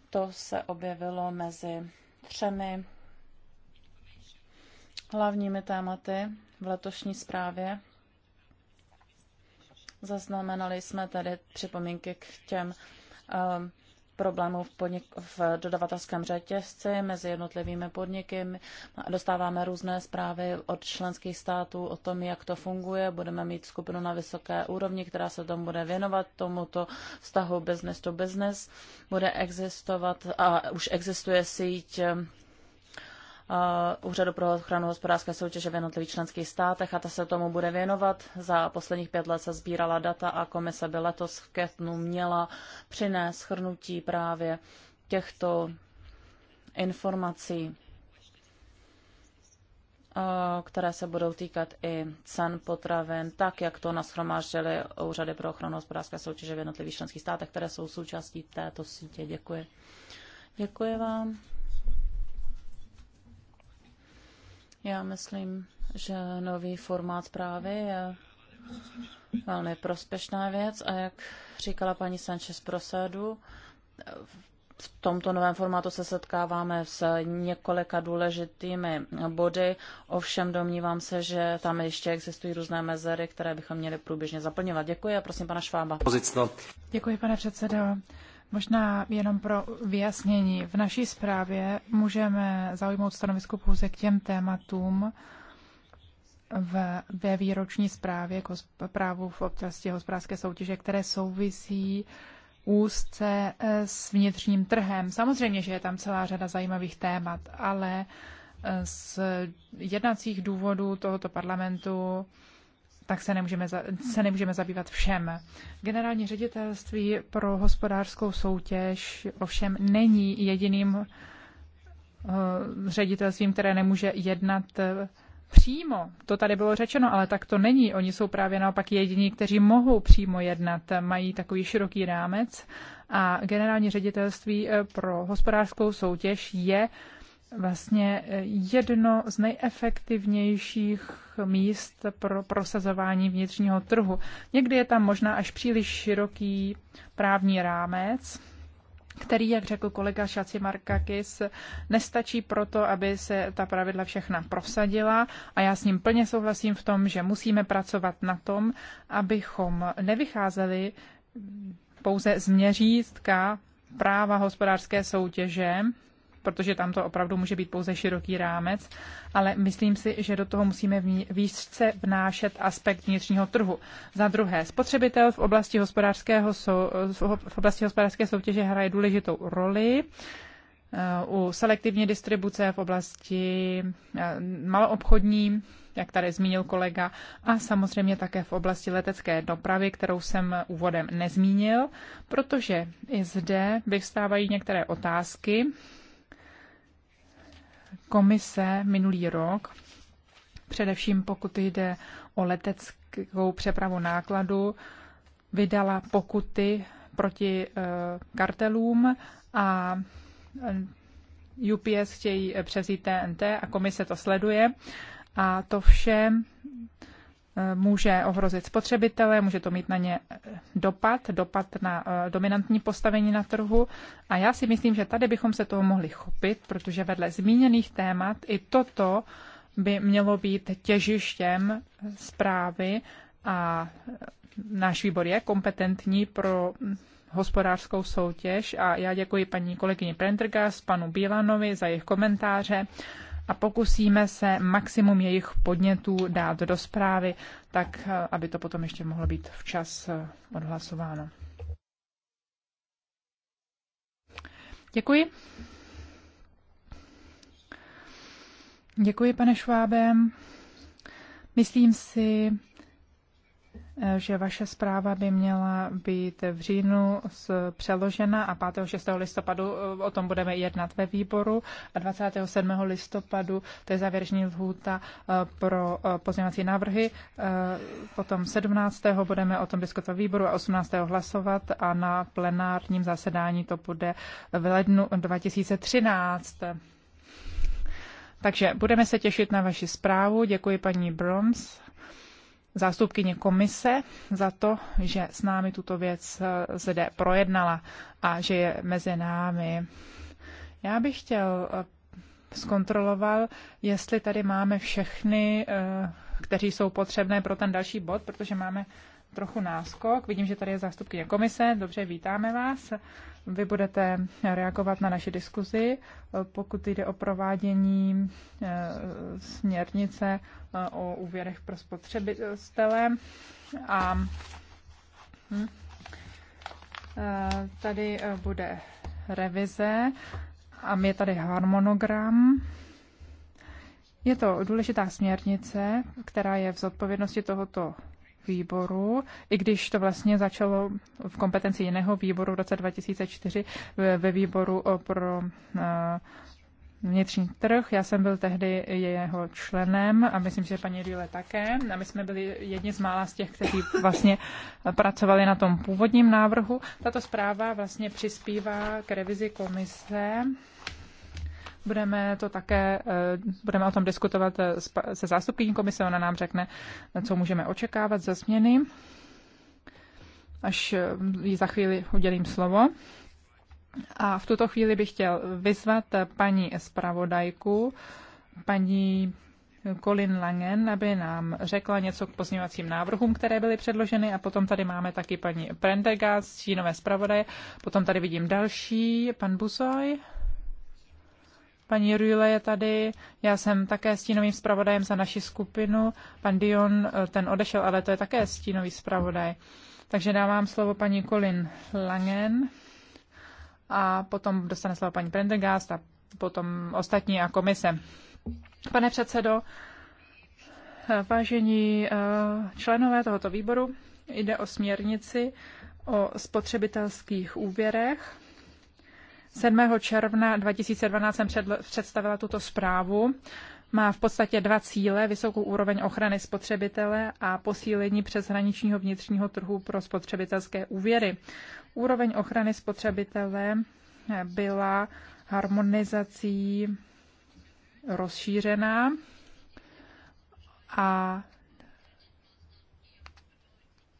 To se objevilo mezi třemi hlavními tématy v letošní zprávě. Zaznamenali jsme tady připomínky k těm um, problémů v, podnik- v dodavatelském řetězci mezi jednotlivými podniky. Dostáváme různé zprávy od členských států o tom, jak to funguje. Budeme mít skupinu na vysoké úrovni, která se tomu bude věnovat, tomuto vztahu business to business. Bude existovat a už existuje síť Uh, Úřadu pro ochranu hospodářské soutěže v jednotlivých členských státech a ta se tomu bude věnovat. Za posledních pět let se sbírala data a komise by letos v květnu měla přinést shrnutí právě těchto informací, uh, které se budou týkat i cen potravin, tak jak to nashromáždili úřady pro ochranu hospodářské soutěže v jednotlivých členských státech, které jsou součástí této sítě. Děkuji. Děkuji vám. Já myslím, že nový formát zprávy je velmi prospešná věc a jak říkala paní Sanchez Prosedu, v tomto novém formátu se setkáváme s několika důležitými body, ovšem domnívám se, že tam ještě existují různé mezery, které bychom měli průběžně zaplňovat. Děkuji a prosím pana Švába. Děkuji, pane předsedo. Možná jenom pro vyjasnění. V naší zprávě můžeme zaujmout stanovisko pouze k těm tématům v, ve výroční zprávě k právu v oblasti hospodářské soutěže, které souvisí úzce eh, s vnitřním trhem. Samozřejmě, že je tam celá řada zajímavých témat, ale eh, z jednacích důvodů tohoto parlamentu tak se nemůžeme, se nemůžeme zabývat všem. Generální ředitelství pro hospodářskou soutěž ovšem není jediným eh, ředitelstvím, které nemůže jednat eh, přímo. To tady bylo řečeno, ale tak to není. Oni jsou právě naopak jediní, kteří mohou přímo jednat, mají takový široký rámec a generální ředitelství eh, pro hospodářskou soutěž je vlastně jedno z nejefektivnějších míst pro prosazování vnitřního trhu. Někdy je tam možná až příliš široký právní rámec, který, jak řekl kolega Šaci Markakis, nestačí proto, aby se ta pravidla všechna prosadila a já s ním plně souhlasím v tom, že musíme pracovat na tom, abychom nevycházeli pouze z měřítka práva hospodářské soutěže, protože tam to opravdu může být pouze široký rámec, ale myslím si, že do toho musíme výšce vnášet aspekt vnitřního trhu. Za druhé, spotřebitel v oblasti, hospodářského sou, v oblasti hospodářské soutěže hraje důležitou roli eh, u selektivní distribuce v oblasti eh, maloobchodní, jak tady zmínil kolega, a samozřejmě také v oblasti letecké dopravy, kterou jsem úvodem nezmínil, protože i zde vyvstávají některé otázky, komise minulý rok, především pokud jde o leteckou přepravu nákladu, vydala pokuty proti eh, kartelům a eh, UPS chtějí eh, převzít TNT a komise to sleduje. A to vše může ohrozit spotřebitele, může to mít na ně eh, dopad, dopad na eh, dominantní postavení na trhu. A já si myslím, že tady bychom se toho mohli chopit, protože vedle zmíněných témat i toto by mělo být těžištěm zprávy a eh, náš výbor je kompetentní pro hm, hospodářskou soutěž a já děkuji paní kolegyni Prendergast, panu Bílanovi za jejich komentáře a pokusíme se maximum jejich podnětů dát do zprávy, tak eh, aby to potom ještě mohlo být včas eh, odhlasováno. Děkuji. Děkuji, pane Švábem. Myslím si, že vaše zpráva by měla být v říjnu přeložena a 5. 6. listopadu eh, o tom budeme jednat ve výboru a 27. listopadu, to je závěrečný lhůta eh, pro eh, pozměňovací návrhy, potom 17. budeme o tom diskutovat ve výboru a 18. hlasovat a na plenárním zasedání to bude v lednu 2013. Takže budeme se těšit na vaši zprávu. Děkuji paní Broms zástupkyně komise za to, že s námi tuto věc eh, zde projednala a že je mezi námi. Já bych chtěl eh, zkontroloval, jestli tady máme všechny, eh, kteří jsou potřebné pro ten další bod, protože máme trochu náskok. Vidím, že tady je zástupkyně komise. Dobře, vítáme vás vy budete reagovat na naši diskuzi, pokud jde o provádění eh, směrnice eh, o úvěrech pro spotřebitele. A hm, eh, tady bude revize a je tady harmonogram. Je to důležitá směrnice, která je v zodpovědnosti tohoto výboru, i když to vlastně začalo v kompetenci jiného výboru v roce 2004 ve výboru pro e, vnitřní trh. Já jsem byl tehdy jeho členem a myslím, že paní Rýle také. A my jsme byli jedni z mála z těch, kteří vlastně pracovali na tom původním návrhu. Tato zpráva vlastně přispívá k revizi komise Budeme to také, eh, budeme o tom diskutovat eh, se zástupkyní komise, ona nám řekne, co můžeme očekávat ze změny, až eh, ji za chvíli udělím slovo. A v tuto chvíli bych chtěl vyzvat paní zpravodajku, paní Colin Langen, aby nám řekla něco k pozměňovacím návrhům, které byly předloženy a potom tady máme taky paní Prendergast, čínové zpravodaje, potom tady vidím další, pan Busoj. Paní Rujle je tady, já jsem také stínovým zpravodajem za naši skupinu. Pan Dion, eh, ten odešel, ale to je také stínový zpravodaj. Takže dávám slovo paní Colin Langen a potom dostane slovo paní Prendergast a potom ostatní a komise. Pane předsedo, eh, vážení eh, členové tohoto výboru, jde o směrnici o spotřebitelských úvěrech 7. června 2012 jsem představila tuto zprávu. Má v podstatě dva cíle, vysokou úroveň ochrany spotřebitele a posílení přeshraničního vnitřního trhu pro spotřebitelské úvěry. Úroveň ochrany spotřebitele byla harmonizací rozšířená a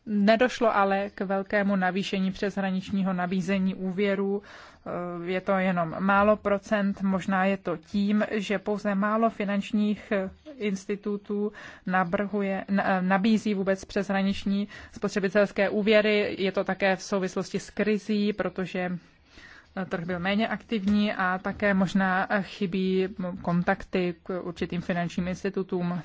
Nedošlo ale k velkému navýšení přeshraničního nabízení úvěrů. Eh, je to jenom málo procent, možná je to tím, že pouze málo finančních eh, institutů nabrhuje, eh, nabízí vůbec přeshraniční spotřebitelské úvěry. Je to také v souvislosti s krizí, protože trh byl méně aktivní a také možná chybí mm, kontakty k určitým finančním institutům.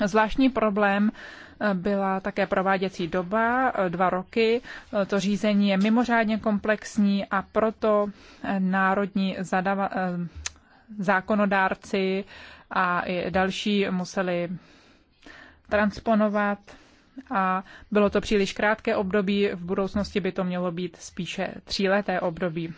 Zvláštní problém eh, byla také prováděcí doba, eh, dva roky. Eh, to řízení je mimořádně komplexní a proto národní zadava, zákonodárci a i další museli transponovat a bylo to příliš krátké období, v budoucnosti by to mělo být spíše tříleté období.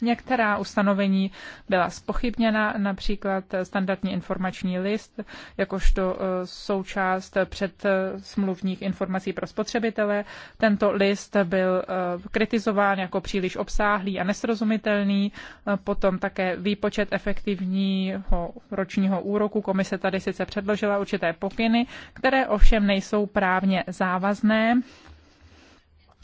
Některá ustanovení byla spochybněna, například standardní informační list, jakožto e, součást předsmluvních informací pro spotřebitele. Tento list byl e, kritizován jako příliš obsáhlý a nesrozumitelný. E, potom také výpočet efektivního ročního úroku. Komise tady sice předložila určité pokyny, které ovšem nejsou právně závazné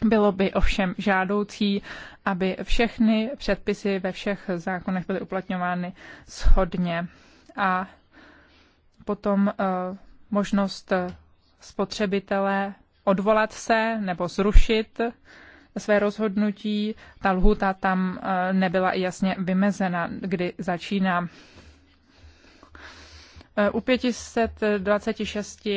bylo by ovšem žádoucí, aby všechny předpisy ve všech zákonech byly uplatňovány shodně. A potom eh, možnost eh, spotřebitele odvolat se nebo zrušit své rozhodnutí. Ta lhuta tam eh, nebyla jasně vymezena, kdy začíná u 526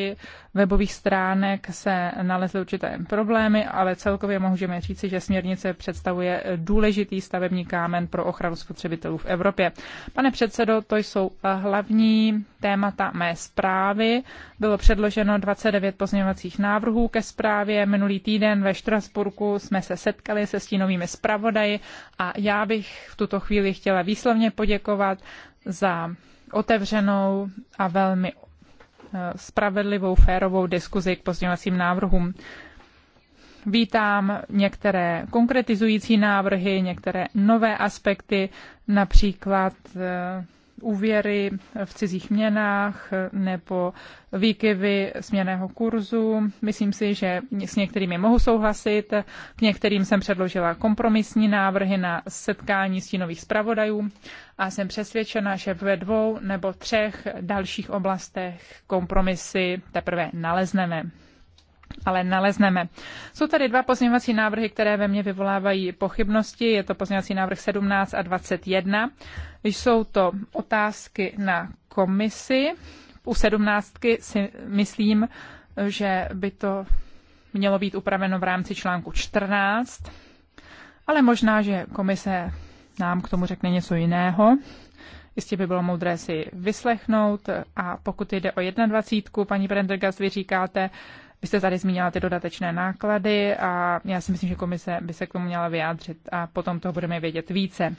webových stránek se nalezly určité problémy, ale celkově můžeme říci, že směrnice představuje důležitý stavební kámen pro ochranu spotřebitelů v Evropě. Pane předsedo, to jsou hlavní témata mé zprávy. Bylo předloženo 29 pozměňovacích návrhů ke zprávě. Minulý týden ve Štrasburku jsme se setkali se stínovými zpravodaji a já bych v tuto chvíli chtěla výslovně poděkovat za otevřenou a velmi eh, spravedlivou, férovou diskuzi k pozměňovacím návrhům. Vítám některé konkretizující návrhy, některé nové aspekty, například eh, úvěry v cizích měnách nebo výkyvy směného kurzu. Myslím si, že s některými mohu souhlasit, k některým jsem předložila kompromisní návrhy na setkání stínových zpravodajů a jsem přesvědčena, že ve dvou nebo třech dalších oblastech kompromisy teprve nalezneme ale nalezneme. Jsou tady dva pozměňovací návrhy, které ve mně vyvolávají pochybnosti. Je to pozměňovací návrh 17 a 21. Jsou to otázky na komisi. U sedmnáctky si myslím, že by to mělo být upraveno v rámci článku 14, ale možná, že komise nám k tomu řekne něco jiného. Jistě by bylo moudré si vyslechnout a pokud jde o 21, paní Prendergast, vy říkáte, vy jste tady zmínila ty dodatečné náklady a já si myslím, že komise by se k tomu měla vyjádřit a potom toho budeme vědět více.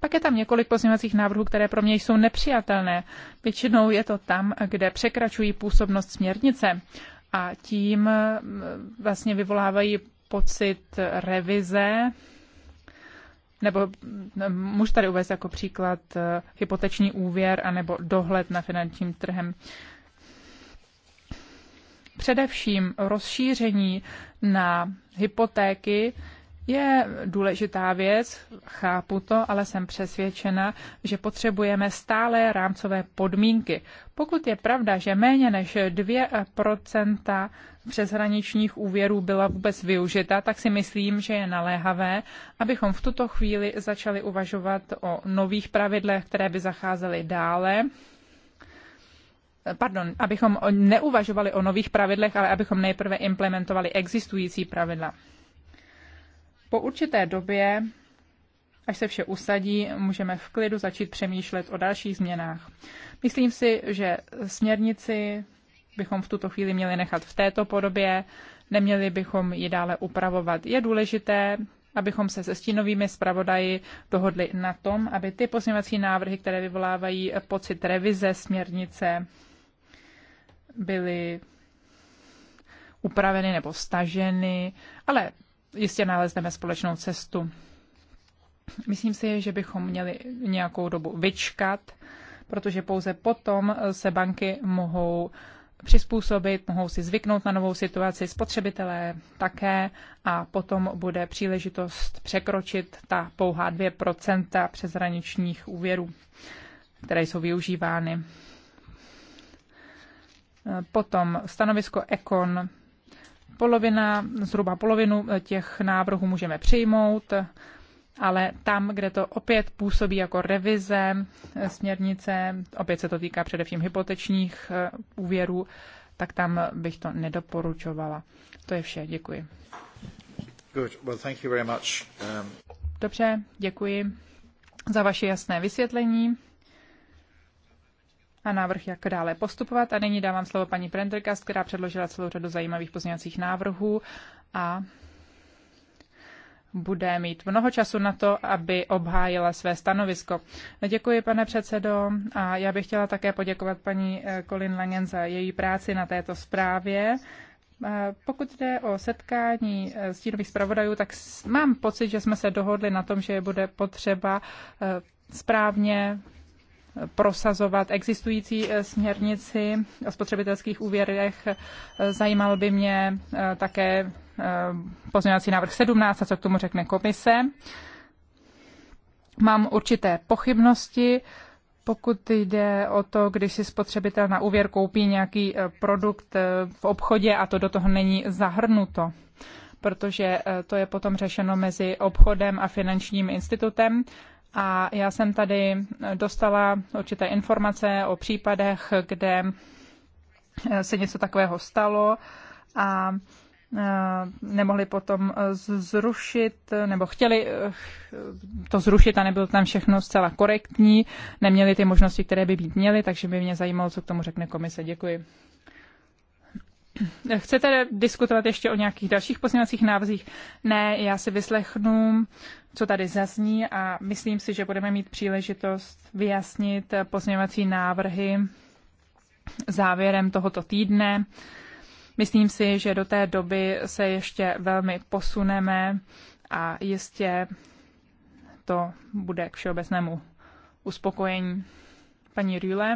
Pak je tam několik pozměňovacích návrhů, které pro mě jsou nepřijatelné. Většinou je to tam, kde překračují působnost směrnice a tím eh, vlastně vyvolávají pocit revize, nebo eh, můžu tady uvést jako příklad eh, hypoteční úvěr anebo dohled na finančním trhem. Především rozšíření na hypotéky je důležitá věc, chápu to, ale jsem přesvědčena, že potřebujeme stále rámcové podmínky. Pokud je pravda, že méně než 2% přeshraničních úvěrů byla vůbec využita, tak si myslím, že je naléhavé, abychom v tuto chvíli začali uvažovat o nových pravidlech, které by zacházely dále pardon, abychom neuvažovali o nových pravidlech, ale abychom nejprve implementovali existující pravidla. Po určité době, až se vše usadí, můžeme v klidu začít přemýšlet o dalších změnách. Myslím si, že směrnici bychom v tuto chvíli měli nechat v této podobě, neměli bychom ji dále upravovat. Je důležité, abychom se se stínovými zpravodaji dohodli na tom, aby ty pozměňovací návrhy, které vyvolávají pocit revize směrnice, byly upraveny nebo staženy, ale jistě nalezneme společnou cestu. Myslím si, že bychom měli nějakou dobu vyčkat, protože pouze potom se banky mohou přizpůsobit, mohou si zvyknout na novou situaci, spotřebitelé také a potom bude příležitost překročit ta pouhá 2% přeshraničních úvěrů, které jsou využívány. Potom stanovisko Ekon. Polovina, zhruba polovinu těch návrhů můžeme přijmout, ale tam, kde to opět působí jako revize směrnice, opět se to týká především hypotečních eh, úvěrů, tak tam bych to nedoporučovala. To je vše, děkuji. Good. Well, thank you very much. Um... Dobře, děkuji za vaše jasné vysvětlení a návrh, jak dále postupovat. A nyní dávám slovo paní Prendergast, která předložila celou řadu zajímavých pozměňovacích návrhů a bude mít mnoho času na to, aby obhájila své stanovisko. Děkuji, pane předsedo, a já bych chtěla také poděkovat paní eh, Colin Langen za její práci na této zprávě. Eh, pokud jde o setkání eh, stínových zpravodajů, tak mám pocit, že jsme se dohodli na tom, že je bude potřeba správně prosazovat existující eh, směrnici o spotřebitelských úvěrech. Eh, zajímal by mě eh, také pozměňovací návrh 17 a co k tomu řekne komise. Mám určité pochybnosti, pokud jde o to, když si spotřebitel na úvěr koupí nějaký produkt v obchodě a to do toho není zahrnuto protože to je potom řešeno mezi obchodem a finančním institutem a já jsem tady dostala určité informace o případech, kde eh, se něco takového stalo a eh, nemohli potom eh, zrušit, nebo chtěli to zrušit a nebylo tam všechno zcela korektní, neměli ty možnosti, které by být měly, takže by mě zajímalo, co k tomu řekne komise. Děkuji. Chcete diskutovat ještě o nějakých dalších pozměňovacích návrzích? Ne, já si vyslechnu, co tady zazní a myslím si, že budeme mít příležitost vyjasnit pozměňovací návrhy závěrem tohoto týdne. Myslím si, že do té doby se ještě velmi posuneme a jistě to bude k všeobecnému uspokojení. Paní Rüle,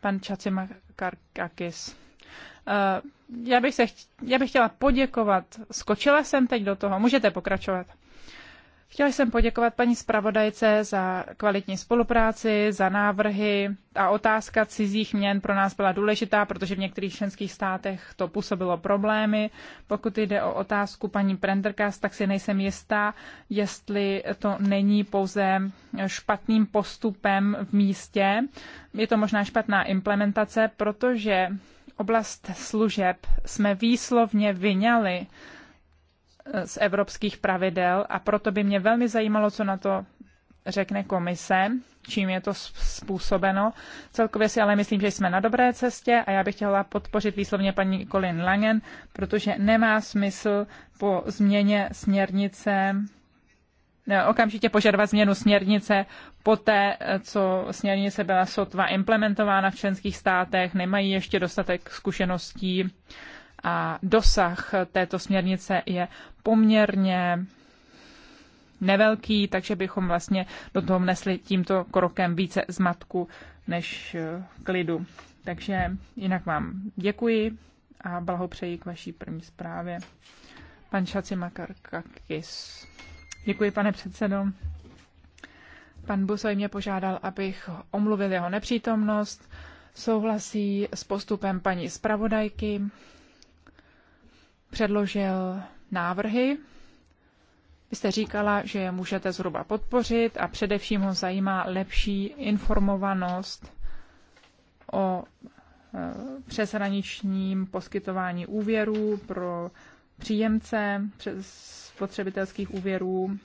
pan Čacima Karkakis. Eh, já bych, se, já bych chtěla poděkovat. Skočila jsem teď do toho, můžete pokračovat. Chtěla jsem poděkovat paní zpravodajce za kvalitní spolupráci, za návrhy a otázka cizích měn pro nás byla důležitá, protože v některých členských státech to působilo problémy. Pokud jde o otázku paní Prendergast, tak si nejsem jistá, jestli to není pouze špatným postupem v místě. Je to možná špatná implementace, protože oblast služeb jsme výslovně vyňali eh, z evropských pravidel a proto by mě velmi zajímalo, co na to řekne komise, čím je to způsobeno. Celkově si ale myslím, že jsme na dobré cestě a já bych chtěla podpořit výslovně paní Colin Langen, protože nemá smysl po změně směrnice Eh, okamžitě požadovat změnu směrnice poté, eh, co směrnice byla sotva implementována v členských státech, nemají ještě dostatek zkušeností a dosah této směrnice je poměrně nevelký, takže bychom vlastně do toho vnesli tímto krokem více zmatku než eh, klidu. Takže jinak vám děkuji a blahopřeji k vaší první zprávě. Pan Šacimakar Kakis. Děkuji, pane předsedo. Pan Busoj mě požádal, abych omluvil jeho nepřítomnost. Souhlasí s postupem paní zpravodajky. Předložil návrhy. Vy jste říkala, že je můžete zhruba podpořit a především ho zajímá lepší informovanost o e, přeshraničním poskytování úvěrů pro příjemce přes spotřebitelských úvěrů.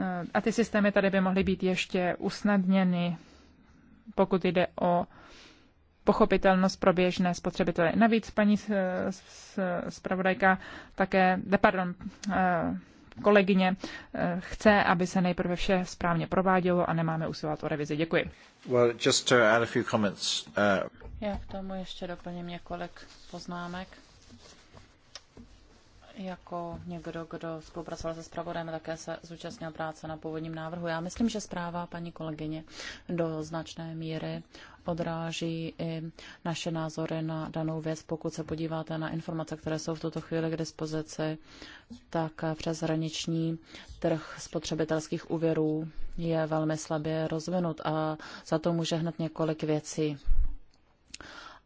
Eh, a ty systémy tady by mohly být ještě usnadněny, pokud jde o pochopitelnost pro běžné spotřebitele. Navíc paní zpravodajka také, eh, pardon, eh, kolegyně chce, aby se nejprve vše správně provádělo a nemáme usilovat o revizi. Děkuji. Well, just to add a few comments. Uh... Já k tomu ještě doplním několik poznámek. Jako někdo, kdo spolupracoval se zpravodajem, také se zúčastnil práce na původním návrhu. Já myslím, že zpráva paní kolegyně do značné míry odráží i naše názory na danou věc. Pokud se podíváte na informace, které jsou v tuto chvíli k dispozici, tak přes hraniční trh spotřebitelských úvěrů je velmi slabě rozvinut a za to může hned několik věcí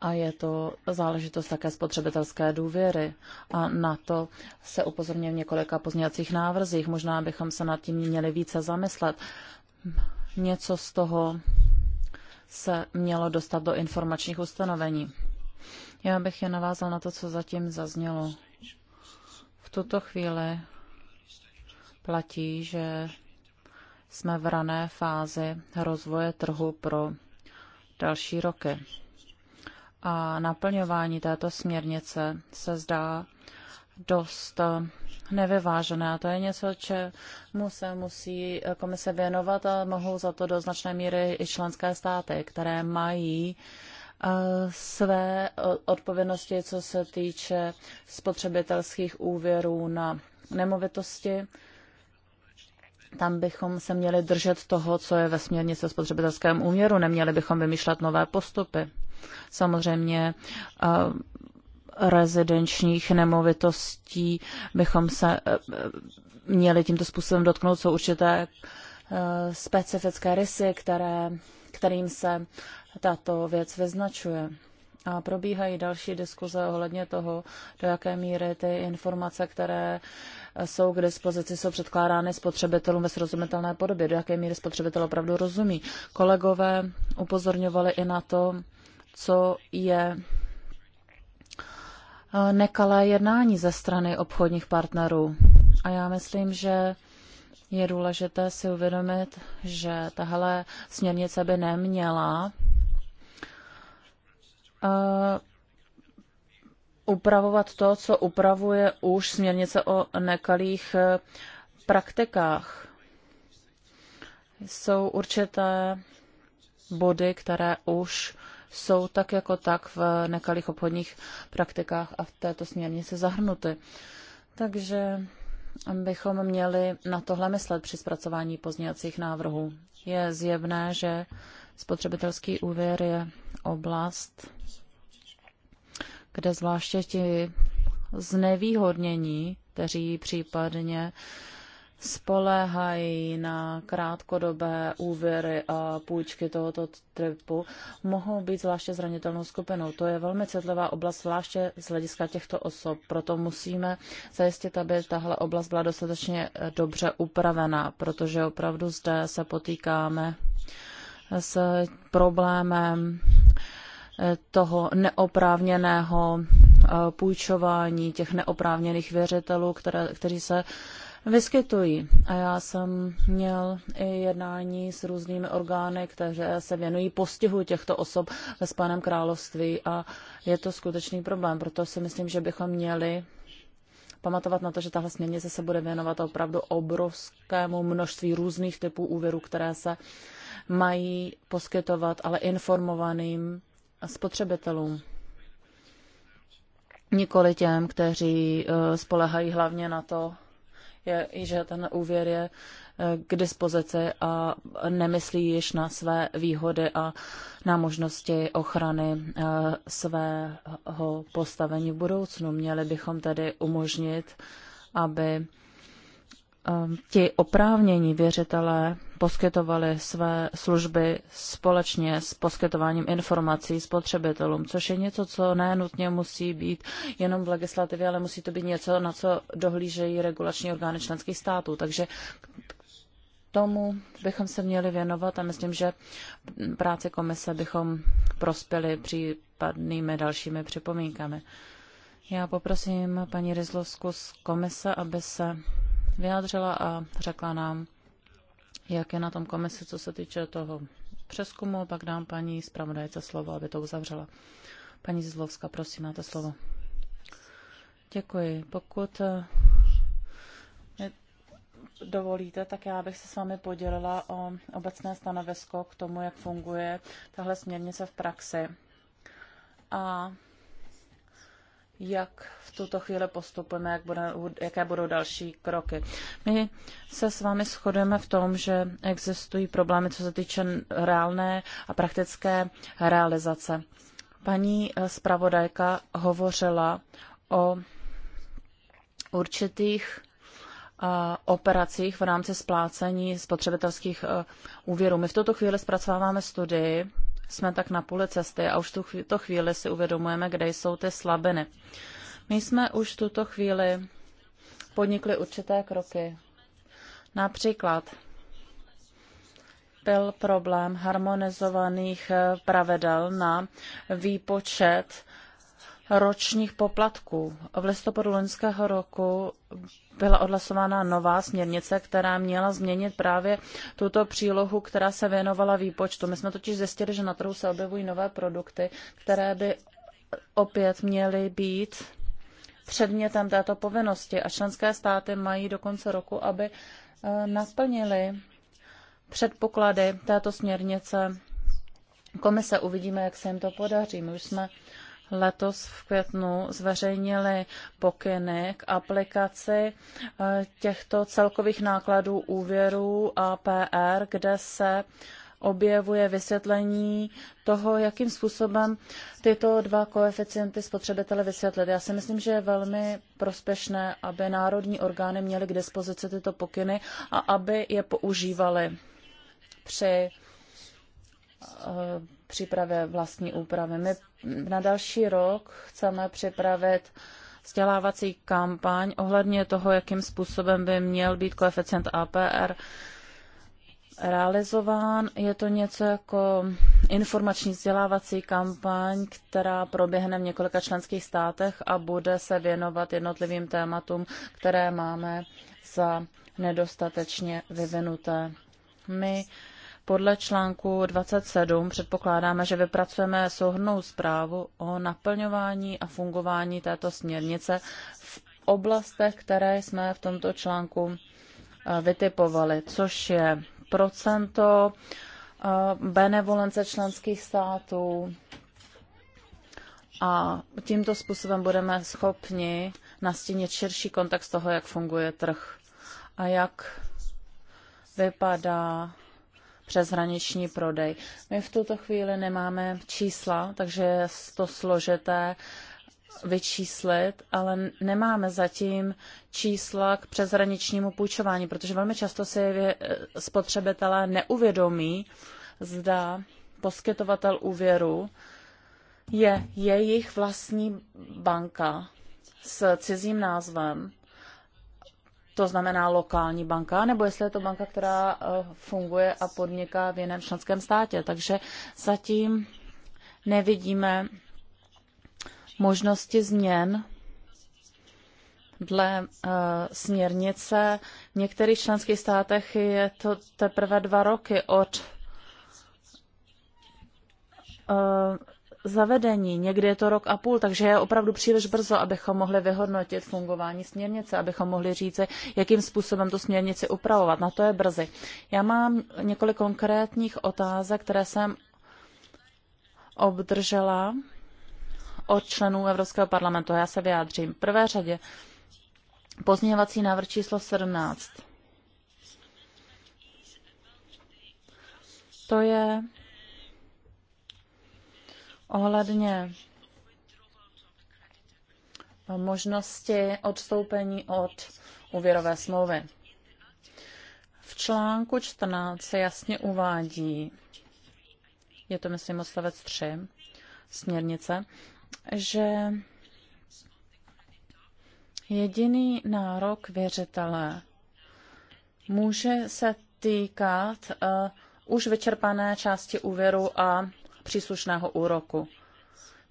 a je to záležitost také spotřebitelské důvěry. A na to se upozorně v několika pozměňovacích návrzích. Možná bychom se nad tím měli více zamyslet. Něco z toho se mělo dostat do informačních ustanovení. Já bych je navázal na to, co zatím zaznělo. V tuto chvíli platí, že jsme v rané fázi rozvoje trhu pro další roky a naplňování této směrnice se zdá dost eh, nevyvážené. A to je něco, čemu se musí eh, komise věnovat a mohou za to do značné míry i členské státy, které mají eh, své odpovědnosti, co se týče spotřebitelských úvěrů na nemovitosti. Tam bychom se měli držet toho, co je ve směrnici o spotřebitelském úvěru, neměli bychom vymýšlet nové postupy. Samozřejmě eh, rezidenčních nemovitostí bychom se eh, měli tímto způsobem dotknout. Jsou určité eh, specifické rysy, které, kterým se tato věc vyznačuje. A probíhají další diskuze ohledně toho, do jaké míry ty informace, které jsou k dispozici, jsou předkládány spotřebitelům ve srozumitelné podobě, do jaké míry spotřebitel opravdu rozumí. Kolegové upozorňovali i na to, co je eh, nekalé jednání ze strany obchodních partnerů. A já myslím, že je důležité si uvědomit, že tahle směrnice by neměla eh, upravovat to, co upravuje už směrnice o nekalých eh, praktikách. Jsou určité body, které už jsou tak jako tak v nekalých obchodních praktikách a v této směrnici zahrnuty. Takže bychom měli na tohle myslet při zpracování pozdějacích návrhů. Je zjevné, že spotřebitelský úvěr je oblast, kde zvláště ti znevýhodnění, kteří případně uh, spoléhají na krátkodobé úvěry a půjčky tohoto typu, mohou být zvláště zranitelnou skupinou. To je velmi citlivá oblast, zvláště z hlediska těchto osob. Proto musíme zajistit, aby tahle oblast byla dostatečně eh, dobře upravená, protože opravdu zde se potýkáme s problémem eh, toho neoprávněného eh, půjčování těch neoprávněných věřitelů, které, kteří se vyskytují. A já jsem měl i jednání s různými orgány, které se věnují postihu těchto osob ve Spojeném království a je to skutečný problém. Proto si myslím, že bychom měli pamatovat na to, že tahle směrnice se bude věnovat opravdu obrovskému množství různých typů úvěrů, které se mají poskytovat, ale informovaným spotřebitelům. Nikoli těm, kteří eh, spolehají hlavně na to, je, že ten úvěr je eh, k dispozici a nemyslí již na své výhody a na možnosti ochrany eh, svého postavení v budoucnu. Měli bychom tedy umožnit, aby Ehm, ti oprávnění věřitelé poskytovali své služby společně s poskytováním informací spotřebitelům, což je něco, co nenutně musí být jenom v legislativě, ale musí to být něco, na co dohlížejí regulační orgány členských států. Takže tomu bychom se měli věnovat a myslím, že práce komise bychom prospěli případnými dalšími připomínkami. Já poprosím paní Rizlovsku z komise, aby se vyjádřila a řekla nám, jak je na tom komisi, co se týče toho přeskumu. Pak dám paní zpravodajce slovo, aby to uzavřela. Paní Zlovska, prosím, máte slovo. Děkuji. Pokud eh, dovolíte, tak já bych se s vámi podělila o obecné stanovisko k tomu, jak funguje tahle směrnice v praxi. A jak v tuto chvíli postupujeme, jak bude, jaké budou další kroky. My se s vámi shodujeme v tom, že existují problémy, co se týče reálné a praktické realizace. Paní eh, zpravodajka hovořila o určitých eh, operacích v rámci splácení spotřebitelských eh, úvěrů. My v tuto chvíli zpracováváme studii, jsme tak na půle cesty a už v tuto chvíli si uvědomujeme, kde jsou ty slabiny. My jsme už tuto chvíli podnikli určité kroky. Například byl problém harmonizovaných pravidel na výpočet ročních poplatků. V listopadu loňského roku byla odhlasována nová směrnice, která měla změnit právě tuto přílohu, která se věnovala výpočtu. My jsme totiž zjistili, že na trhu se objevují nové produkty, které by opět měly být předmětem této povinnosti a členské státy mají do konce roku, aby eh, naplnili předpoklady této směrnice. Komise uvidíme, jak se jim to podaří. My už jsme letos v květnu zveřejnili pokyny k aplikaci eh, těchto celkových nákladů úvěrů a PR, kde se objevuje vysvětlení toho, jakým způsobem tyto dva koeficienty spotřebitele vysvětlit. Já si myslím, že je velmi prospěšné, aby národní orgány měly k dispozici tyto pokyny a aby je používaly při uh, přípravě vlastní úpravy. My na další rok chceme připravit vzdělávací kampaň ohledně toho, jakým způsobem by měl být koeficient APR realizován. Je to něco jako informační vzdělávací kampaň, která proběhne v několika členských státech a bude se věnovat jednotlivým tématům, které máme za nedostatečně vyvinuté. My podle článku 27 předpokládáme, že vypracujeme souhrnou zprávu o naplňování a fungování této směrnice v oblastech, které jsme v tomto článku eh, vytipovali, což je procento eh, benevolence členských států. A tímto způsobem budeme schopni nastínit širší kontext toho, jak funguje trh a jak vypadá přeshraniční prodej. My v tuto chvíli nemáme čísla, takže je to složité vyčíslit, ale nemáme zatím čísla k přeshraničnímu půjčování, protože velmi často si eh, spotřebitelé neuvědomí, zda poskytovatel úvěru je jejich vlastní banka s cizím názvem to znamená lokální banka, nebo jestli je to banka, která eh, funguje a podniká v jiném členském státě. Takže zatím nevidíme možnosti změn dle uh, směrnice. V některých členských státech je to teprve dva roky od uh, zavedení. Někdy je to rok a půl, takže je opravdu příliš brzo, abychom mohli vyhodnotit fungování směrnice, abychom mohli říci, jakým způsobem tu směrnici upravovat. Na to je brzy. Já mám několik konkrétních otázek, které jsem obdržela od členů Evropského parlamentu. Já se vyjádřím. V prvé řadě pozměňovací návrh číslo 17. To je ohledně eh, možnosti odstoupení od úvěrové smlouvy. V článku 14 se jasně uvádí, je to myslím odstavec 3 směrnice, že jediný nárok věřitele může se týkat uh, už vyčerpané části úvěru a příslušného úroku.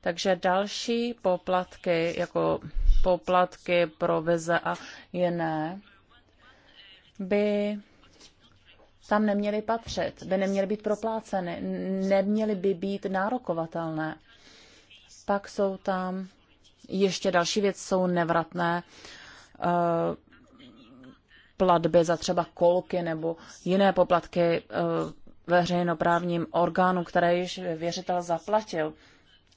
Takže další poplatky, jako poplatky, provize a jiné, by tam neměly patřit, by neměly být propláceny, neměly by být nárokovatelné. Pak jsou tam ještě další věc, jsou nevratné eh, platby za třeba kolky nebo jiné poplatky eh, veřejnoprávním orgánu, které již věřitel zaplatil.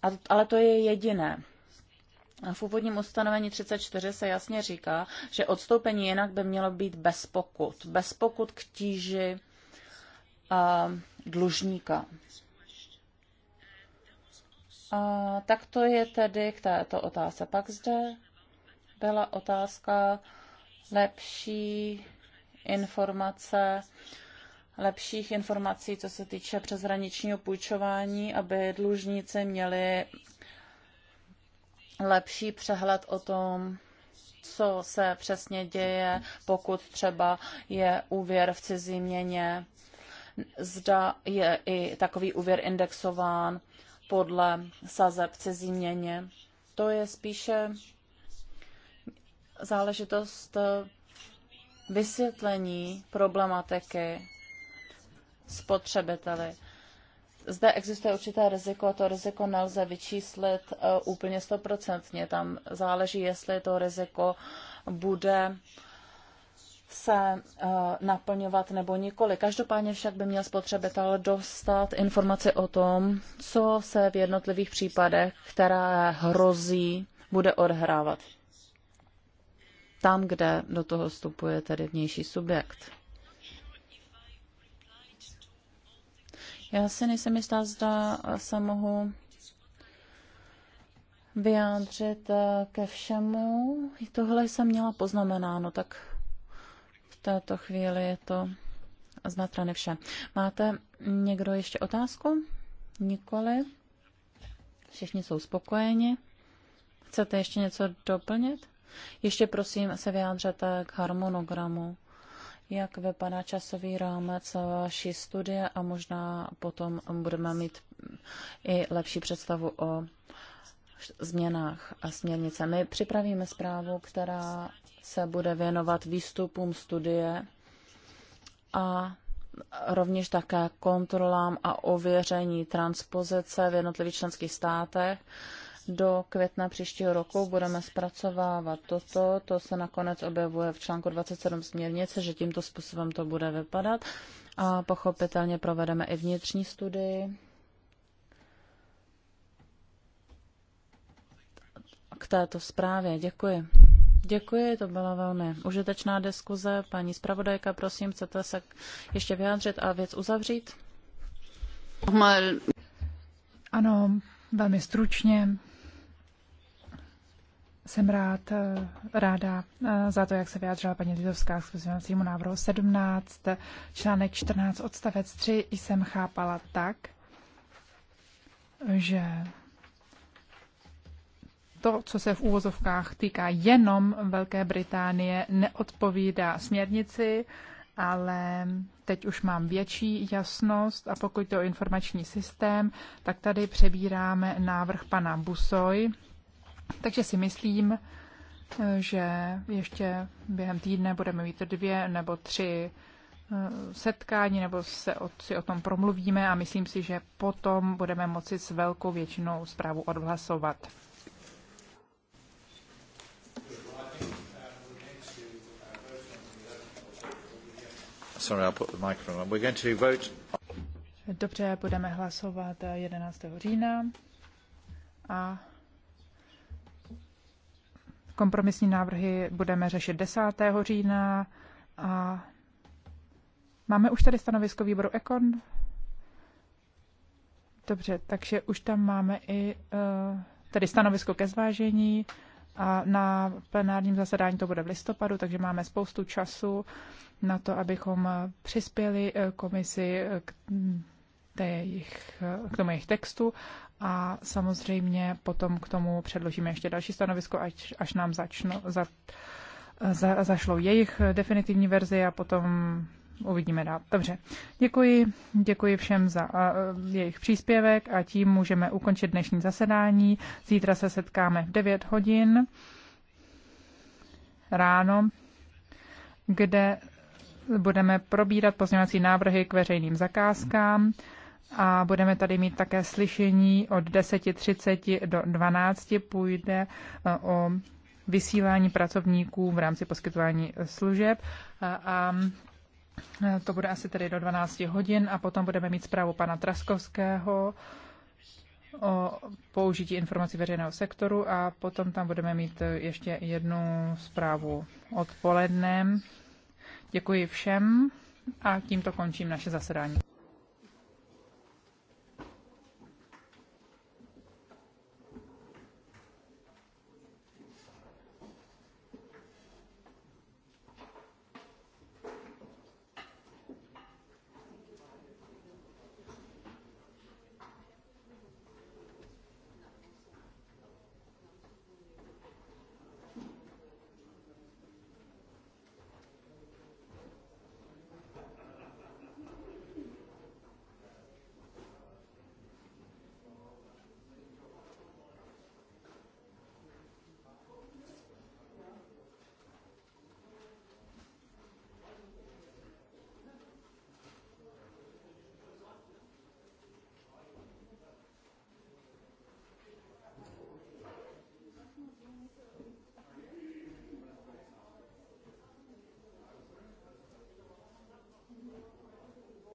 A, ale to je jediné. A v úvodním ustanovení 34 se jasně říká, že odstoupení jinak by mělo být bez pokut. Bez pokut k tíži a, dlužníka. A, tak to je tedy k této otázce. Pak zde byla otázka lepší informace lepších informací, co se týče přeshraničního půjčování, aby dlužníci měli lepší přehled o tom, co se přesně děje, pokud třeba je úvěr v cizí měně, zda je i takový úvěr indexován podle sazeb v cizí měně. To je spíše záležitost vysvětlení problematiky spotřebiteli. Zde existuje určité riziko, to riziko nelze vyčíslit eh, úplně stoprocentně. Tam záleží, jestli to riziko bude se eh, naplňovat nebo nikoli. Každopádně však by měl spotřebitel dostat informaci o tom, co se v jednotlivých případech, která hrozí, bude odhrávat. Tam, kde do toho vstupuje tedy vnější subjekt. Já se nejsem jistá, zda se mohu vyjádřit eh, ke všemu. Tohle jsem měla poznamenáno, tak v této chvíli je to z vše. Máte někdo ještě otázku? Nikoli? Všichni jsou spokojeni. Chcete ještě něco doplnit? Ještě prosím se vyjádřete k harmonogramu jak vypadá časový rámec vaší studie a možná potom budeme mít i lepší představu o změnách a směrnice. My připravíme zprávu, která se bude věnovat výstupům studie a rovněž také kontrolám a ověření transpozice v jednotlivých členských státech do května příštího roku budeme zpracovávat toto. To se nakonec objevuje v článku 27 směrnice, že tímto způsobem to bude vypadat. A pochopitelně provedeme i vnitřní studii. K této zprávě děkuji. Děkuji, to byla velmi užitečná diskuze. Paní zpravodajka, prosím, chcete se ještě vyjádřit a věc uzavřít? Ano, velmi stručně. Jsem rád, eh, ráda eh, za to, jak se vyjádřila paní Lidovská k pozměňovacímu návrhu 17, článek 14, odstavec 3 jsem chápala tak, že to, co se v úvozovkách týká jenom Velké Británie, neodpovídá směrnici, ale teď už mám větší jasnost a pokud to o informační systém, tak tady přebíráme návrh pana Busoj, takže si myslím, že ještě během týdne budeme mít dvě nebo tři eh, setkání, nebo se o, si o tom promluvíme a myslím si, že potom budeme moci s velkou většinou zprávu odhlasovat. Sorry, I'll put the microphone on. We're going to vote. Dobře, budeme hlasovat 11. října a Kompromisní návrhy budeme řešit 10. října a máme už tady stanovisko výboru Ekon. Dobře, takže už tam máme i eh, tady stanovisko ke zvážení a na plenárním zasedání to bude v listopadu, takže máme spoustu času na to, abychom přispěli eh, komisi k té jejich, k tomu jejich textu a samozřejmě potom k tomu předložíme ještě další stanovisko, až, až nám začno za, za, zašlo jejich definitivní verzi a potom uvidíme dál. Dobře, děkuji, děkuji všem za uh, jejich příspěvek a tím můžeme ukončit dnešní zasedání. Zítra se setkáme v 9 hodin ráno, kde budeme probírat pozměňovací návrhy k veřejným zakázkám a budeme tady mít také slyšení od 10.30 do 12. Půjde e, o vysílání pracovníků v rámci poskytování služeb e, a e, to bude asi tedy do 12 hodin a potom budeme mít zprávu pana Traskovského o použití informací veřejného sektoru a potom tam budeme mít ještě jednu zprávu odpoledne. Děkuji všem a tímto končím naše zasedání.